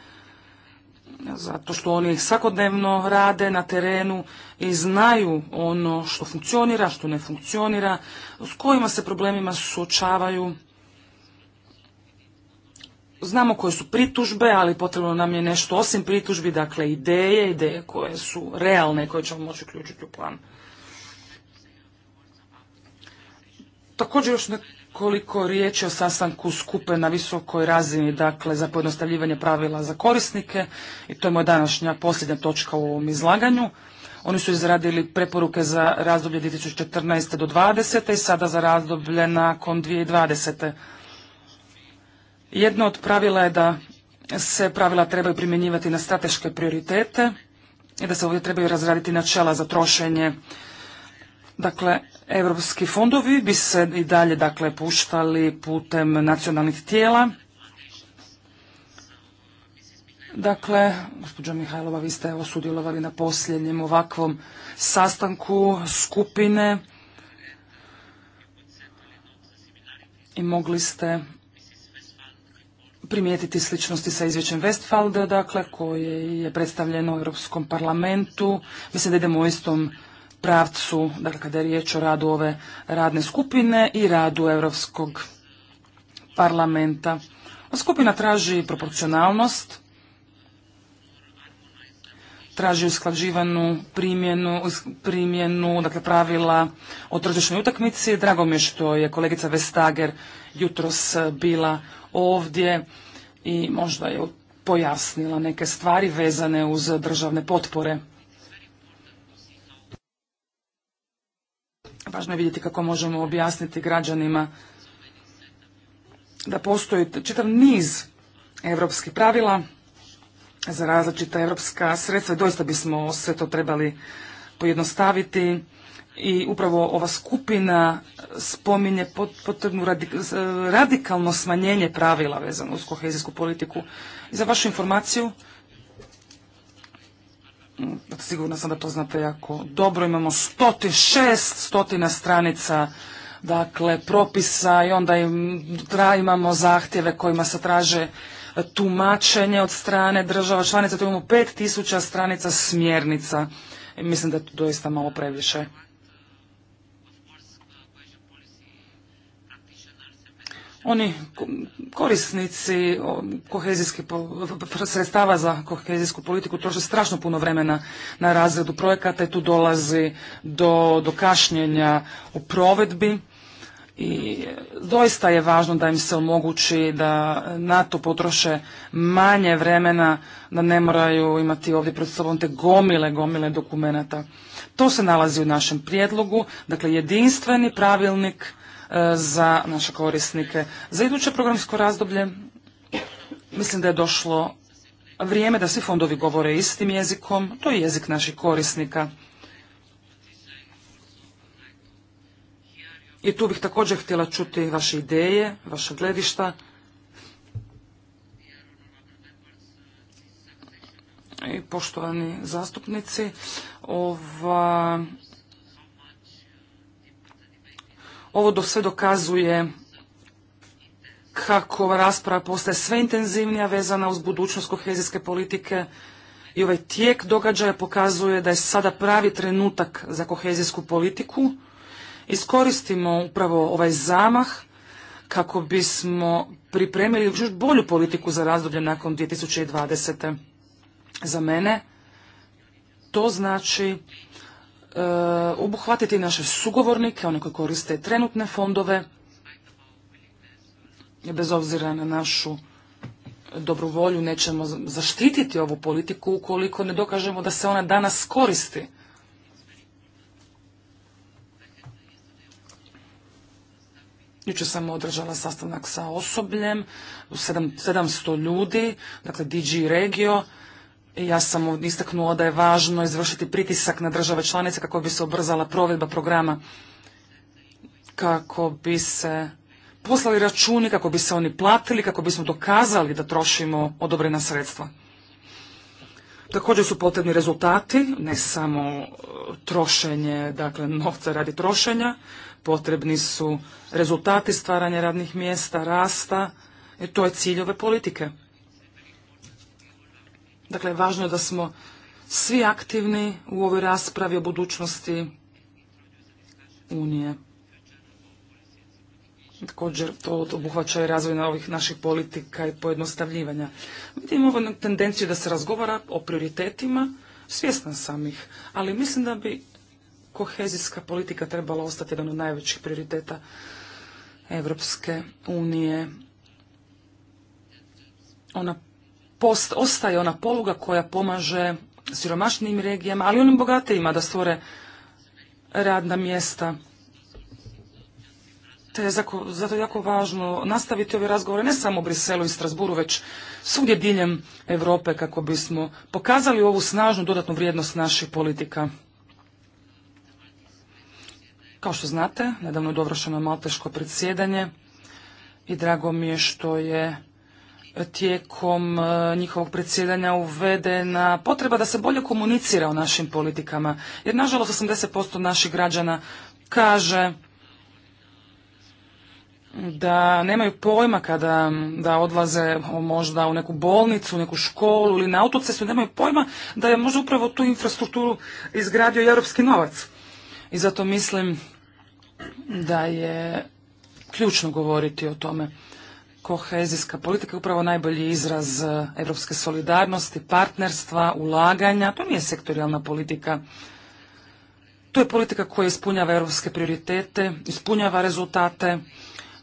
zato što oni svakodnevno rade na terenu i znaju ono što funkcionira, što ne funkcionira, s kojima se problemima suočavaju. Znamo koje su pritužbe, ali potrebno nam je nešto osim pritužbi, dakle ideje, ideje koje su realne, koje ćemo moći uključiti u plan. Također još koliko je o sastanku skupe na visokoj razini, dakle za pojednostavljivanje pravila za korisnike i to je moja današnja posljednja točka u ovom izlaganju. Oni su izradili preporuke za razdoblje 2014. do 2020. i sada za razdoblje nakon 2020. Jedno od pravila je da se pravila trebaju primjenjivati na strateške prioritete i da se ovdje trebaju razraditi načela za trošenje Dakle, europski fondovi bi se i dalje dakle puštali putem nacionalnih tijela. Dakle, gospođo Mihajlova, vi ste evo sudjelovali na posljednjem ovakvom sastanku skupine i mogli ste primijetiti sličnosti sa izvješćem Westfalda, dakle, koje je predstavljeno u Europskom parlamentu. Mislim da idemo u istom pravcu, dakle kada je riječ o radu ove radne skupine i radu Europskog parlamenta. Skupina traži proporcionalnost, traži usklađivanu primjenu, primjenu dakle, pravila o tržišnoj utakmici. Drago mi je što je kolegica Vestager jutros bila ovdje i možda je pojasnila neke stvari vezane uz državne potpore. Važno je vidjeti kako možemo objasniti građanima da postoji čitav niz europskih pravila za različita europska sredstva. Doista bismo sve to trebali pojednostaviti i upravo ova skupina spominje potrebnu radikalno smanjenje pravila vezano uz kohezijsku politiku. I za vašu informaciju, Mm, Sigurno sam da to znate jako dobro. Imamo 106 šest stotina stranica dakle, propisa i onda imamo zahtjeve kojima se traže tumačenje od strane država članica. to imamo pet tisuća stranica smjernica. I mislim da je to doista malo previše. oni korisnici kohezijskih sredstava za kohezijsku politiku troše strašno puno vremena na razredu projekata i tu dolazi do, do kašnjenja u provedbi i e, doista je važno da im se omogući da na to potroše manje vremena, da ne moraju imati ovdje pred sobom te gomile, gomile dokumenata. To se nalazi u našem prijedlogu, dakle jedinstveni pravilnik E, za naše korisnike. Za iduće programsko razdoblje mislim da je došlo vrijeme da svi fondovi govore istim jezikom, to je jezik naših korisnika. I tu bih također htjela čuti vaše ideje, vaše gledišta. I poštovani zastupnici, ova Ovo do sve dokazuje kako ova rasprava postaje sve intenzivnija vezana uz budućnost kohezijske politike i ovaj tijek događaja pokazuje da je sada pravi trenutak za kohezijsku politiku. Iskoristimo upravo ovaj zamah kako bismo pripremili još bolju politiku za razdoblje nakon 2020. Za mene to znači E, obuhvatiti naše sugovornike, one koji koriste trenutne fondove, bez obzira na našu dobru volju nećemo zaštititi ovu politiku ukoliko ne dokažemo da se ona danas koristi. Juče sam održala sastanak sa osobljem, 700 ljudi, dakle DG Regio, ja sam istaknula da je važno izvršiti pritisak na države članice kako bi se obrzala provedba programa, kako bi se poslali računi, kako bi se oni platili, kako bismo dokazali da trošimo odobrena sredstva. Također su potrebni rezultati, ne samo e, trošenje, dakle novca radi trošenja, potrebni su rezultati stvaranja radnih mjesta, rasta, i e, to je cilj ove politike. Dakle, važno je da smo svi aktivni u ovoj raspravi o budućnosti Unije. Također to obuhvaća i razvoj ovih naših politika i pojednostavljivanja. Vidimo ovu tendenciju da se razgovara o prioritetima, svjesna sam ih, ali mislim da bi kohezijska politika trebala ostati jedan od najvećih prioriteta Evropske unije. Ona post, ostaje ona poluga koja pomaže siromašnim regijama, ali onim bogatijima da stvore radna mjesta. To je zato je jako važno nastaviti ove razgovore ne samo u Briselu i Strasburu, već svugdje diljem Europe kako bismo pokazali ovu snažnu dodatnu vrijednost naših politika. Kao što znate, nedavno je dovršeno malteško predsjedanje i drago mi je što je tijekom e, njihovog predsjedanja uvedena potreba da se bolje komunicira o našim politikama. Jer nažalost 80% naših građana kaže da nemaju pojma kada da odlaze možda u neku bolnicu, u neku školu ili na autocestu, nemaju pojma da je možda upravo tu infrastrukturu izgradio europski novac. I zato mislim da je ključno govoriti o tome kohezijska politika je upravo najbolji izraz europske solidarnosti, partnerstva, ulaganja. To nije sektorijalna politika. To je politika koja ispunjava europske prioritete, ispunjava rezultate.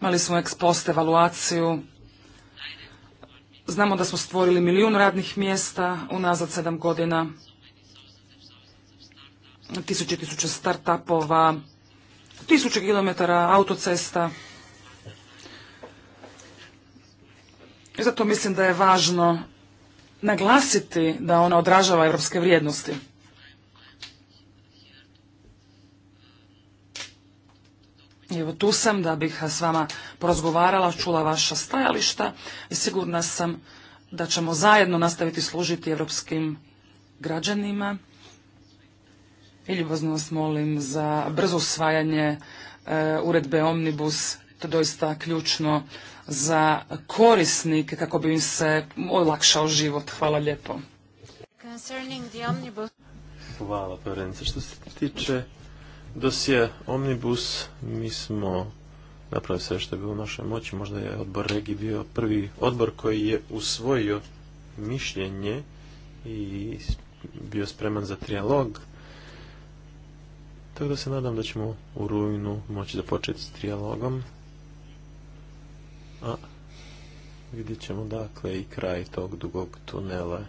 Imali smo ex evaluaciju. Znamo da smo stvorili milijun radnih mjesta unazad sedam godina. Tisuće i tisuće start-upova, tisuće kilometara autocesta. I zato mislim da je važno naglasiti da ona odražava europske vrijednosti. Evo tu sam da bih s vama porazgovarala, čula vaša stajališta i sigurna sam da ćemo zajedno nastaviti služiti europskim građanima. I ljubazno vas molim za brzo usvajanje e, uredbe Omnibus, to je doista ključno za korisnike kako bi im se olakšao život. Hvala lijepo. Hvala, povjerenice. Što se tiče dosije Omnibus, mi smo napravili sve što je bilo u našoj moći. Možda je odbor Regi bio prvi odbor koji je usvojio mišljenje i bio spreman za trijalog. Tako da se nadam da ćemo u rujnu moći započeti s trijalogom. A vidjet ćemo dakle i kraj tog dugog tunela.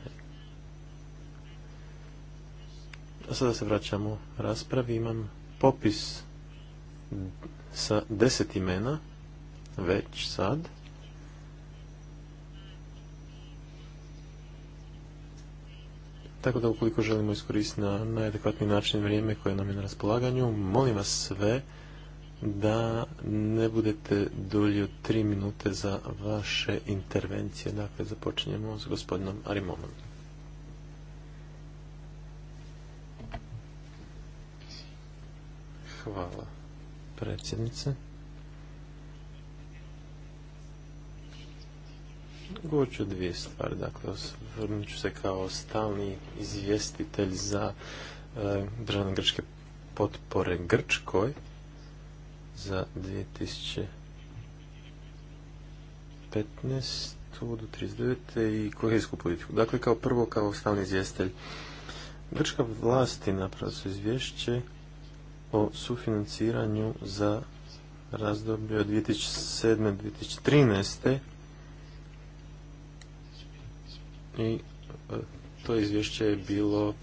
A sada se vraćamo raspravi. Imam popis sa deset imena već sad. Tako da ukoliko želimo iskoristiti na najadekvatniji način vrijeme koje nam je na raspolaganju, molim vas sve da ne budete dulji tri minute za vaše intervencije. Dakle, započinjemo s gospodinom Arimovom. Hvala, predsjednice. Govorit ću dvije stvari, dakle, vrnut ću se kao stalni izvjestitelj za e, državne grčke potpore Grčkoj, za 2015 do 39. i kohezijsku politiku. Dakle, kao prvo, kao stalni izvjestelj. Grčka vlasti napravila su izvješće o sufinanciranju za razdoblje od 2007. do 2013. I e, to izvješće je bilo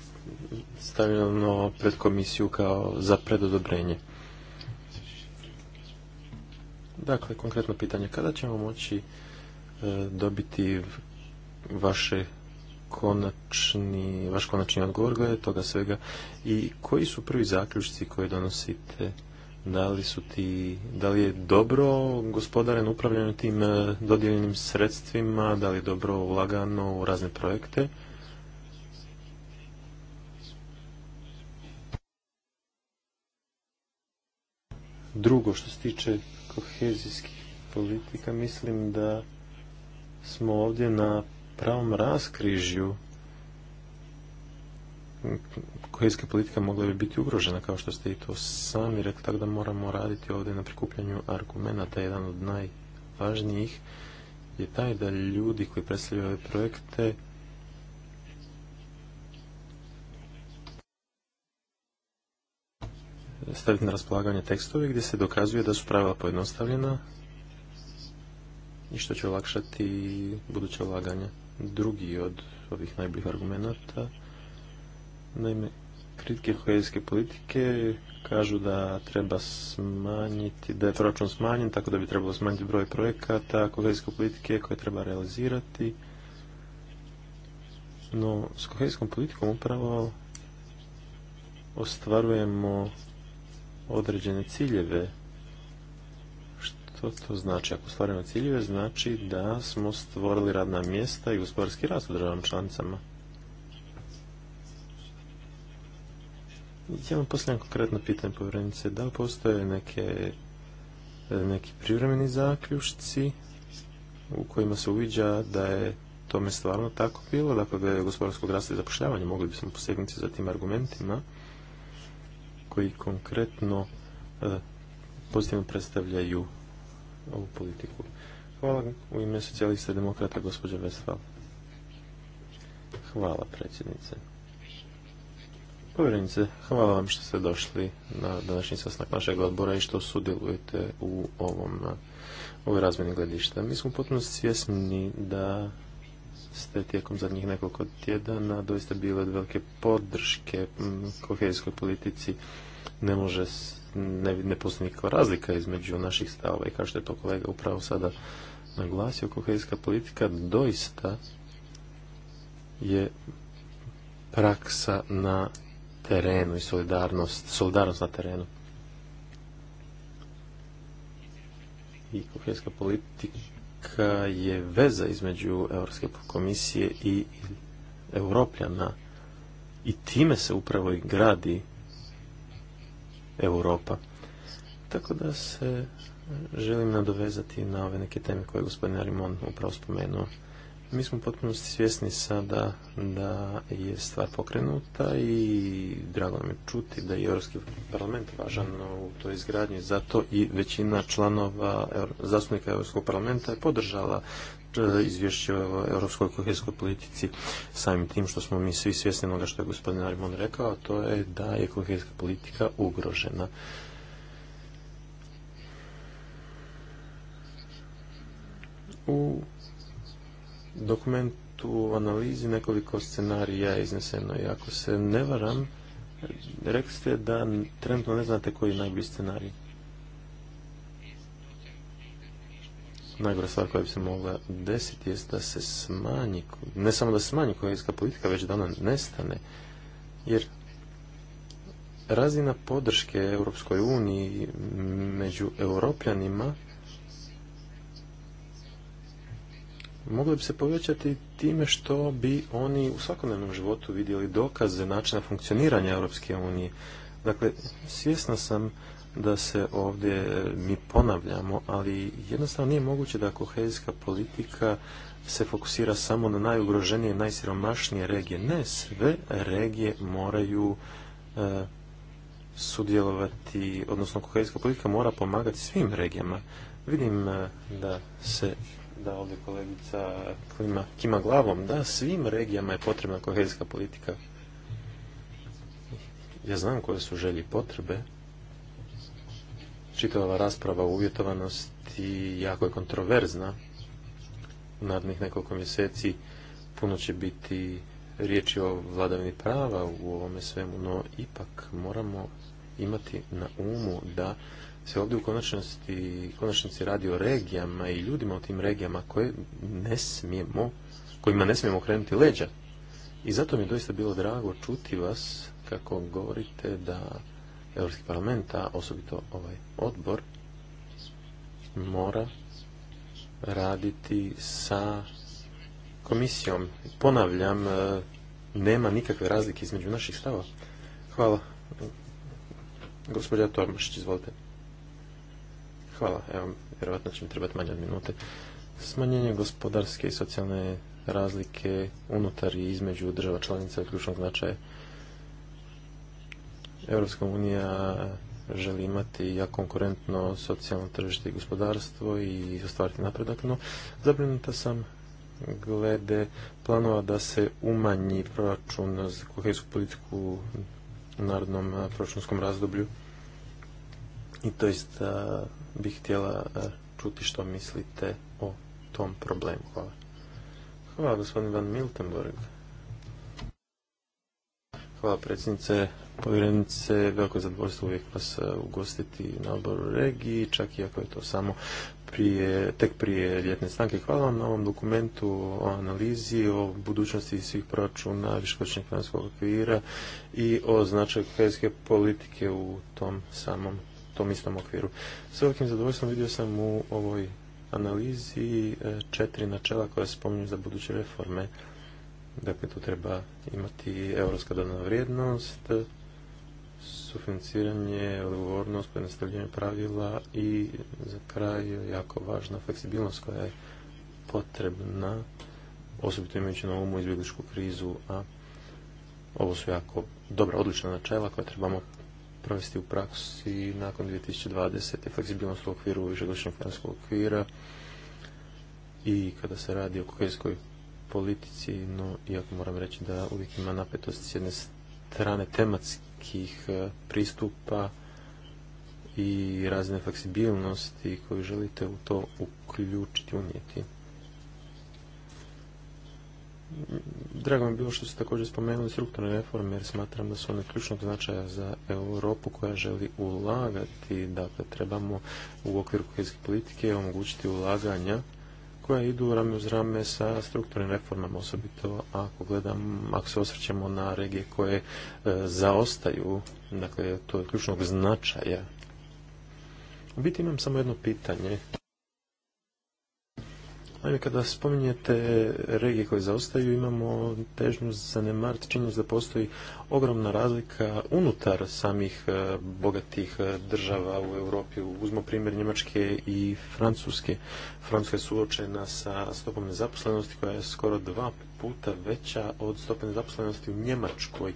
stavljeno pred komisiju kao za predodobrenje. Dakle, konkretno pitanje, kada ćemo moći e, dobiti vaše konačni, vaš konačni odgovor glede toga svega i koji su prvi zaključci koje donosite da li su ti, da li je dobro gospodaren upravljanje tim e, dodijeljenim sredstvima, da li je dobro ulagano u razne projekte. Drugo što se tiče kohezijskih politika, mislim da smo ovdje na pravom raskrižju kohezijska politika mogla bi biti ugrožena, kao što ste i to sami rekli, tako da moramo raditi ovdje na prikupljanju argumenta. Jedan od najvažnijih je taj da ljudi koji predstavljaju ove projekte staviti na raspolaganje tekstove gdje se dokazuje da su pravila pojednostavljena i što će olakšati buduće ulaganje. Drugi od ovih najboljih argumenta naime, kritike kohezijske politike kažu da treba smanjiti, da je proračun smanjen, tako da bi trebalo smanjiti broj projekata kohezijske politike koje treba realizirati. No, s kohezijskom politikom upravo ostvarujemo određene ciljeve. Što to znači? Ako stvarimo ciljeve, znači da smo stvorili radna mjesta i gospodarski rast u državama članicama. Ja vam postavljam konkretno pitanje povjerenice, da li postoje neke, neki privremeni zaključci u kojima se uviđa da je tome stvarno tako bilo, dakle da je gospodarskog rasta i zapošljavanja, mogli bismo posegnuti za tim argumentima, koji konkretno e, pozitivno predstavljaju ovu politiku. Hvala u ime socijalista demokrata gospođa Westphal. Hvala predsjednice. Povjerenice, hvala vam što ste došli na današnji sastanak našeg odbora i što sudjelujete u ovom ovoj razmjeni gledišta. Mi smo potpuno svjesni da ste tijekom zadnjih nekoliko tjedana doista bile od velike podrške kohezijskoj politici. Ne može, ne, ne postoji nikakva razlika između naših stavova i kao što je to kolega upravo sada naglasio, kohezijska politika doista je praksa na terenu i solidarnost, solidarnost na terenu. i kohezijska politika je veza između Europske komisije i Europljana i time se upravo i gradi Europa. Tako da se želim nadovezati na ove neke teme koje je gospodin Arimon upravo spomenuo. Mi smo potpuno svjesni sada da je stvar pokrenuta i drago mi čuti da je Europski parlament važan u toj izgradnji. Zato i većina članova zastupnika Europskog parlamenta je podržala e, izvješće o europskoj kohezijskoj politici samim tim što smo mi svi svjesni onoga što je gospodin Arimon rekao, a to je da je kohezijska politika ugrožena. U dokumentu u analizi nekoliko scenarija izneseno i ako se ne varam, rekli ste da trenutno ne znate koji je najbolji scenarij. najgora stvar koja bi se mogla desiti je da se smanji, ne samo da se smanji kojenska politika, već da ona nestane. Jer razina podrške Europskoj uniji među europljanima mogli bi se povećati time što bi oni u svakodnevnom životu vidjeli dokaze načina funkcioniranja Europske unije. Dakle, svjesna sam da se ovdje e, mi ponavljamo, ali jednostavno nije moguće da kohezijska politika se fokusira samo na najugroženije, najsiromašnije regije. Ne, sve regije moraju e, sudjelovati, odnosno kohezijska politika mora pomagati svim regijama. Vidim e, da se da ovdje kolegica klima, kima glavom, da svim regijama je potrebna kohezijska politika. Ja znam koje su želje potrebe. Čitava rasprava u uvjetovanosti jako je kontroverzna. U narednih nekoliko mjeseci puno će biti riječi o vladavini prava u ovome svemu, no ipak moramo imati na umu da se ovdje u konačnosti, konačnici radi o regijama i ljudima u tim regijama koje ne smijemo, kojima ne smijemo krenuti leđa. I zato mi je doista bilo drago čuti vas kako govorite da Europski parlament, a osobito ovaj odbor, mora raditi sa komisijom. Ponavljam, e, nema nikakve razlike između naših stava. Hvala. Gospodja Tormašić, izvolite. Hvala. Evo, vjerojatno će mi trebati manje od minute. Smanjenje gospodarske i socijalne razlike unutar i između država članica je ključnog značaja. Europska unija želi imati jako konkurentno socijalno tržište i gospodarstvo i ostvariti napredak, no zabrinuta sam glede planova da se umanji proračun za kohezijsku politiku u narodnom proračunskom razdoblju. I to jest bih htjela čuti što mislite o tom problemu. Hvala. Hvala gospodin Van Miltenborg. Hvala predsjednice, povjerenice, veliko zadovoljstvo uvijek vas ugostiti na odboru regiji, čak i ako je to samo prije, tek prije ljetne stanke. Hvala vam na ovom dokumentu o analizi, o budućnosti svih proračuna, viškočnih finanskog okvira i o značaju kohezijske politike u tom samom tom istom okviru. S velikim zadovoljstvom vidio sam u ovoj analizi e, četiri načela koja spominju za buduće reforme. Dakle, tu treba imati europska dodana vrijednost, sufinanciranje, odgovornost, pojednostavljenje pravila i za kraj jako važna fleksibilnost koja je potrebna, osobito imajući na umu izbjegličku krizu, a ovo su jako dobra, odlična načela koja trebamo provesti u praksi nakon 2020. fleksibilnost u okviru višegodišnjeg financijskog okvira i kada se radi o kohezijskoj politici, no iako moram reći da uvijek ima napetosti s jedne strane tematskih e, pristupa i razne fleksibilnosti koju želite u to uključiti, unijeti. Drago mi je bilo što ste također spomenuli strukturne reforme jer smatram da su one ključnog značaja za Europu koja želi ulagati. Dakle, trebamo u okviru kohezijske politike omogućiti ulaganja koja idu rame uz rame sa strukturnim reformama, osobito ako gledam, ako se osvrćemo na regije koje e, zaostaju, dakle to je ključnog značaja. U biti imam samo jedno pitanje Naime, kada spominjete regije koje zaostaju, imamo težnju zanemariti činjenicu da postoji ogromna razlika unutar samih e, bogatih e, država u Europi. Uzmo primjer Njemačke i Francuske. Francuska je suočena sa stopom nezaposlenosti koja je skoro dva puta veća od stope nezaposlenosti u Njemačkoj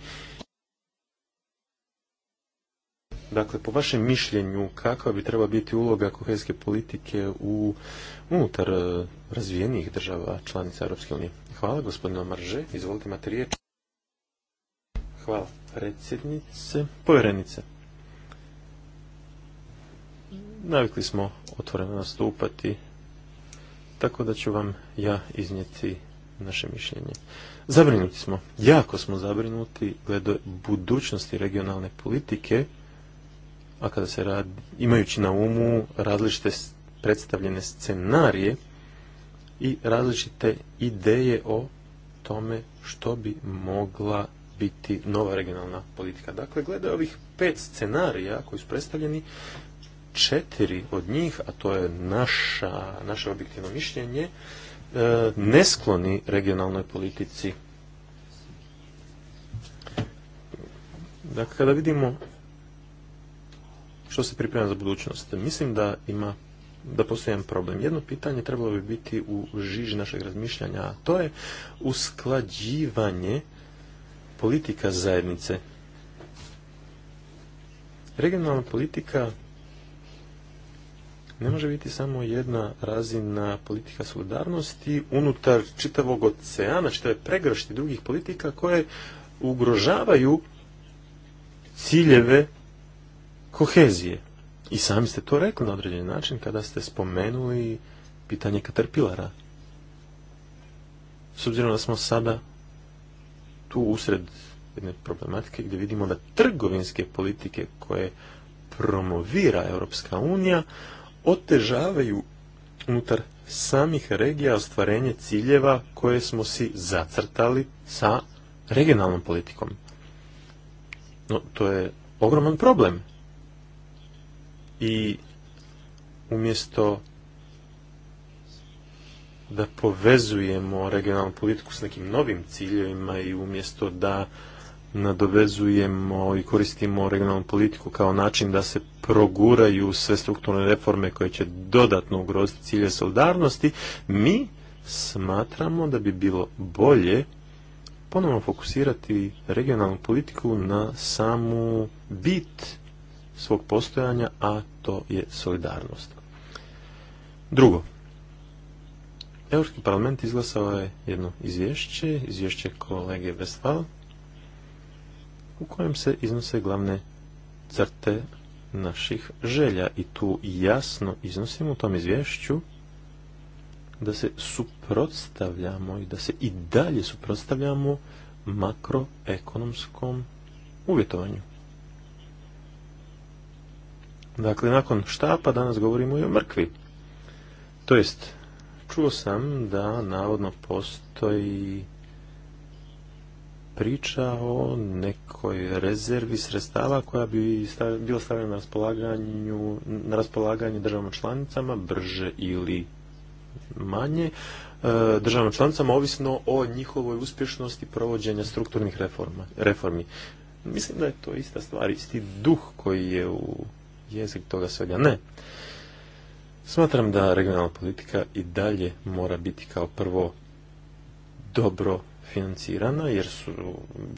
Dakle, po vašem mišljenju, kakva bi treba biti uloga kohezijske politike u, unutar e, razvijenijih država članica Europske unije? Hvala, gospodine Marže. Izvolite, imate riječ. Hvala, predsjednice. Povjerenice. Navikli smo otvoreno nastupati, tako da ću vam ja iznijeti naše mišljenje. Zabrinuti smo, jako smo zabrinuti glede budućnosti regionalne politike a kada se radi, imajući na umu različite predstavljene scenarije i različite ideje o tome što bi mogla biti nova regionalna politika. Dakle, glede ovih pet scenarija koji su predstavljeni, četiri od njih, a to je naša, naše objektivno mišljenje, e, neskloni regionalnoj politici. Dakle, kada vidimo što se priprema za budućnost. Mislim da ima da postoji jedan problem. Jedno pitanje trebalo bi biti u žiži našeg razmišljanja, a to je usklađivanje politika zajednice. Regionalna politika ne može biti samo jedna razina politika solidarnosti unutar čitavog oceana, je pregršti drugih politika koje ugrožavaju ciljeve kohezije. I sami ste to rekli na određeni način kada ste spomenuli pitanje katerpilara. S obzirom da smo sada tu usred jedne problematike gdje vidimo da trgovinske politike koje promovira Europska unija otežavaju unutar samih regija ostvarenje ciljeva koje smo si zacrtali sa regionalnom politikom. No, to je ogroman problem i umjesto da povezujemo regionalnu politiku s nekim novim ciljevima i umjesto da nadovezujemo i koristimo regionalnu politiku kao način da se proguraju sve strukturne reforme koje će dodatno ugroziti cilje solidarnosti, mi smatramo da bi bilo bolje ponovno fokusirati regionalnu politiku na samu bit svog postojanja, a to je solidarnost. Drugo, Europski parlament izglasao je jedno izvješće, izvješće kolege Westphal, u kojem se iznose glavne crte naših želja i tu jasno iznosimo u tom izvješću da se suprotstavljamo i da se i dalje suprotstavljamo makroekonomskom uvjetovanju. Dakle, nakon štapa danas govorimo i o mrkvi. To jest, čuo sam da navodno postoji priča o nekoj rezervi sredstava koja bi bila stavljena na raspolaganju, na raspolaganje državama članicama brže ili manje e, državama članicama ovisno o njihovoj uspješnosti provođenja strukturnih reforma, reformi. Mislim da je to ista stvar, isti duh koji je u jezik toga svega. Ne. Smatram da regionalna politika i dalje mora biti kao prvo dobro financirana, jer su,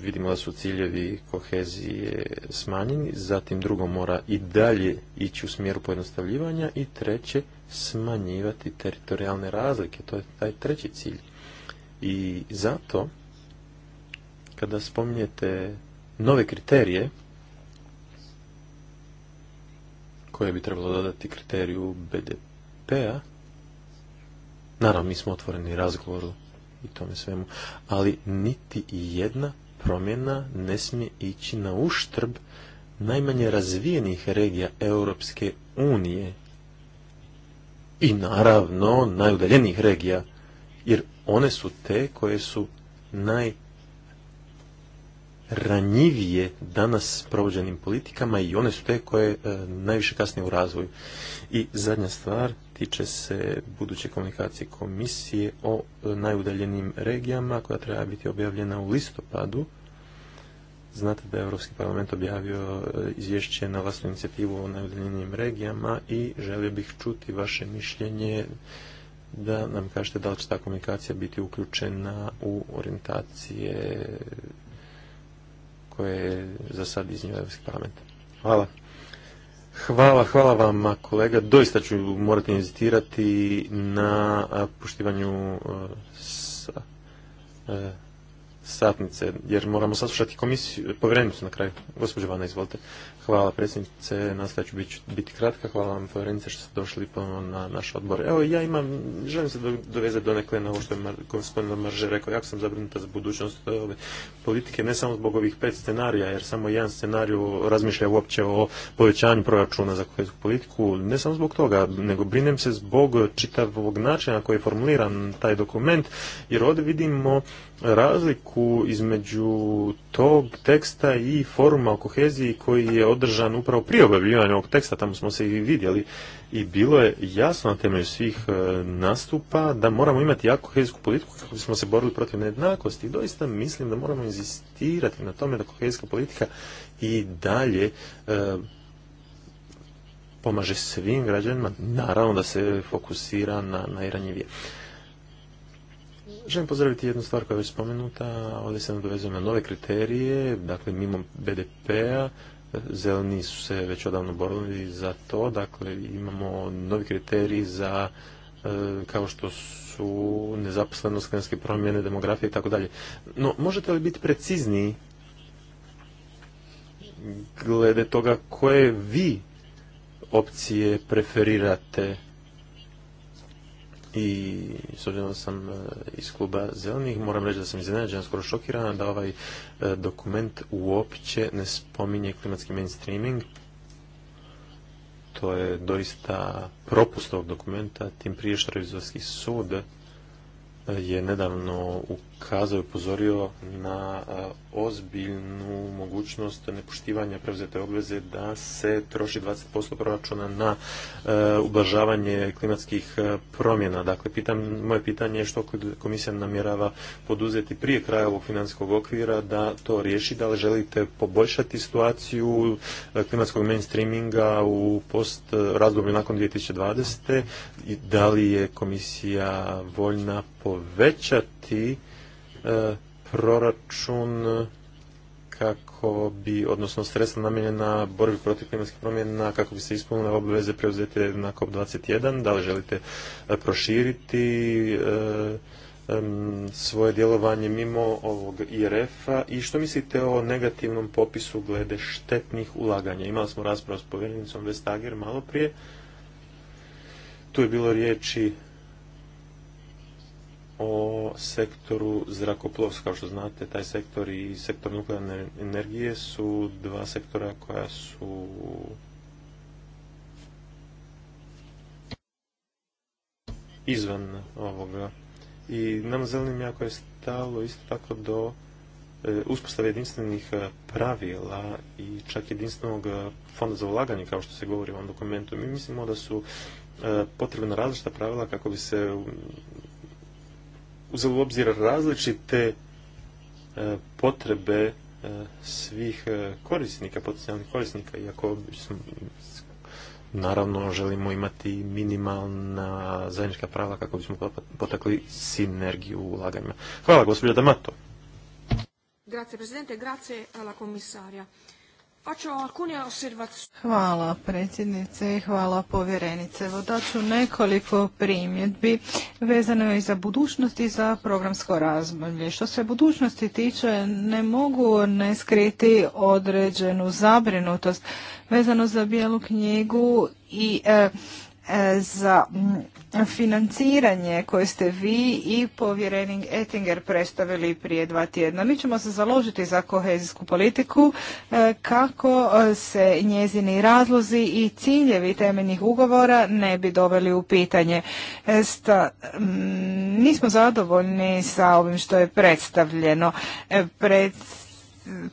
vidimo da su ciljevi kohezije smanjeni, zatim drugo mora i dalje ići u smjeru pojednostavljivanja i treće smanjivati teritorijalne razlike, to je taj treći cilj. I zato, kada spominjete nove kriterije, koje bi trebalo dodati kriteriju BDP-a. Naravno, mi smo otvoreni razgovoru i tome svemu, ali niti jedna promjena ne smije ići na uštrb najmanje razvijenih regija Europske unije i naravno najudaljenijih regija, jer one su te koje su naj ranjivije danas provođenim politikama i one su te koje e, najviše kasnije u razvoju. I zadnja stvar tiče se buduće komunikacije komisije o e, najudaljenim regijama koja treba biti objavljena u listopadu. Znate da je Europski parlament objavio e, izvješće na vlastnu inicijativu o najudaljenim regijama i želio bih čuti vaše mišljenje da nam kažete da li će ta komunikacija biti uključena u orijentacije koje je za sad iznio Europski parlament. Hvala. Hvala, hvala vam kolega. Doista ću morati inzitirati na poštivanju e, e, satnice, jer moramo saslušati komisiju, povjerenicu na kraju. Gospođo Vana, izvolite. Hvala predsjednice, nastavit ću biti kratka. Hvala vam povjerenice što ste došli ponovno na naš odbor. Evo ja imam, želim se dovezati donekle na ovo što je gospodin Marže rekao. Jako sam zabrinuta za budućnost e, ove politike, ne samo zbog ovih pet scenarija, jer samo jedan scenariju razmišlja uopće o povećanju proračuna za kohezijsku politiku. Ne samo zbog toga, nego brinem se zbog čitavog načina koji je formuliran taj dokument, jer ovdje vidimo razliku između tog teksta i foruma o koheziji koji je održan upravo prije objavljivanja ovog teksta, tamo smo se i vidjeli i bilo je jasno na temelju svih e, nastupa da moramo imati jako kohezijsku politiku kako bismo se borili protiv nejednakosti i doista mislim da moramo inzistirati na tome da kohezijska politika i dalje e, pomaže svim građanima, naravno da se fokusira na najranjivije. Želim pozdraviti jednu stvar koja je već spomenuta, ovdje se nadovezujem na nove kriterije, dakle mimo BDP-a, zeleni su se već odavno borili za to, dakle imamo novi kriterij za e, kao što su nezaposlenost, klimatske promjene, demografije i tako dalje. No, možete li biti precizniji glede toga koje vi opcije preferirate i s obzirom da sam e, iz kluba zelenih, moram reći da sam iznenađen, skoro šokiran da ovaj e, dokument uopće ne spominje klimatski mainstreaming. To je doista propust ovog dokumenta, tim prije što revizorski sud e, je nedavno u ukazao je upozorio na e, ozbiljnu mogućnost nepoštivanja preuzete obveze da se troši 20% proračuna na e, ublažavanje klimatskih e, promjena. Dakle, pitam, moje pitanje je što komisija namjerava poduzeti prije kraja ovog financijskog okvira da to riješi, da li želite poboljšati situaciju klimatskog mainstreaminga u post razdoblju nakon 2020. i da li je komisija voljna povećati E, proračun kako bi, odnosno sredstva namijenjena borbi protiv klimatskih promjena, kako bi se ispunile obveze preuzete na COP21, da li želite e, proširiti e, svoje djelovanje mimo ovog IRF-a i što mislite o negativnom popisu glede štetnih ulaganja? Imali smo raspravu s povjerenicom Vestager malo prije. Tu je bilo riječi o sektoru zrakoplovstva. Kao što znate, taj sektor i sektor nuklearne energije su dva sektora koja su izvan ovoga. I nam zelenim jako je stalo isto tako do e, uspostave jedinstvenih e, pravila i čak jedinstvenog e, fonda za ulaganje, kao što se govori u ovom dokumentu. Mi mislimo da su potrebna različita pravila kako bi se uzelo u obzir različite e, potrebe e, svih e, korisnika, potencijalnih korisnika, iako naravno želimo imati minimalna zajednička prava kako bismo potakli sinergiju u ulaganjima. Hvala gospođo D'Amato. Grazie Presidente, grazie alla Commissaria. Hvala predsjednice i hvala povjerenice. ću nekoliko primjedbi vezano je za budućnost i za programsko razdoblje. Što se budućnosti tiče, ne mogu ne skriti određenu zabrinutost vezano za bijelu knjigu i e, E, za financiranje koje ste vi i povjerenik Ettinger predstavili prije dva tjedna. Mi ćemo se založiti za kohezijsku politiku e, kako e, se njezini razlozi i ciljevi temeljnih ugovora ne bi doveli u pitanje. nismo zadovoljni sa ovim što je predstavljeno. Pred,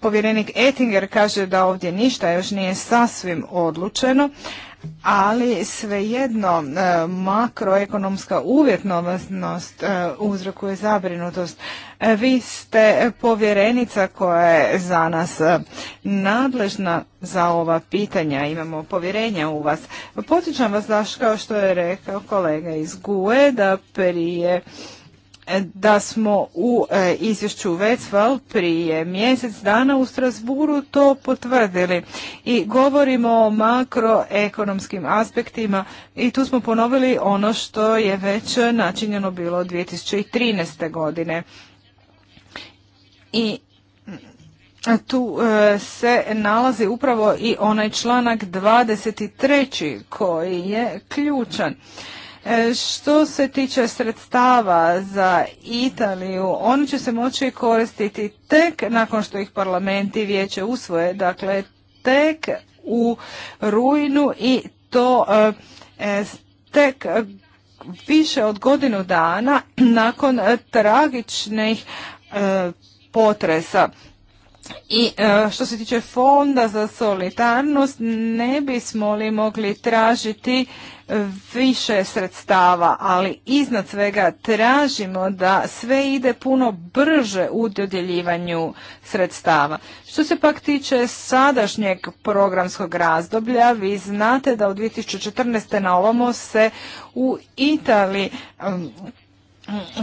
povjerenik Ettinger kaže da ovdje ništa još nije sasvim odlučeno ali svejedno e, makroekonomska uvjetnovatnost e, uzrokuje zabrinutost. E, vi ste povjerenica koja je za nas nadležna za ova pitanja, imamo povjerenja u vas. Podsjećam vas, daš, kao što je rekao kolega iz GUE, da prije E, da smo u e, izvješću Vecval prije mjesec dana u Strasburu to potvrdili i govorimo o makroekonomskim aspektima i tu smo ponovili ono što je već načinjeno bilo 2013. godine. I tu e, se nalazi upravo i onaj članak 23. koji je ključan. E, što se tiče sredstava za Italiju, oni će se moći koristiti tek nakon što ih parlament i vijeće usvoje, dakle tek u rujnu i to e, e, tek više od godinu dana nakon tragičnih potresa i e, što se tiče fonda za solidarnost, ne bismo li mogli tražiti više sredstava, ali iznad svega tražimo da sve ide puno brže u dodjeljivanju sredstava. Što se pak tiče sadašnjeg programskog razdoblja, vi znate da u 2014. na ovamo se u Italiji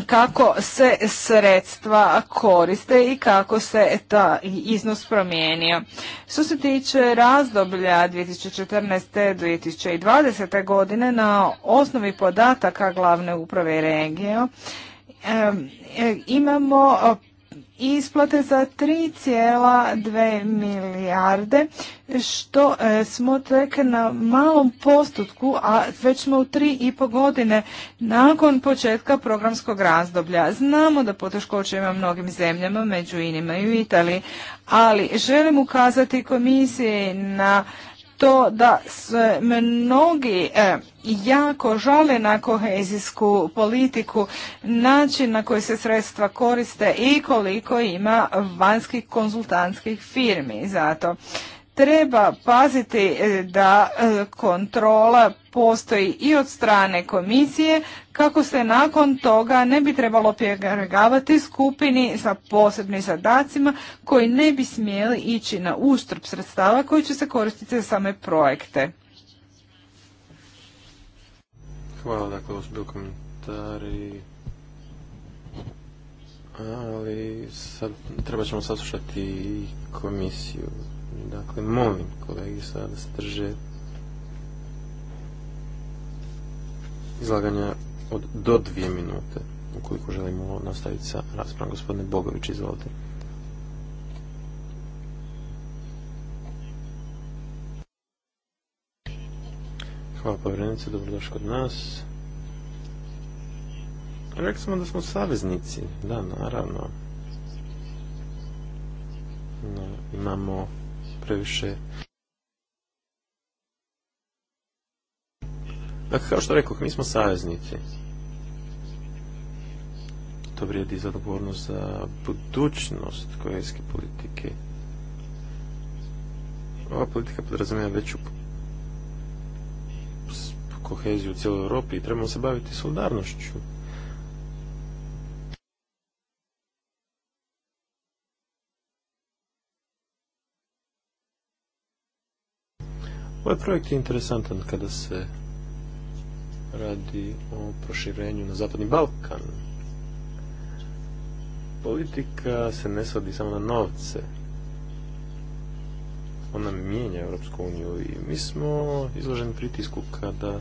kako se sredstva koriste i kako se ta iznos promijenio. Što se tiče razdoblja 2014. do 2020. godine na osnovi podataka glavne uprave regije, imamo isplate za 3,2 milijarde, što e, smo tek na malom postotku, a već smo u tri i po godine nakon početka programskog razdoblja. Znamo da poteškoće ima mnogim zemljama, među inima i u Italiji, ali želim ukazati komisiji na to da se mnogi e, jako žale na kohezijsku politiku, način na koji se sredstva koriste i koliko ima vanjskih konzultantskih firmi zato treba paziti e, da e, kontrola postoji i od strane komisije kako se nakon toga ne bi trebalo pregavati skupini sa posebnim zadacima koji ne bi smjeli ići na uštrb sredstava koji će se koristiti za same projekte. Hvala, dakle, ovo su komentari. Ali sad, treba ćemo saslušati komisiju. Dakle, molim kolegi sada da se drže izlaganja od do dvije minute, ukoliko želimo nastaviti sa raspravom. Gospodine Bogović, izvolite. Hvala povjerenice, dobrodošli kod nas. Rekli smo da smo saveznici, da, naravno. imamo previše... Dakle, kao što rekao, mi smo saveznici. To vrijedi za odgovornost za budućnost kohezijske politike. Ova politika podrazumijeva veću koheziju u cijeloj Europi i trebamo se baviti solidarnošću. Ovaj projekt je interesantan kada se radi o proširenju na Zapadni Balkan. Politika se ne svodi samo na novce. Ona mijenja Europsku uniju i mi smo izloženi pritisku kada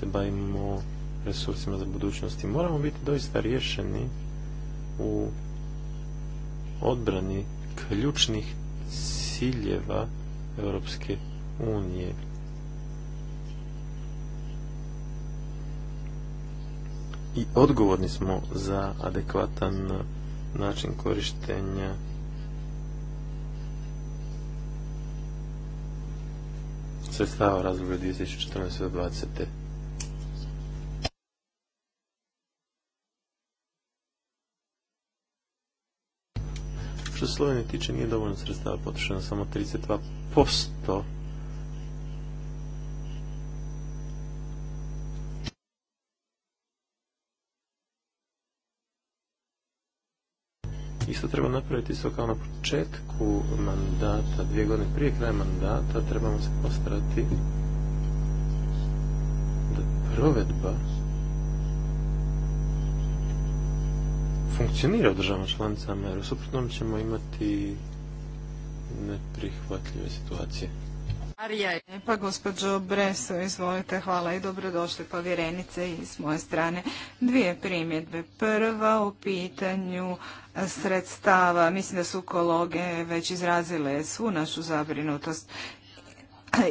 se bavimo resursima za budućnost i moramo biti doista rješeni u odbrani ključnih ciljeva Europske unije. I odgovorni smo za adekvatan način korištenja sredstava razloga 2014. 2020. Što se Slovenije tiče nije dovoljno sredstava potrošeno, samo 32% Isto treba napraviti isto kao na početku mandata, dvije godine prije kraja mandata, trebamo se postarati da provedba funkcionira u državama članicama, jer u suprotnom ćemo imati neprihvatljive situacije. pa gospođo Breso, izvolite, hvala i dobrodošli povjerenice i s moje strane. Dvije primjedbe. Prva u pitanju sredstava. Mislim da su kolege već izrazile svu našu zabrinutost.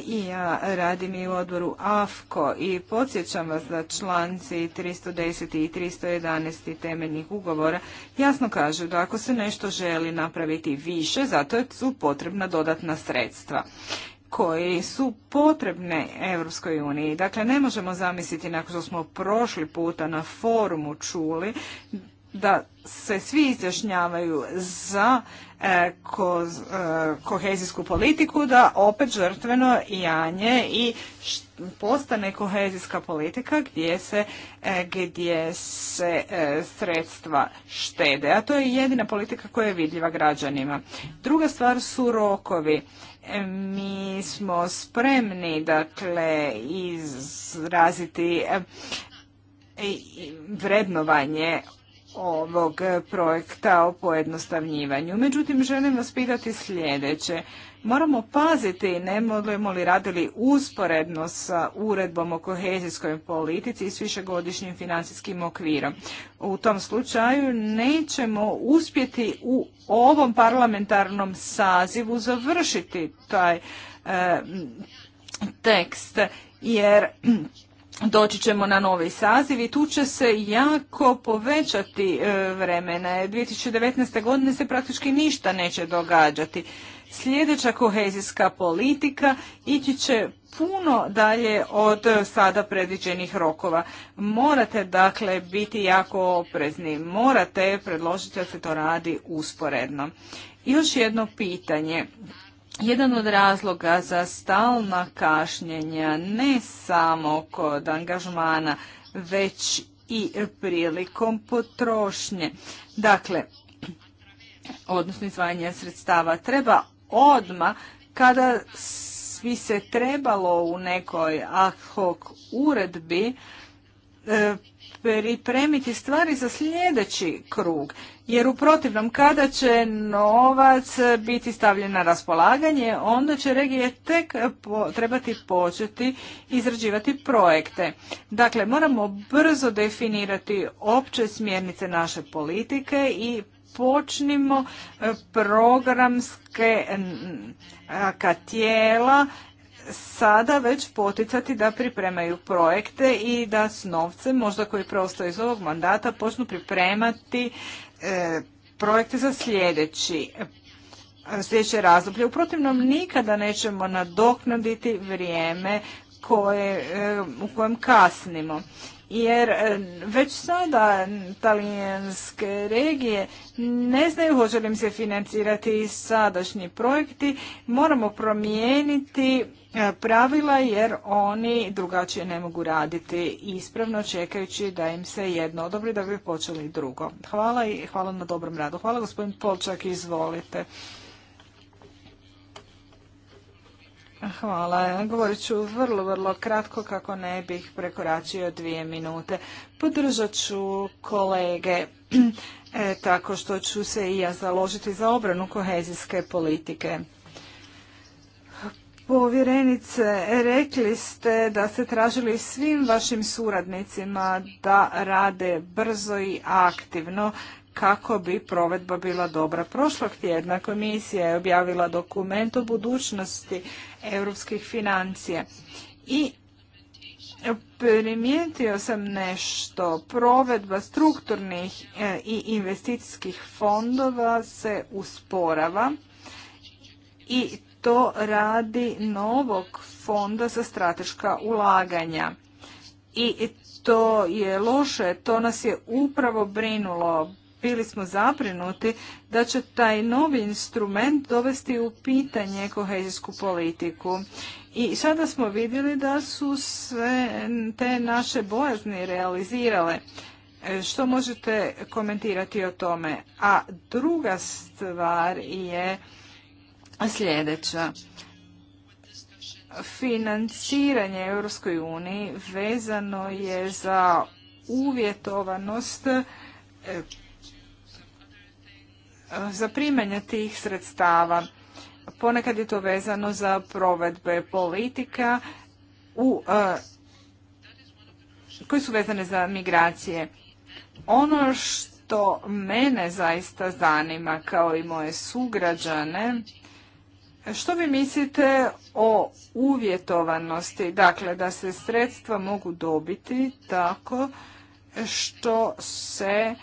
I ja radim i u odboru AFKO i podsjećam vas da članci 310. i 311. temeljnih ugovora jasno kažu da ako se nešto želi napraviti više, zato su potrebna dodatna sredstva koji su potrebne Europskoj uniji. Dakle, ne možemo zamisliti nakon što smo prošli puta na forumu čuli da se svi izjašnjavaju za e, e, kohezijsku politiku, da opet žrtveno janje i postane kohezijska politika gdje se, e, gdje se sredstva štede. A to je jedina politika koja je vidljiva građanima. Druga stvar su rokovi. Mi smo spremni dakle izraziti vrednovanje ovog e, projekta o pojednostavnjivanju. Međutim, želim vas pitati sljedeće. Moramo paziti ne budemo li radili usporedno sa uredbom o kohezijskoj politici i s višegodišnjim financijskim okvirom. U tom slučaju nećemo uspjeti u ovom parlamentarnom sazivu završiti taj e, tekst jer doći ćemo na novi saziv i tu će se jako povećati e, vremena. 2019. E, godine se praktički ništa neće događati. Sljedeća kohezijska politika ići će puno dalje od sada predviđenih rokova. Morate dakle biti jako oprezni, morate predložiti da se to radi usporedno. Još jedno pitanje jedan od razloga za stalna kašnjenja ne samo kod angažmana, već i prilikom potrošnje. Dakle, odnosno izvajanja sredstava treba odma kada bi se trebalo u nekoj ad hoc uredbi e, pripremiti stvari za sljedeći krug jer u protivnom kada će novac biti stavljen na raspolaganje, onda će regije tek trebati početi izrađivati projekte. Dakle, moramo brzo definirati opće smjernice naše politike i počnimo e, programske tijela sada već poticati da pripremaju projekte i da s novcem, možda koji preostaje iz ovog mandata, počnu pripremati E, projekte za sljedeći e, sljedeće razdoblje. U protivnom nikada nećemo nadoknaditi vrijeme e, u kojem kasnimo jer e, već sada talijanske regije ne znaju hoće li im se financirati sadašnji projekti. Moramo promijeniti e, pravila jer oni drugačije ne mogu raditi ispravno čekajući da im se jedno odobri da bi počeli drugo. Hvala i hvala na dobrom radu. Hvala gospodin Polčak, izvolite. Hvala. Govorit ću vrlo, vrlo kratko kako ne bih prekoračio dvije minute. Podržat ću kolege e, tako što ću se i ja založiti za obranu kohezijske politike. Povjerenice, rekli ste da ste tražili svim vašim suradnicima da rade brzo i aktivno kako bi provedba bila dobra. Prošlog tjedna komisija je objavila dokument o budućnosti europskih financija i primijetio sam nešto. Provedba strukturnih e, i investicijskih fondova se usporava i to radi novog fonda za strateška ulaganja. I to je loše, to nas je upravo brinulo bili smo zabrinuti da će taj novi instrument dovesti u pitanje kohezijsku politiku. I sada smo vidjeli da su sve te naše bojazni realizirale. E, što možete komentirati o tome? A druga stvar je sljedeća. Financiranje Europskoj uniji vezano je za uvjetovanost e, zaprimanja tih sredstava. Ponekad je to vezano za provedbe politika u, e, koji su vezane za migracije. Ono što mene zaista zanima, kao i moje sugrađane, što vi mislite o uvjetovanosti, dakle da se sredstva mogu dobiti tako što se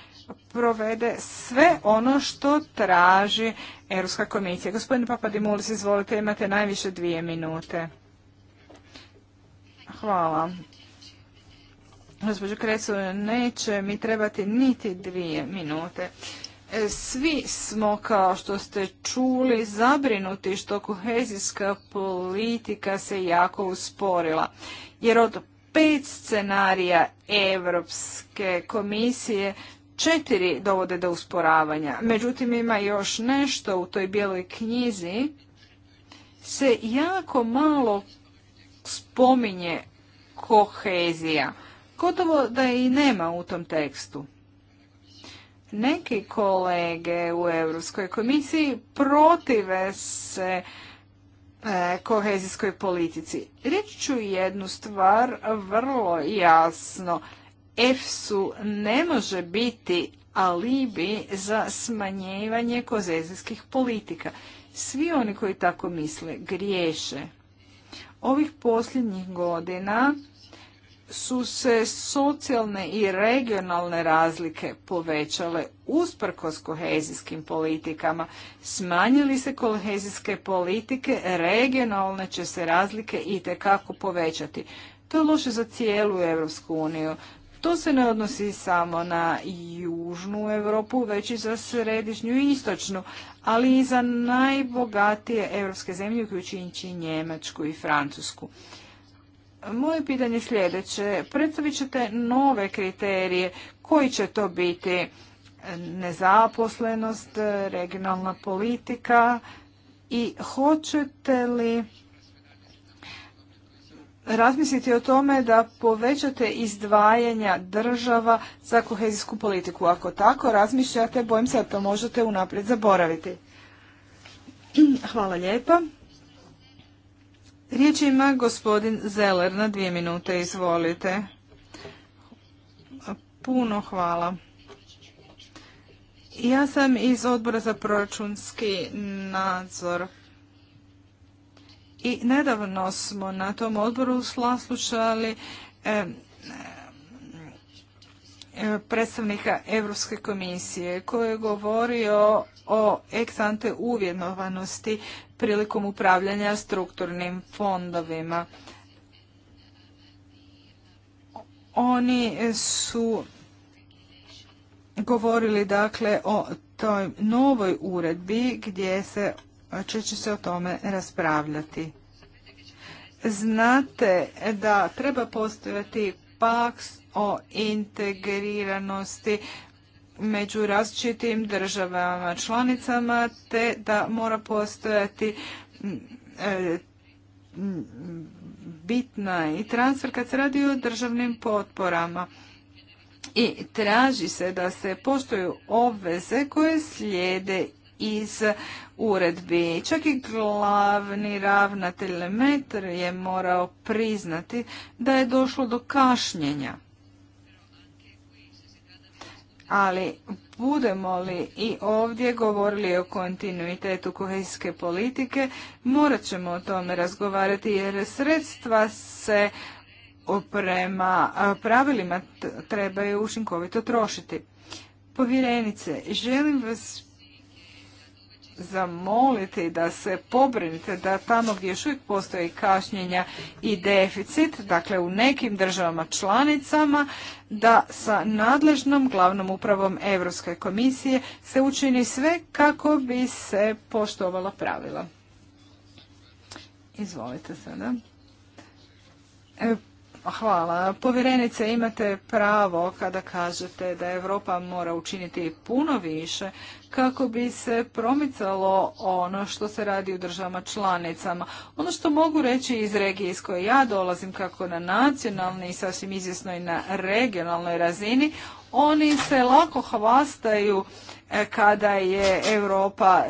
provede sve ono što traži Europska komisija. Gospodine Papadimulis, izvolite, imate najviše dvije minute. Hvala. Gospođo Kresu, neće mi trebati niti dvije minute. E, svi smo, kao što ste čuli, zabrinuti što kohezijska politika se jako usporila. Jer od pet scenarija Europske komisije četiri dovode do usporavanja. Međutim, ima još nešto u toj bijeloj knjizi se jako malo spominje kohezija. Gotovo da i nema u tom tekstu. Neki kolege u Europskoj komisiji protive se e, kohezijskoj politici. Reći ću jednu stvar vrlo jasno. EFSU ne može biti alibi za smanjevanje kozezijskih politika. Svi oni koji tako misle griješe. Ovih posljednjih godina su se socijalne i regionalne razlike povećale usprkos kohezijskim politikama. Smanjili se kohezijske politike, regionalne će se razlike i tekako povećati. To je loše za cijelu Europsku uniju. To se ne odnosi samo na južnu Europu, već i za središnju i istočnu, ali i za najbogatije europske zemlje, uključujući Njemačku i Francusku. Moje pitanje je sljedeće. Predstavit ćete nove kriterije. Koji će to biti? Nezaposlenost, regionalna politika i hoćete li razmisliti o tome da povećate izdvajanja država za kohezijsku politiku. Ako tako razmišljate, bojim se da to možete unaprijed zaboraviti. Hvala lijepa. Riječ ima gospodin Zeler na dvije minute, izvolite. Puno hvala. Ja sam iz odbora za proračunski nadzor. I nedavno smo na tom odboru slaslušali e, e, predstavnika Europske komisije koji je govorio o eksante uvjenovanosti prilikom upravljanja strukturnim fondovima. Oni su govorili dakle o toj novoj uredbi gdje se će, se o tome raspravljati. Znate da treba postojati paks o integriranosti među različitim državama članicama te da mora postojati mm, e, bitna i transfer kad se radi o državnim potporama. I traži se da se postoju obveze koje slijede iz uredbi. Čak i glavni ravnatelj Lemeter je morao priznati da je došlo do kašnjenja. Ali budemo li i ovdje govorili o kontinuitetu kohezijske politike, morat ćemo o tome razgovarati jer sredstva se prema pravilima trebaju učinkovito trošiti. Povjerenice, želim vas zamoliti da se pobrinite da tamo gdje još uvijek postoji kašnjenja i deficit, dakle u nekim državama članicama, da sa nadležnom glavnom upravom Europske komisije se učini sve kako bi se poštovala pravila. Izvolite sada. E, Hvala. Povjerenice, imate pravo kada kažete da Europa mora učiniti puno više kako bi se promicalo ono što se radi u državama članicama. Ono što mogu reći iz regije iz koje ja dolazim, kako na nacionalnoj i sasvim izvjesno i na regionalnoj razini, oni se lako hvastaju e, kada je Europa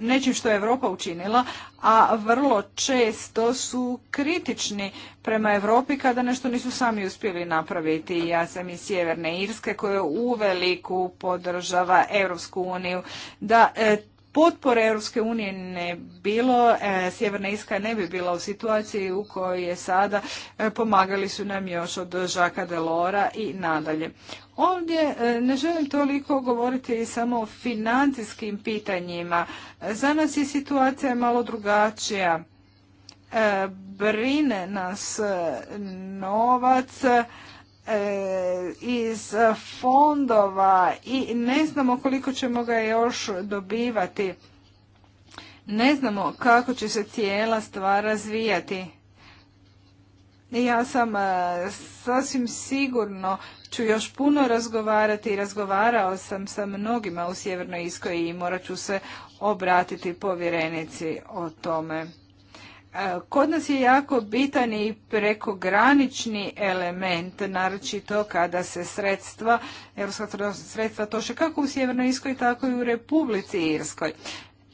nečim što je Europa učinila, a vrlo često su kritični prema Europi kada nešto nisu sami uspjeli napraviti. Ja sam iz Sjeverne Irske koja uveliku podržava Europsku uniju da e, potpore Europske unije ne bilo, e, Sjeverna Iska ne bi bila u situaciji u kojoj je sada, e, pomagali su nam još od Žaka Delora i nadalje. Ovdje e, ne želim toliko govoriti samo o financijskim pitanjima. Za nas je situacija malo drugačija. Brine nas novac, E, iz fondova i ne znamo koliko ćemo ga još dobivati. Ne znamo kako će se cijela stvar razvijati. Ja sam e, sasvim sigurno ću još puno razgovarati i razgovarao sam sa mnogima u Sjevernoj Iskoj i morat ću se obratiti povjerenici o tome. E, kod nas je jako bitan i prekogranični element, naročito kada se sredstva, europska sredstva toše kako u Sjevernoj Irskoj, tako i u Republici Irskoj.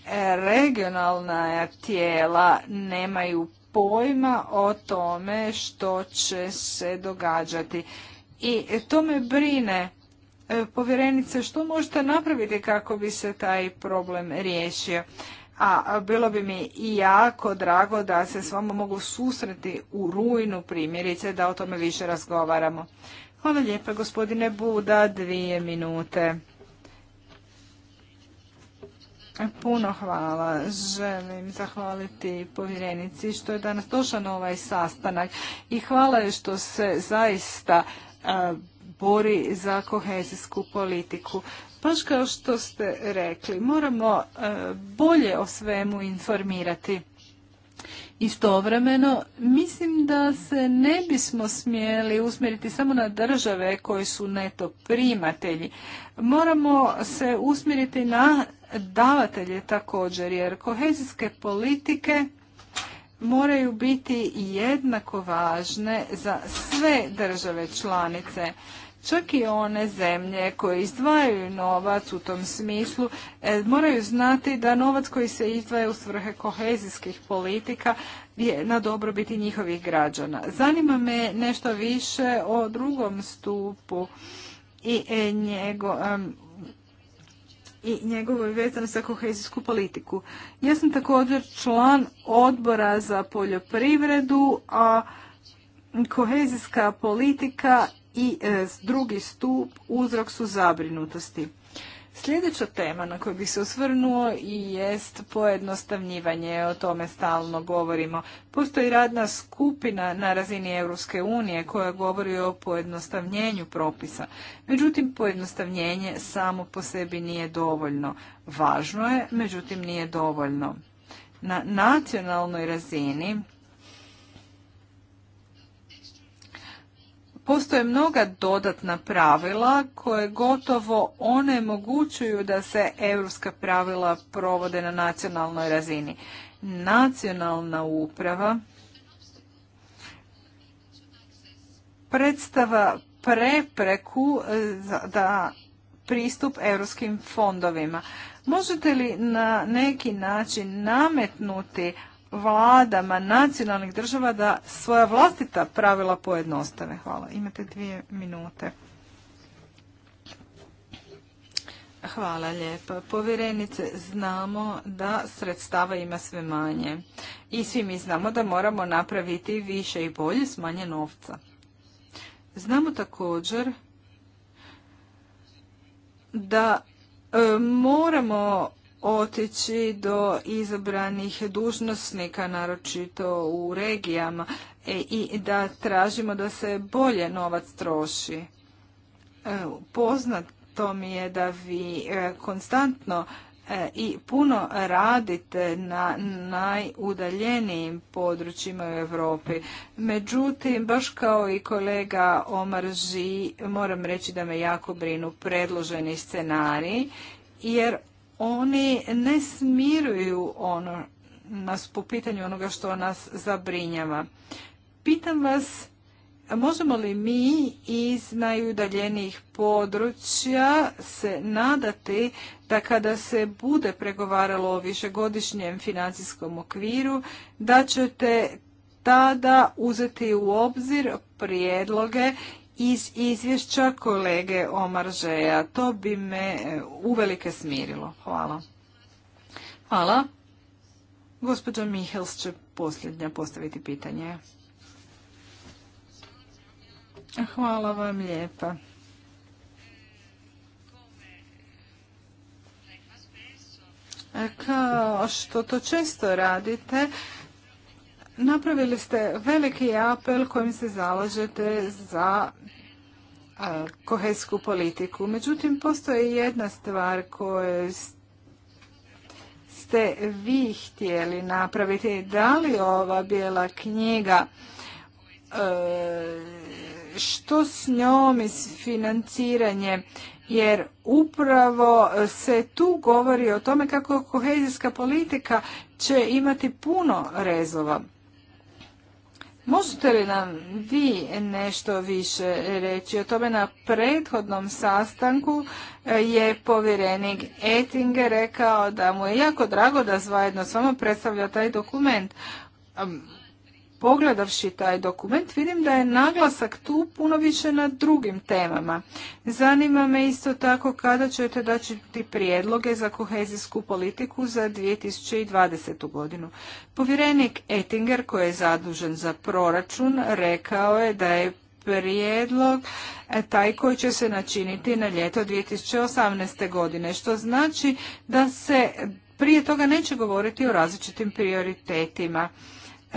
E, regionalna tijela nemaju pojma o tome što će se događati. I to me brine, e, povjerenice, što možete napraviti kako bi se taj problem riješio? a bilo bi mi i jako drago da se s vama mogu susreti u rujnu primjerice da o tome više razgovaramo. Hvala lijepa gospodine Buda, dvije minute. Puno hvala. Želim zahvaliti povjerenici što je danas došla na ovaj sastanak i hvala je što se zaista bori za kohezijsku politiku. Baš kao što ste rekli, moramo e, bolje o svemu informirati. Istovremeno, mislim da se ne bismo smjeli usmjeriti samo na države koje su neto primatelji. Moramo se usmjeriti na davatelje također, jer kohezijske politike moraju biti jednako važne za sve države članice. Čak i one zemlje koje izdvajaju novac u tom smislu e, moraju znati da novac koji se izdvaja u svrhe kohezijskih politika je na dobrobiti njihovih građana. Zanima me nešto više o drugom stupu i e, njego, i njegovoj vezano za kohezijsku politiku. Ja sam također član odbora za poljoprivredu, a kohezijska politika i e, drugi stup uzrok su zabrinutosti. Sljedeća tema na koju bi se osvrnuo i jest pojednostavnjivanje, o tome stalno govorimo. Postoji radna skupina na razini Europske unije koja govori o pojednostavnjenju propisa. Međutim, pojednostavnjenje samo po sebi nije dovoljno. Važno je, međutim nije dovoljno. Na nacionalnoj razini Postoje mnoga dodatna pravila koje gotovo onemogućuju da se europska pravila provode na nacionalnoj razini. Nacionalna uprava predstava prepreku e, da pristup europskim fondovima. Možete li na neki način nametnuti vladama nacionalnih država da svoja vlastita pravila pojednostave. Hvala. Imate dvije minute. Hvala lijepa. Povjerenice, znamo da sredstava ima sve manje. I svi mi znamo da moramo napraviti više i bolje s manje novca. Znamo također da e, moramo otići do izabranih dužnosnika, naročito u regijama, e, i da tražimo da se bolje novac troši. E, poznato mi je da vi e, konstantno i puno radite na najudaljenijim područjima u Europi. Međutim, baš kao i kolega Omar Ži, moram reći da me jako brinu predloženi scenariji, jer oni ne smiruju ono nas po pitanju onoga što nas zabrinjava. Pitam vas, možemo li mi iz najudaljenijih područja se nadati da kada se bude pregovaralo o višegodišnjem financijskom okviru, da ćete tada uzeti u obzir prijedloge iz izvješća kolege Omaržeja. To bi me e, uvelike smirilo. Hvala. Hvala. Gospođa Mihels će posljednja postaviti pitanje. Hvala vam lijepa. E, kao što to često radite, Napravili ste veliki apel kojim se zalažete za kohezijsku politiku. Međutim, postoji jedna stvar koju ste vi htjeli napraviti. Da li ova bijela knjiga, e, što s njom i s financiranjem? Jer upravo se tu govori o tome kako kohezijska politika će imati puno rezova. Možete li nam vi nešto više reći o tome? Na prethodnom sastanku e, je povjerenik Ettinger rekao da mu je jako drago da zajedno s vama predstavlja taj dokument pogledavši taj dokument vidim da je naglasak tu puno više na drugim temama. Zanima me isto tako kada ćete daći prijedloge za kohezijsku politiku za 2020. godinu. Povjerenik Ettinger koji je zadužen za proračun rekao je da je prijedlog e, taj koji će se načiniti na ljeto 2018. godine, što znači da se prije toga neće govoriti o različitim prioritetima.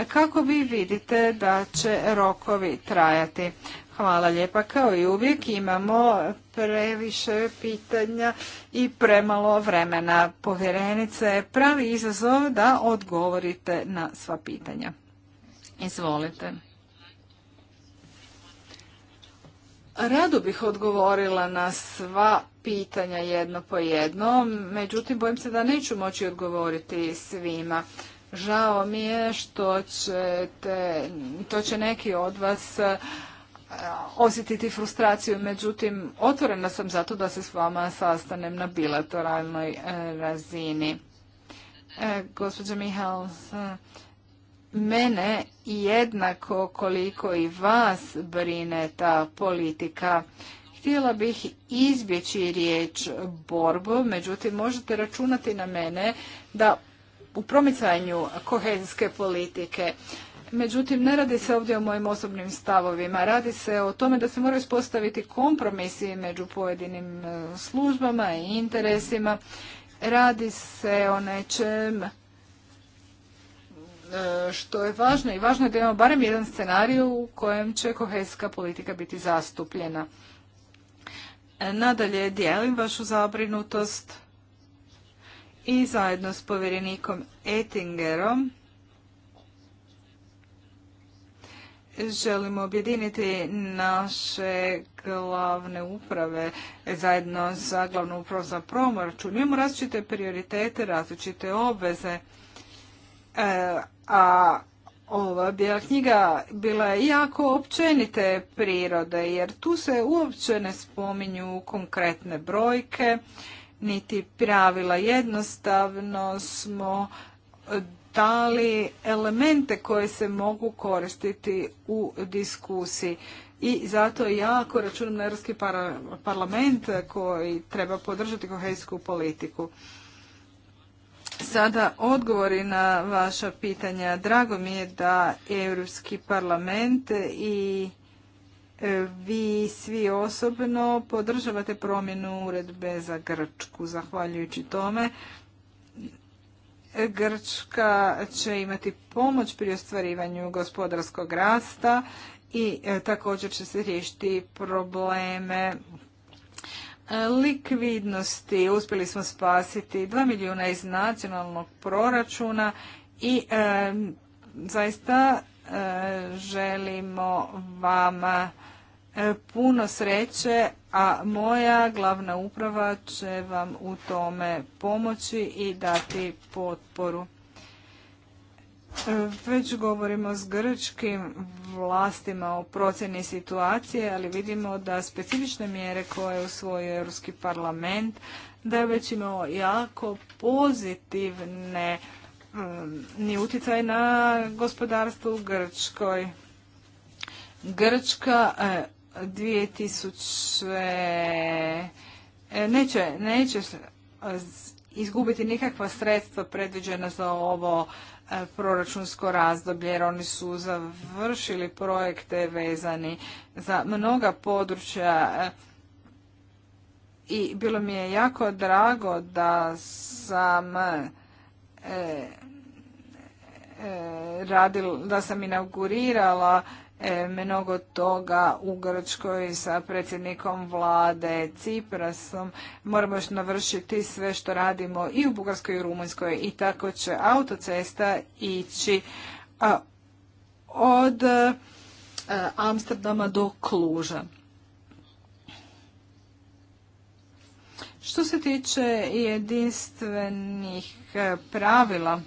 Kako vi vidite da će rokovi trajati? Hvala lijepa. Kao i uvijek imamo previše pitanja i premalo vremena. Povjerenice je pravi izazov da odgovorite na sva pitanja. Izvolite. Rado bih odgovorila na sva pitanja jedno po jedno, međutim bojim se da neću moći odgovoriti svima. Žao mi je što ćete, to će neki od vas e, osjetiti frustraciju, međutim otvorena sam zato da se s vama sastanem na bilateralnoj e, razini. E, gospođa Mihals, mene jednako koliko i vas brine ta politika. Htjela bih izbjeći riječ borbu, međutim možete računati na mene da u promicanju kohezijske politike. Međutim, ne radi se ovdje o mojim osobnim stavovima. Radi se o tome da se moraju spostaviti kompromisi među pojedinim e, službama i interesima. Radi se o nečem e, što je važno i važno je da imamo barem jedan scenarij u kojem će kohezijska politika biti zastupljena. E, nadalje, dijelim vašu zabrinutost i zajedno s povjerenikom Ettingerom želimo objediniti naše glavne uprave zajedno sa glavnom upravom za promoračun. Imamo različite prioritete, različite obveze, e, a ova bijela knjiga bila je jako općenite prirode, jer tu se uopće ne spominju konkretne brojke, niti pravila. Jednostavno smo dali elemente koje se mogu koristiti u diskusiji. I zato ja ako računam na Europski parlament koji treba podržati kohejsku politiku. Sada odgovori na vaša pitanja. Drago mi je da Europski parlament i vi svi osobno podržavate promjenu uredbe za Grčku. Zahvaljujući tome, Grčka će imati pomoć pri ostvarivanju gospodarskog rasta i e, također će se riješiti probleme e, likvidnosti. Uspjeli smo spasiti 2 milijuna iz nacionalnog proračuna i e, zaista želimo vam e, puno sreće, a moja glavna uprava će vam u tome pomoći i dati potporu. E, već govorimo s grčkim vlastima o procjeni situacije, ali vidimo da specifične mjere koje je usvojio Europski parlament, da je već imao jako pozitivne ni utjecaj na gospodarstvo u Grčkoj. Grčka 2000 e, e, neće, neće izgubiti nikakva sredstva predviđena za ovo e, proračunsko razdoblje jer oni su završili projekte vezani za mnoga područja i bilo mi je jako drago da sam radil, da sam inaugurirala e, mnogo toga u Grčkoj sa predsjednikom vlade Ciprasom. Moramo još navršiti sve što radimo i u Bugarskoj i u Rumunjskoj i tako će autocesta ići od e, Amsterdama do Kluža. Što se tiče jedinstvenih e, pravila,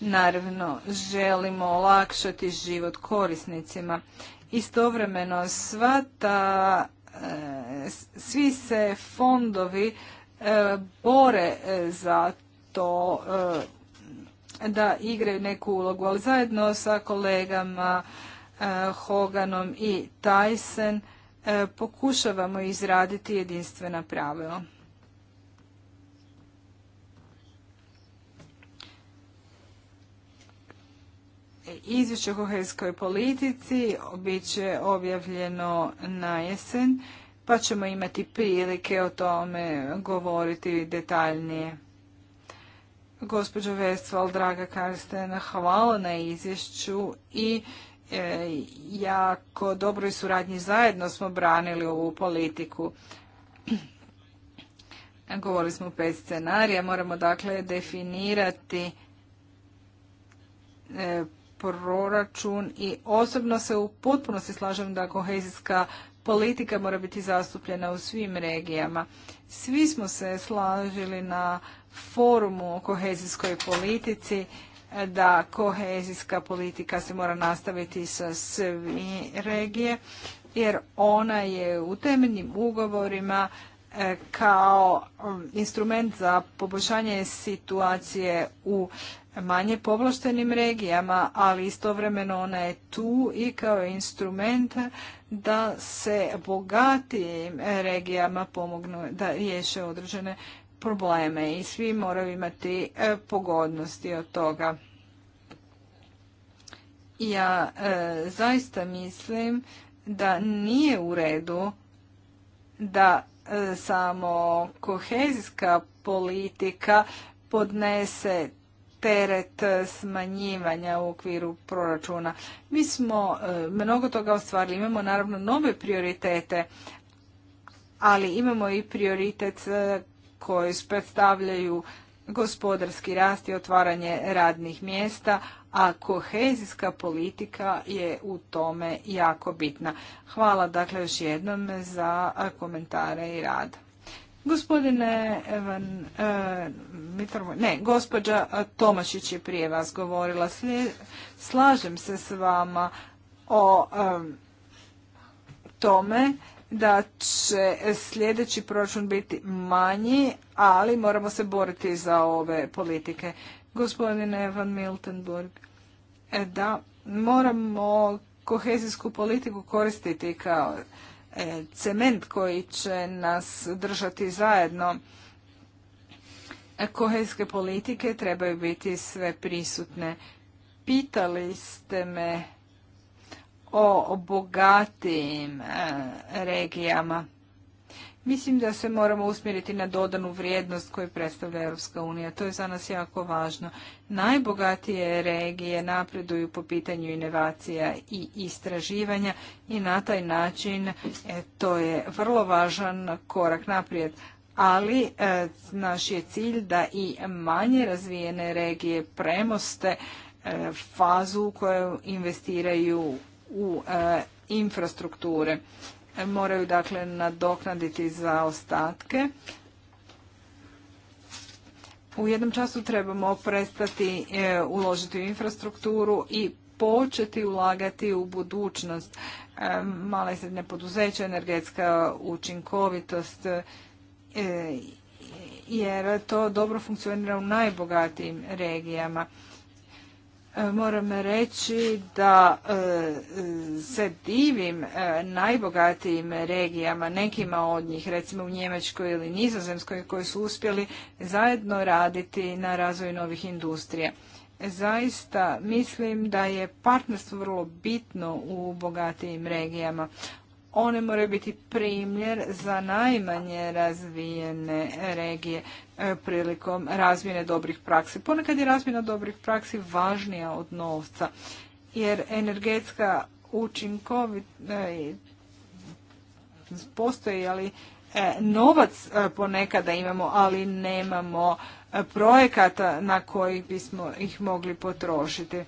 naravno želimo olakšati život korisnicima. Istovremeno sva ta, e, svi se fondovi e, bore za to da igraju neku ulogu, ali zajedno sa kolegama Hoganom i Tyson pokušavamo izraditi jedinstvena pravila. Izvješće o kohezijskoj politici bit će objavljeno na jesen, pa ćemo imati prilike o tome govoriti detaljnije. Gospođo Vestval, draga Karsten, hvala na izvješću i e, jako dobroj suradnji zajedno smo branili ovu politiku. Govorili smo pet scenarija, moramo dakle definirati e, proračun i osobno se u potpunosti slažem da kohezijska politika mora biti zastupljena u svim regijama. Svi smo se slažili na forumu o kohezijskoj politici da kohezijska politika se mora nastaviti sa svi regije jer ona je u temeljnim ugovorima e, kao um, instrument za poboljšanje situacije u manje povlaštenim regijama, ali istovremeno ona je tu i kao instrument da se bogatijim regijama pomognu da riješe određene probleme i svi moraju imati e, pogodnosti od toga. Ja e, zaista mislim da nije u redu da e, samo kohezijska politika podnese teret e, smanjivanja u okviru proračuna. Mi smo e, mnogo toga ostvarili, imamo naravno nove prioritete, ali imamo i prioritet e, koji predstavljaju gospodarski rast i otvaranje radnih mjesta, a kohezijska politika je u tome jako bitna. Hvala dakle još jednom za komentare i rad. Gospodine Evan, e, ne, gospođa Tomašić je prije vas govorila. Slažem se s vama o e, tome da će sljedeći proračun biti manji, ali moramo se boriti za ove politike. Gospodine Evan Miltenburg, e, da, moramo kohezijsku politiku koristiti kao E, cement koji će nas držati zajedno. E, kohezijske politike trebaju biti sve prisutne. Pitali ste me o bogatijim e, regijama. Mislim da se moramo usmjeriti na dodanu vrijednost koju predstavlja Europska unija. To je za nas jako važno. Najbogatije regije napreduju po pitanju inovacija i istraživanja i na taj način e, to je vrlo važan korak naprijed. Ali e, naš je cilj da i manje razvijene regije premoste e, fazu u kojoj investiraju u infrastrukture moraju dakle nadoknaditi za ostatke. U jednom času trebamo prestati e, uložiti u infrastrukturu i početi ulagati u budućnost. male mala i srednja poduzeća, energetska učinkovitost, e, e, jer to dobro funkcionira u najbogatijim regijama. E, moram reći da e, se divim e, najbogatijim regijama, nekima od njih, recimo u Njemačkoj ili Nizozemskoj, koji su uspjeli zajedno raditi na razvoju novih industrija. Zaista mislim da je partnerstvo vrlo bitno u bogatijim regijama one moraju biti primjer za najmanje razvijene regije e, prilikom razmjene dobrih praksi. Ponekad je razmjena dobrih praksi važnija od novca, jer energetska učinkovit e, postoji, ali e, novac ponekada imamo, ali nemamo projekata na koji bismo ih mogli potrošiti.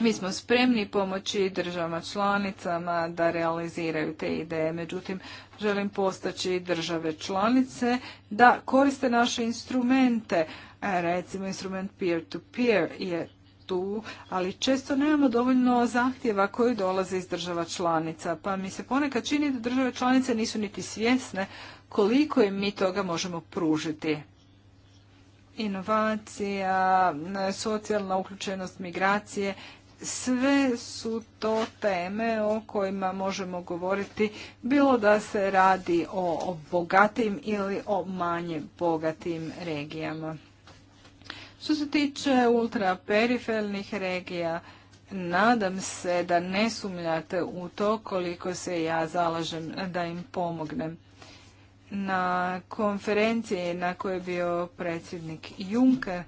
Mi smo spremni pomoći državama članicama da realiziraju te ideje, međutim želim postaći države članice da koriste naše instrumente, e, recimo instrument peer-to-peer je tu, ali često nemamo dovoljno zahtjeva koji dolaze iz država članica, pa mi se ponekad čini da države članice nisu niti svjesne koliko im mi toga možemo pružiti inovacija, socijalna uključenost migracije, sve su to teme o kojima možemo govoriti bilo da se radi o bogatim ili o manje bogatim regijama. Što se tiče ultraperifernih regija, nadam se da ne sumljate u to koliko se ja zalažem da im pomognem. Na konferenciji na kojoj je bio predsjednik Juncker,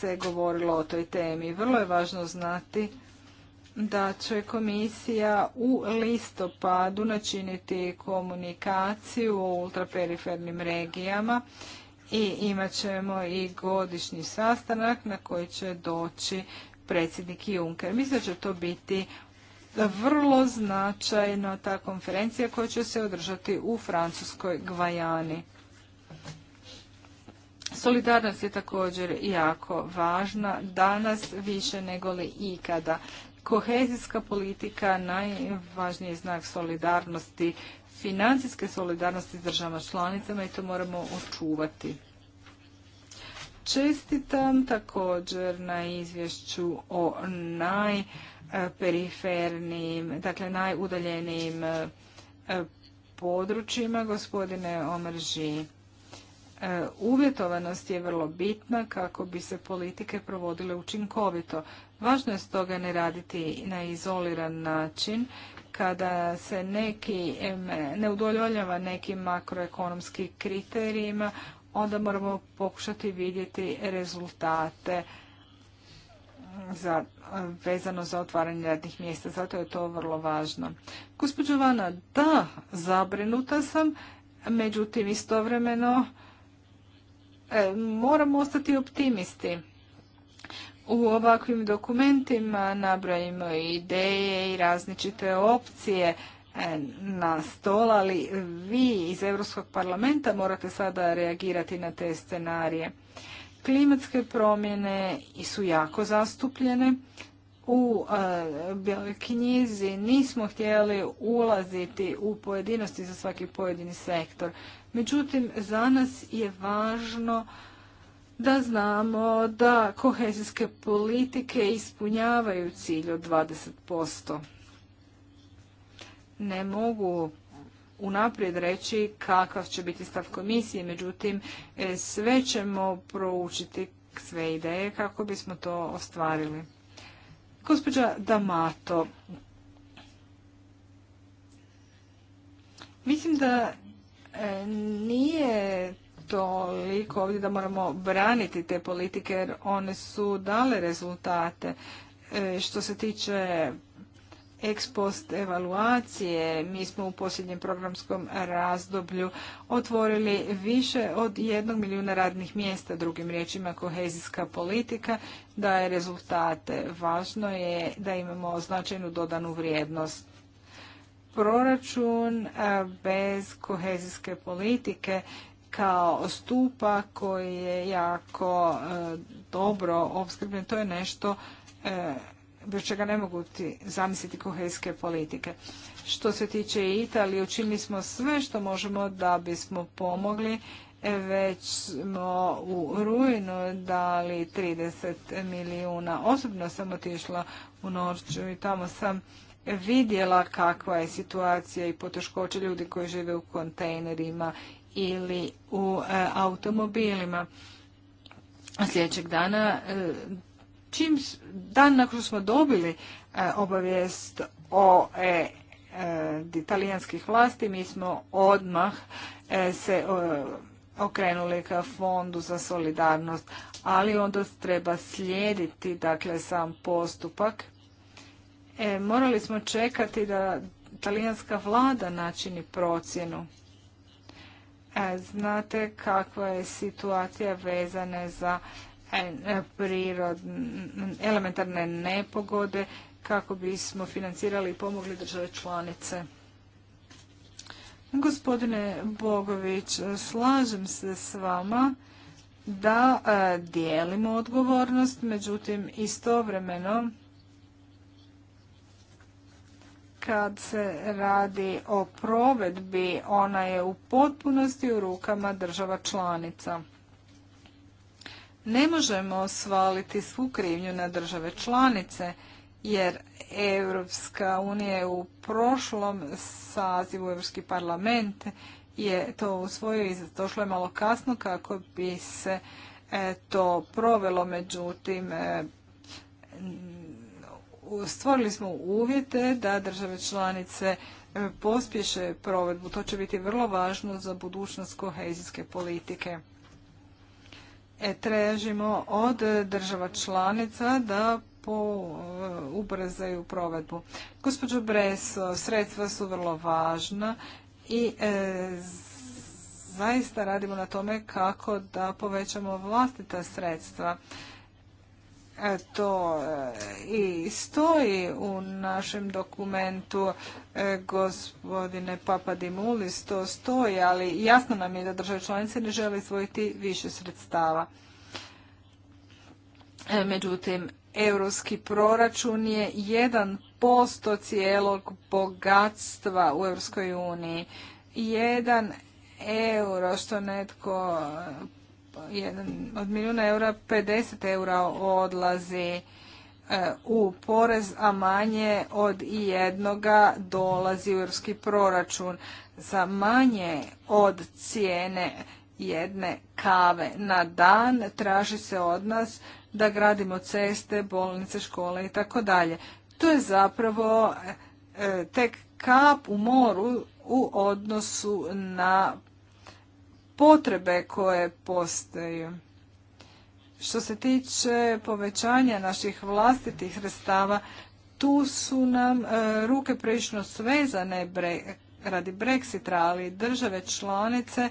se govorilo o toj temi. Vrlo je važno znati da će komisija u listopadu načiniti komunikaciju o ultraperifernim regijama i imat ćemo i godišnji sastanak na koji će doći predsjednik Juncker. Mislim da će to biti vrlo značajna ta konferencija koja će se održati u francuskoj Gvajani. Solidarnost je također jako važna danas više nego li ikada. Kohezijska politika najvažniji je znak solidarnosti, financijske solidarnosti s državama članicama i to moramo očuvati. Čestitam također na izvješću o najperifernijim, dakle najudaljenijim eh, područjima gospodine Omrži. E, uvjetovanost je vrlo bitna kako bi se politike provodile učinkovito. Važno je stoga ne raditi na izoliran način kada se neki ne udovoljava nekim makroekonomskim kriterijima, onda moramo pokušati vidjeti rezultate za, vezano za otvaranje radnih mjesta. Zato je to vrlo važno. Gospođo Vana, da, zabrinuta sam, međutim istovremeno E, moramo ostati optimisti. U ovakvim dokumentima nabrajimo ideje i različite opcije e, na stol, ali vi iz Europskog parlamenta morate sada reagirati na te scenarije. Klimatske promjene su jako zastupljene. U e, Bijeloj knjizi nismo htjeli ulaziti u pojedinosti za svaki pojedini sektor. Međutim, za nas je važno da znamo da kohezijske politike ispunjavaju cilj od 20%. Ne mogu unaprijed reći kakav će biti stav komisije, međutim e, sve ćemo proučiti sve ideje kako bismo to ostvarili. Gospođa Damato, mislim da E, nije toliko ovdje da moramo braniti te politike jer one su dale rezultate. E, što se tiče ex post evaluacije, mi smo u posljednjem programskom razdoblju otvorili više od jednog milijuna radnih mjesta, drugim riječima kohezijska politika daje rezultate. Važno je da imamo značajnu dodanu vrijednost proračun bez kohezijske politike kao stupa koji je jako e, dobro opskrbljen, to je nešto e, bez čega ne mogu ti zamisliti kohezijske politike. Što se tiče Italije, učinili smo sve što možemo da bismo pomogli. E, već smo u rujnu dali 30 milijuna. Osobno sam otišla u Norču i tamo sam vidjela kakva je situacija i poteškoće ljudi koji žive u kontejnerima ili u e, automobilima. Sljedećeg dana, e, čim dan nakon smo dobili e, obavijest o e, e, italijanskih vlasti, mi smo odmah se okrenuli ka fondu za solidarnost, ali onda treba slijediti dakle sam postupak E, morali smo čekati da talijanska vlada načini procjenu. E, znate kakva je situacija vezana za e, e, elementarne nepogode kako bismo financirali i pomogli države članice. Gospodine Bogović, slažem se s vama da dijelimo odgovornost, međutim istovremeno kad se radi o provedbi, ona je u potpunosti u rukama država članica. Ne možemo svaliti svu krivnju na države članice, jer Europska unija u prošlom sazivu Europski parlament je to usvojio i došlo je malo kasno kako bi se e, to provelo, međutim e, stvorili smo uvjete da države članice e, pospješe provedbu. To će biti vrlo važno za budućnost kohezijske politike. E, tražimo od država članica da po, e, ubrzaju provedbu. Gospođo Breso, sredstva su vrlo važna i e, zaista radimo na tome kako da povećamo vlastita sredstva. E, to e, i stoji u našem dokumentu e, gospodine Papadimulis, to stoji, ali jasno nam je da države članice ne žele izvojiti više sredstava. Međutim, europski proračun je 1% cijelog bogatstva u EU. uniji. Jedan euro što netko od milijuna eura 50 eura odlazi e, u porez, a manje od jednoga dolazi u europski proračun. Za manje od cijene jedne kave na dan traži se od nas da gradimo ceste, bolnice, škole i tako dalje. To je zapravo e, tek kap u moru u odnosu na potrebe koje postoje. Što se tiče povećanja naših vlastitih sredstava, tu su nam e, ruke prilično svezane radi Brexita, ali države članice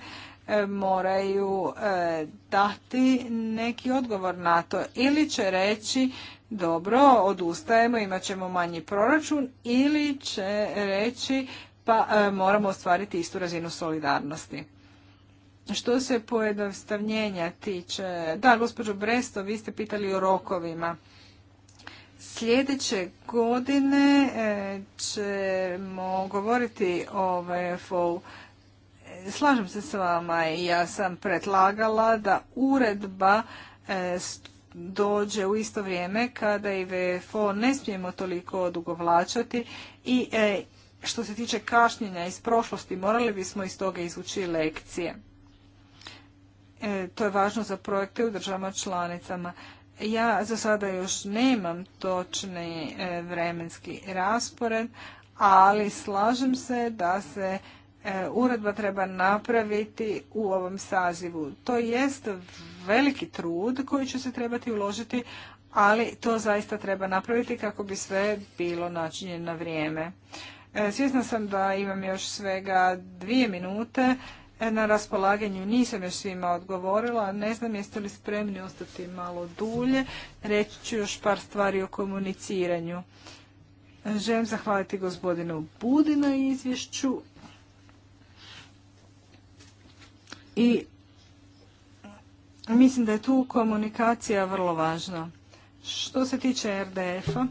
e, moraju e, dati neki odgovor na to. Ili će reći dobro, odustajemo, imat ćemo manji proračun, ili će reći pa moramo ostvariti istu razinu solidarnosti. Što se pojednostavljenja tiče, da, gospođo Bresto, vi ste pitali o rokovima. Sljedeće godine e, ćemo govoriti o vfo e, Slažem se s vama i ja sam pretlagala da uredba e, dođe u isto vrijeme kada i VFO ne smijemo toliko odugovlačati i što se tiče kašnjenja iz prošlosti morali bismo iz toga izvući lekcije. E, to je važno za projekte u državama članicama. Ja za sada još nemam točni e, vremenski raspored, ali slažem se da se e, uredba treba napraviti u ovom sazivu. To jest veliki trud koji će se trebati uložiti, ali to zaista treba napraviti kako bi sve bilo načinjeno na vrijeme. Svjesna sam da imam još svega dvije minute na raspolaganju. Nisam još svima odgovorila, ne znam jeste li spremni ostati malo dulje. Reći ću još par stvari o komuniciranju. Želim zahvaliti gospodinu Budi na izvješću i mislim da je tu komunikacija vrlo važna. Što se tiče RDF-a,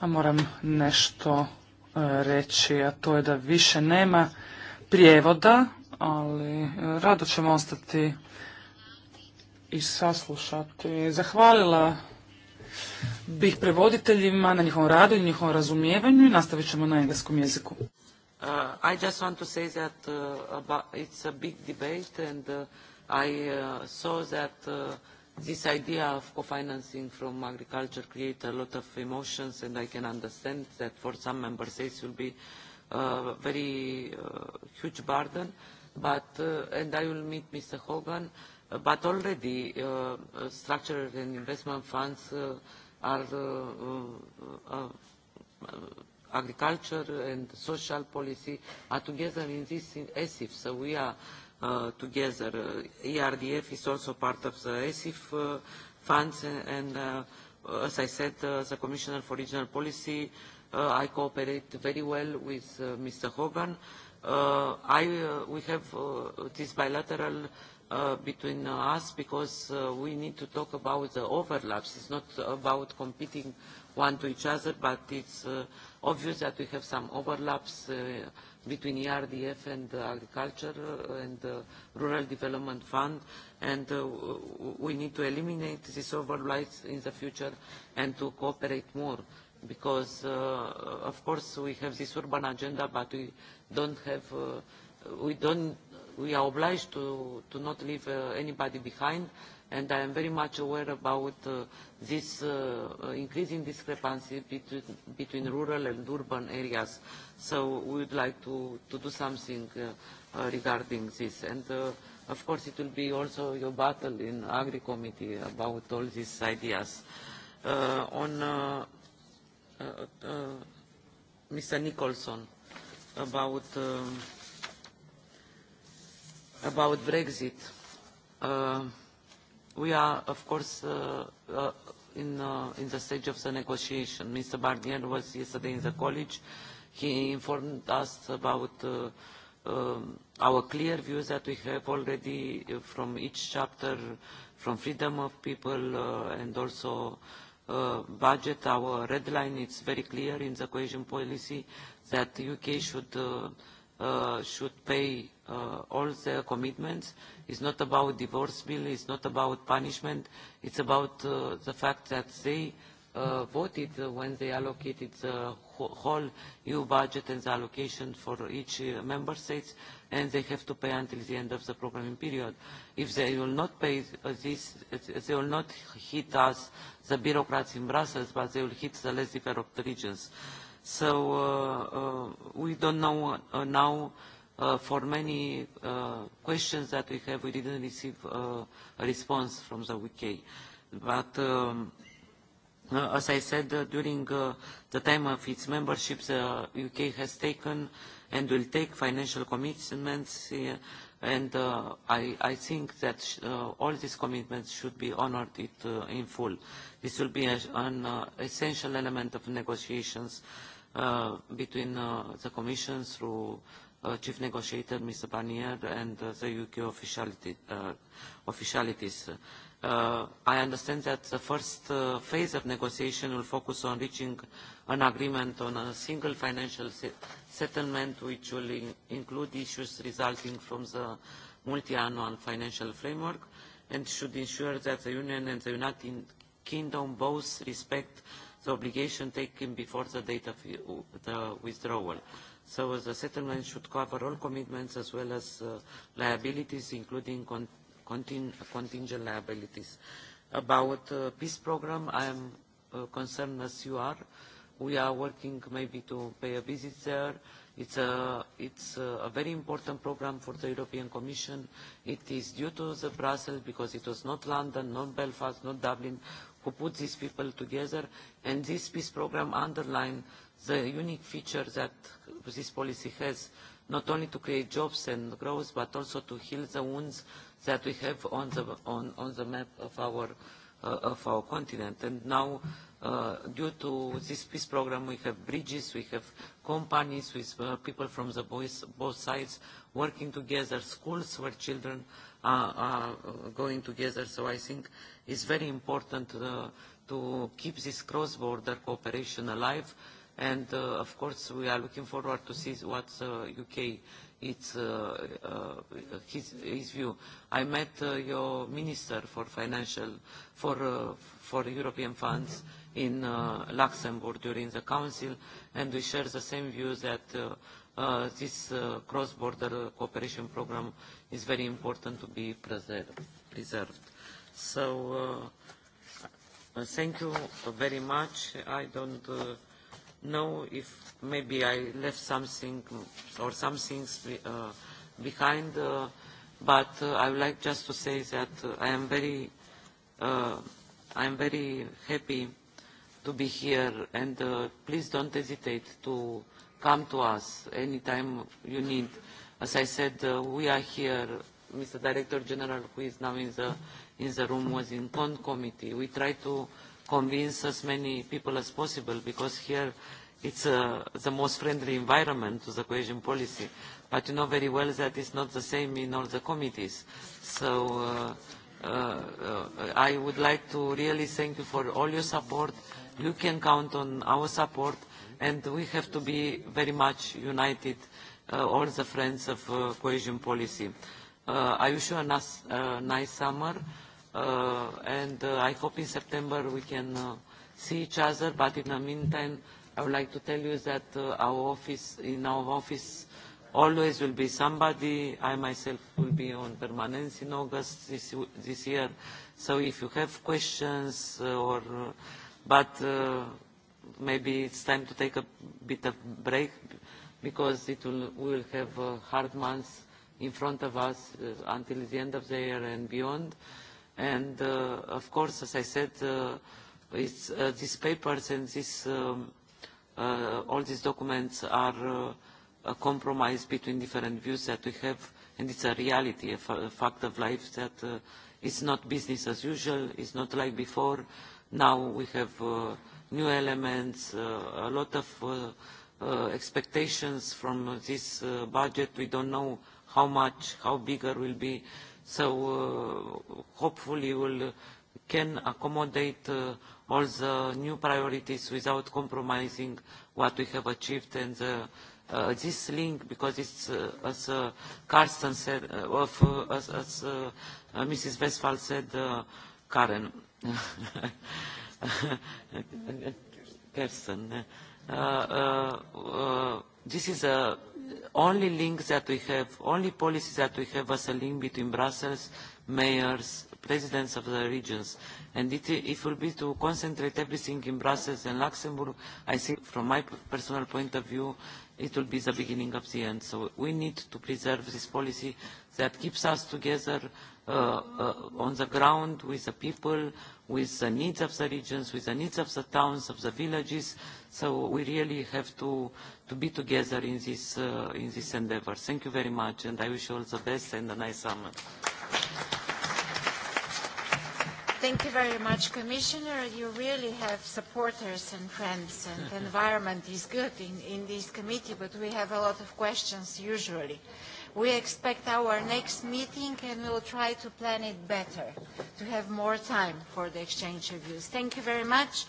a moram nešto e, reći, a to je da više nema prijevoda, ali e, rado ćemo ostati i saslušati. Zahvalila bih prevoditeljima na njihovom radu i njihovom razumijevanju i nastavit ćemo na engleskom jeziku. Uh, I just want to say that uh, about, it's a big debate and uh, I uh, saw that uh, this idea of co-financing from agriculture creates a lot of emotions and I can understand that for some member states will be a uh, very uh, huge burden, but uh, and I will meet Mr. Hogan, but already structural and investment funds are agriculture and social policy are together in this in ESIF, so we are together. ERDF is also part of the ESIF funds, and, as I said, the Commissioner for Regional Policy Uh, I cooperate very well with uh, Mr. Hogan. Uh, I, we have this bilateral between us because we need to talk about the overlaps. It's not about competing one to each other, but it's is obvious that we have some overlaps between ERDF and agriculture and the rural development fund, and we need to eliminate these overlaps in the future and to cooperate more because uh, of course we have this urban agenda but we don't have uh, we don't we are obliged to to not leave uh, anybody behind and I am very much aware about uh, this uh, increasing discrepancy between, between rural and urban areas so we would like to to do something regarding this and of course it will be also your battle in agri committee about all these ideas on Uh, uh, Mr. Nicholson about um, about Brexit. Uh, we are, of course, in, in the stage of the negotiation. Mr. Barnier was yesterday in the college. He informed us about um, our clear views that we have already from each chapter, from freedom of people and also Uh, budget, our red line, it's very clear in the cohesion policy that the UK should uh, uh, should pay uh, all their commitments. It's not about divorce bill, it's not about punishment, it's about uh, the fact that they uh, voted when they allocated the whole EU budget and the allocation for each uh, member states, and they have to pay until the end of the programming period. If they will not pay uh, this, uh, they will not hit us, the bureaucrats in Brussels, but they will hit the less developed regions. So uh, uh, we don't know now for many questions that we have, we didn't receive a response from the UK. But um, Uh, as I said, uh, during uh, the time of its membership, the UK has taken and will take financial commitments, and I, think that all these commitments should be honoured in full. This will be an essential element of negotiations between the Commission through Chief Negotiator Mr. Barnier and the UK officialities. Uh, I understand that the first uh, phase of negotiation will focus on reaching an agreement on a single financial settlement, which will include issues resulting from the multi-annual financial framework and should ensure that the Union and the United Kingdom both respect the obligation taken before the date of the withdrawal. So the settlement should cover all commitments as well as uh, liabilities, including con contingent liabilities. About uh, peace program, I am uh, concerned as you are. We are working maybe to pay a visit there. It's a, it's a very important program for the European Commission. It is due to the Brussels because it was not London, not Belfast, not Dublin who put these people together. And this peace program underlines the unique feature that this policy has, not only to create jobs and growth, but also to heal the wounds that we have on the, on, on the map of our, uh, of our continent. And now, uh, due to this peace program, we have bridges, we have companies with uh, people from the boys, both sides working together, schools where children are, are going together. So I think it's very important uh, to keep this cross-border cooperation alive. And uh, of course, we are looking forward to see what the uh, UK its, uh, uh, his, his view. I met uh, your minister for financial, for, uh, for European funds in uh, Luxembourg during the council, and we share the same view that uh, this cross-border cooperation program is very important to be preserved. preserved. So, thank you very much. I don't know if maybe I left something or some things uh, behind, uh, but uh, I would like just to say that uh, I am very, uh, I am very happy to be here, and uh, please don't hesitate to come to us anytime you need. As I said, uh, we are here. Mr. Director General, who is now in the in the room, was in Con Committee. We try to convince as many people as possible because here it's uh the most friendly environment to the cohesion policy. But you know very well that it's not the same in all the committees. So uh, uh, uh I would like to really thank you for all your support. You can count on our support and we have to be very much united, uh, all the friends of uh, cohesion policy. I uh, wish you a nice, nice summer uh, and uh, I hope in September we can uh, see each other. But in the meantime, I would like to tell you that uh, our office, in our office, always will be somebody. I myself will be on permanence in August this, this year. So if you have questions uh, or, uh, but uh, maybe it's time to take a bit of break because it will, we will have uh hard months in front of us uh, until the end of the year and beyond. And uh, of course, as I said, uh, it's, uh, these papers and this, um, all these documents are a compromise between different views that we have, and it's a reality, a, fact of life that it's not business as usual, it's not like before. Now we have new elements, a lot of expectations from this budget. We don't know how much, how bigger will be So uh, hopefully we uh, can accommodate uh, all the new priorities without compromising what we have achieved and this link because it's as uh, Carsten said of as, as Mrs. Westphal said Karen Kirsten this is a only link that we have, only policy that we have as a link between Brussels, mayors, presidents of the regions. And it, if it will be to concentrate everything in Brussels and Luxembourg, I think from my personal point of view, it will be the beginning of the end. So we need to preserve this policy that keeps us together uh, uh, on the ground with the people, with the needs of the regions, with the needs of the towns, of the villages. So we really have to, to be together in this, uh, in this endeavor. Thank you very much, and I wish you all the best and a nice summer. Thank you very much, Commissioner. You really have supporters and friends, and the environment is good in, in this committee, but we have a lot of questions usually. We expect our next meeting and we will try to plan it better, to have more time for the exchange of views. Thank you very much.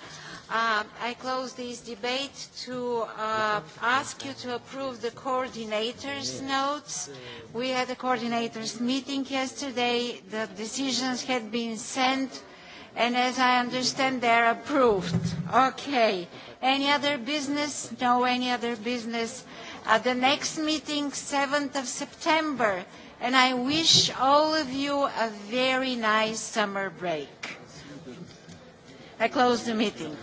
Uh, I close this debate to uh, ask you to approve the coordinators' notes. We had a coordinators' meeting yesterday. The decisions had been sent, and as I understand, they are approved. Okay. Any other business? No, any other business? at the next meeting 7th of September and I wish all of you a very nice summer break. I close the meeting.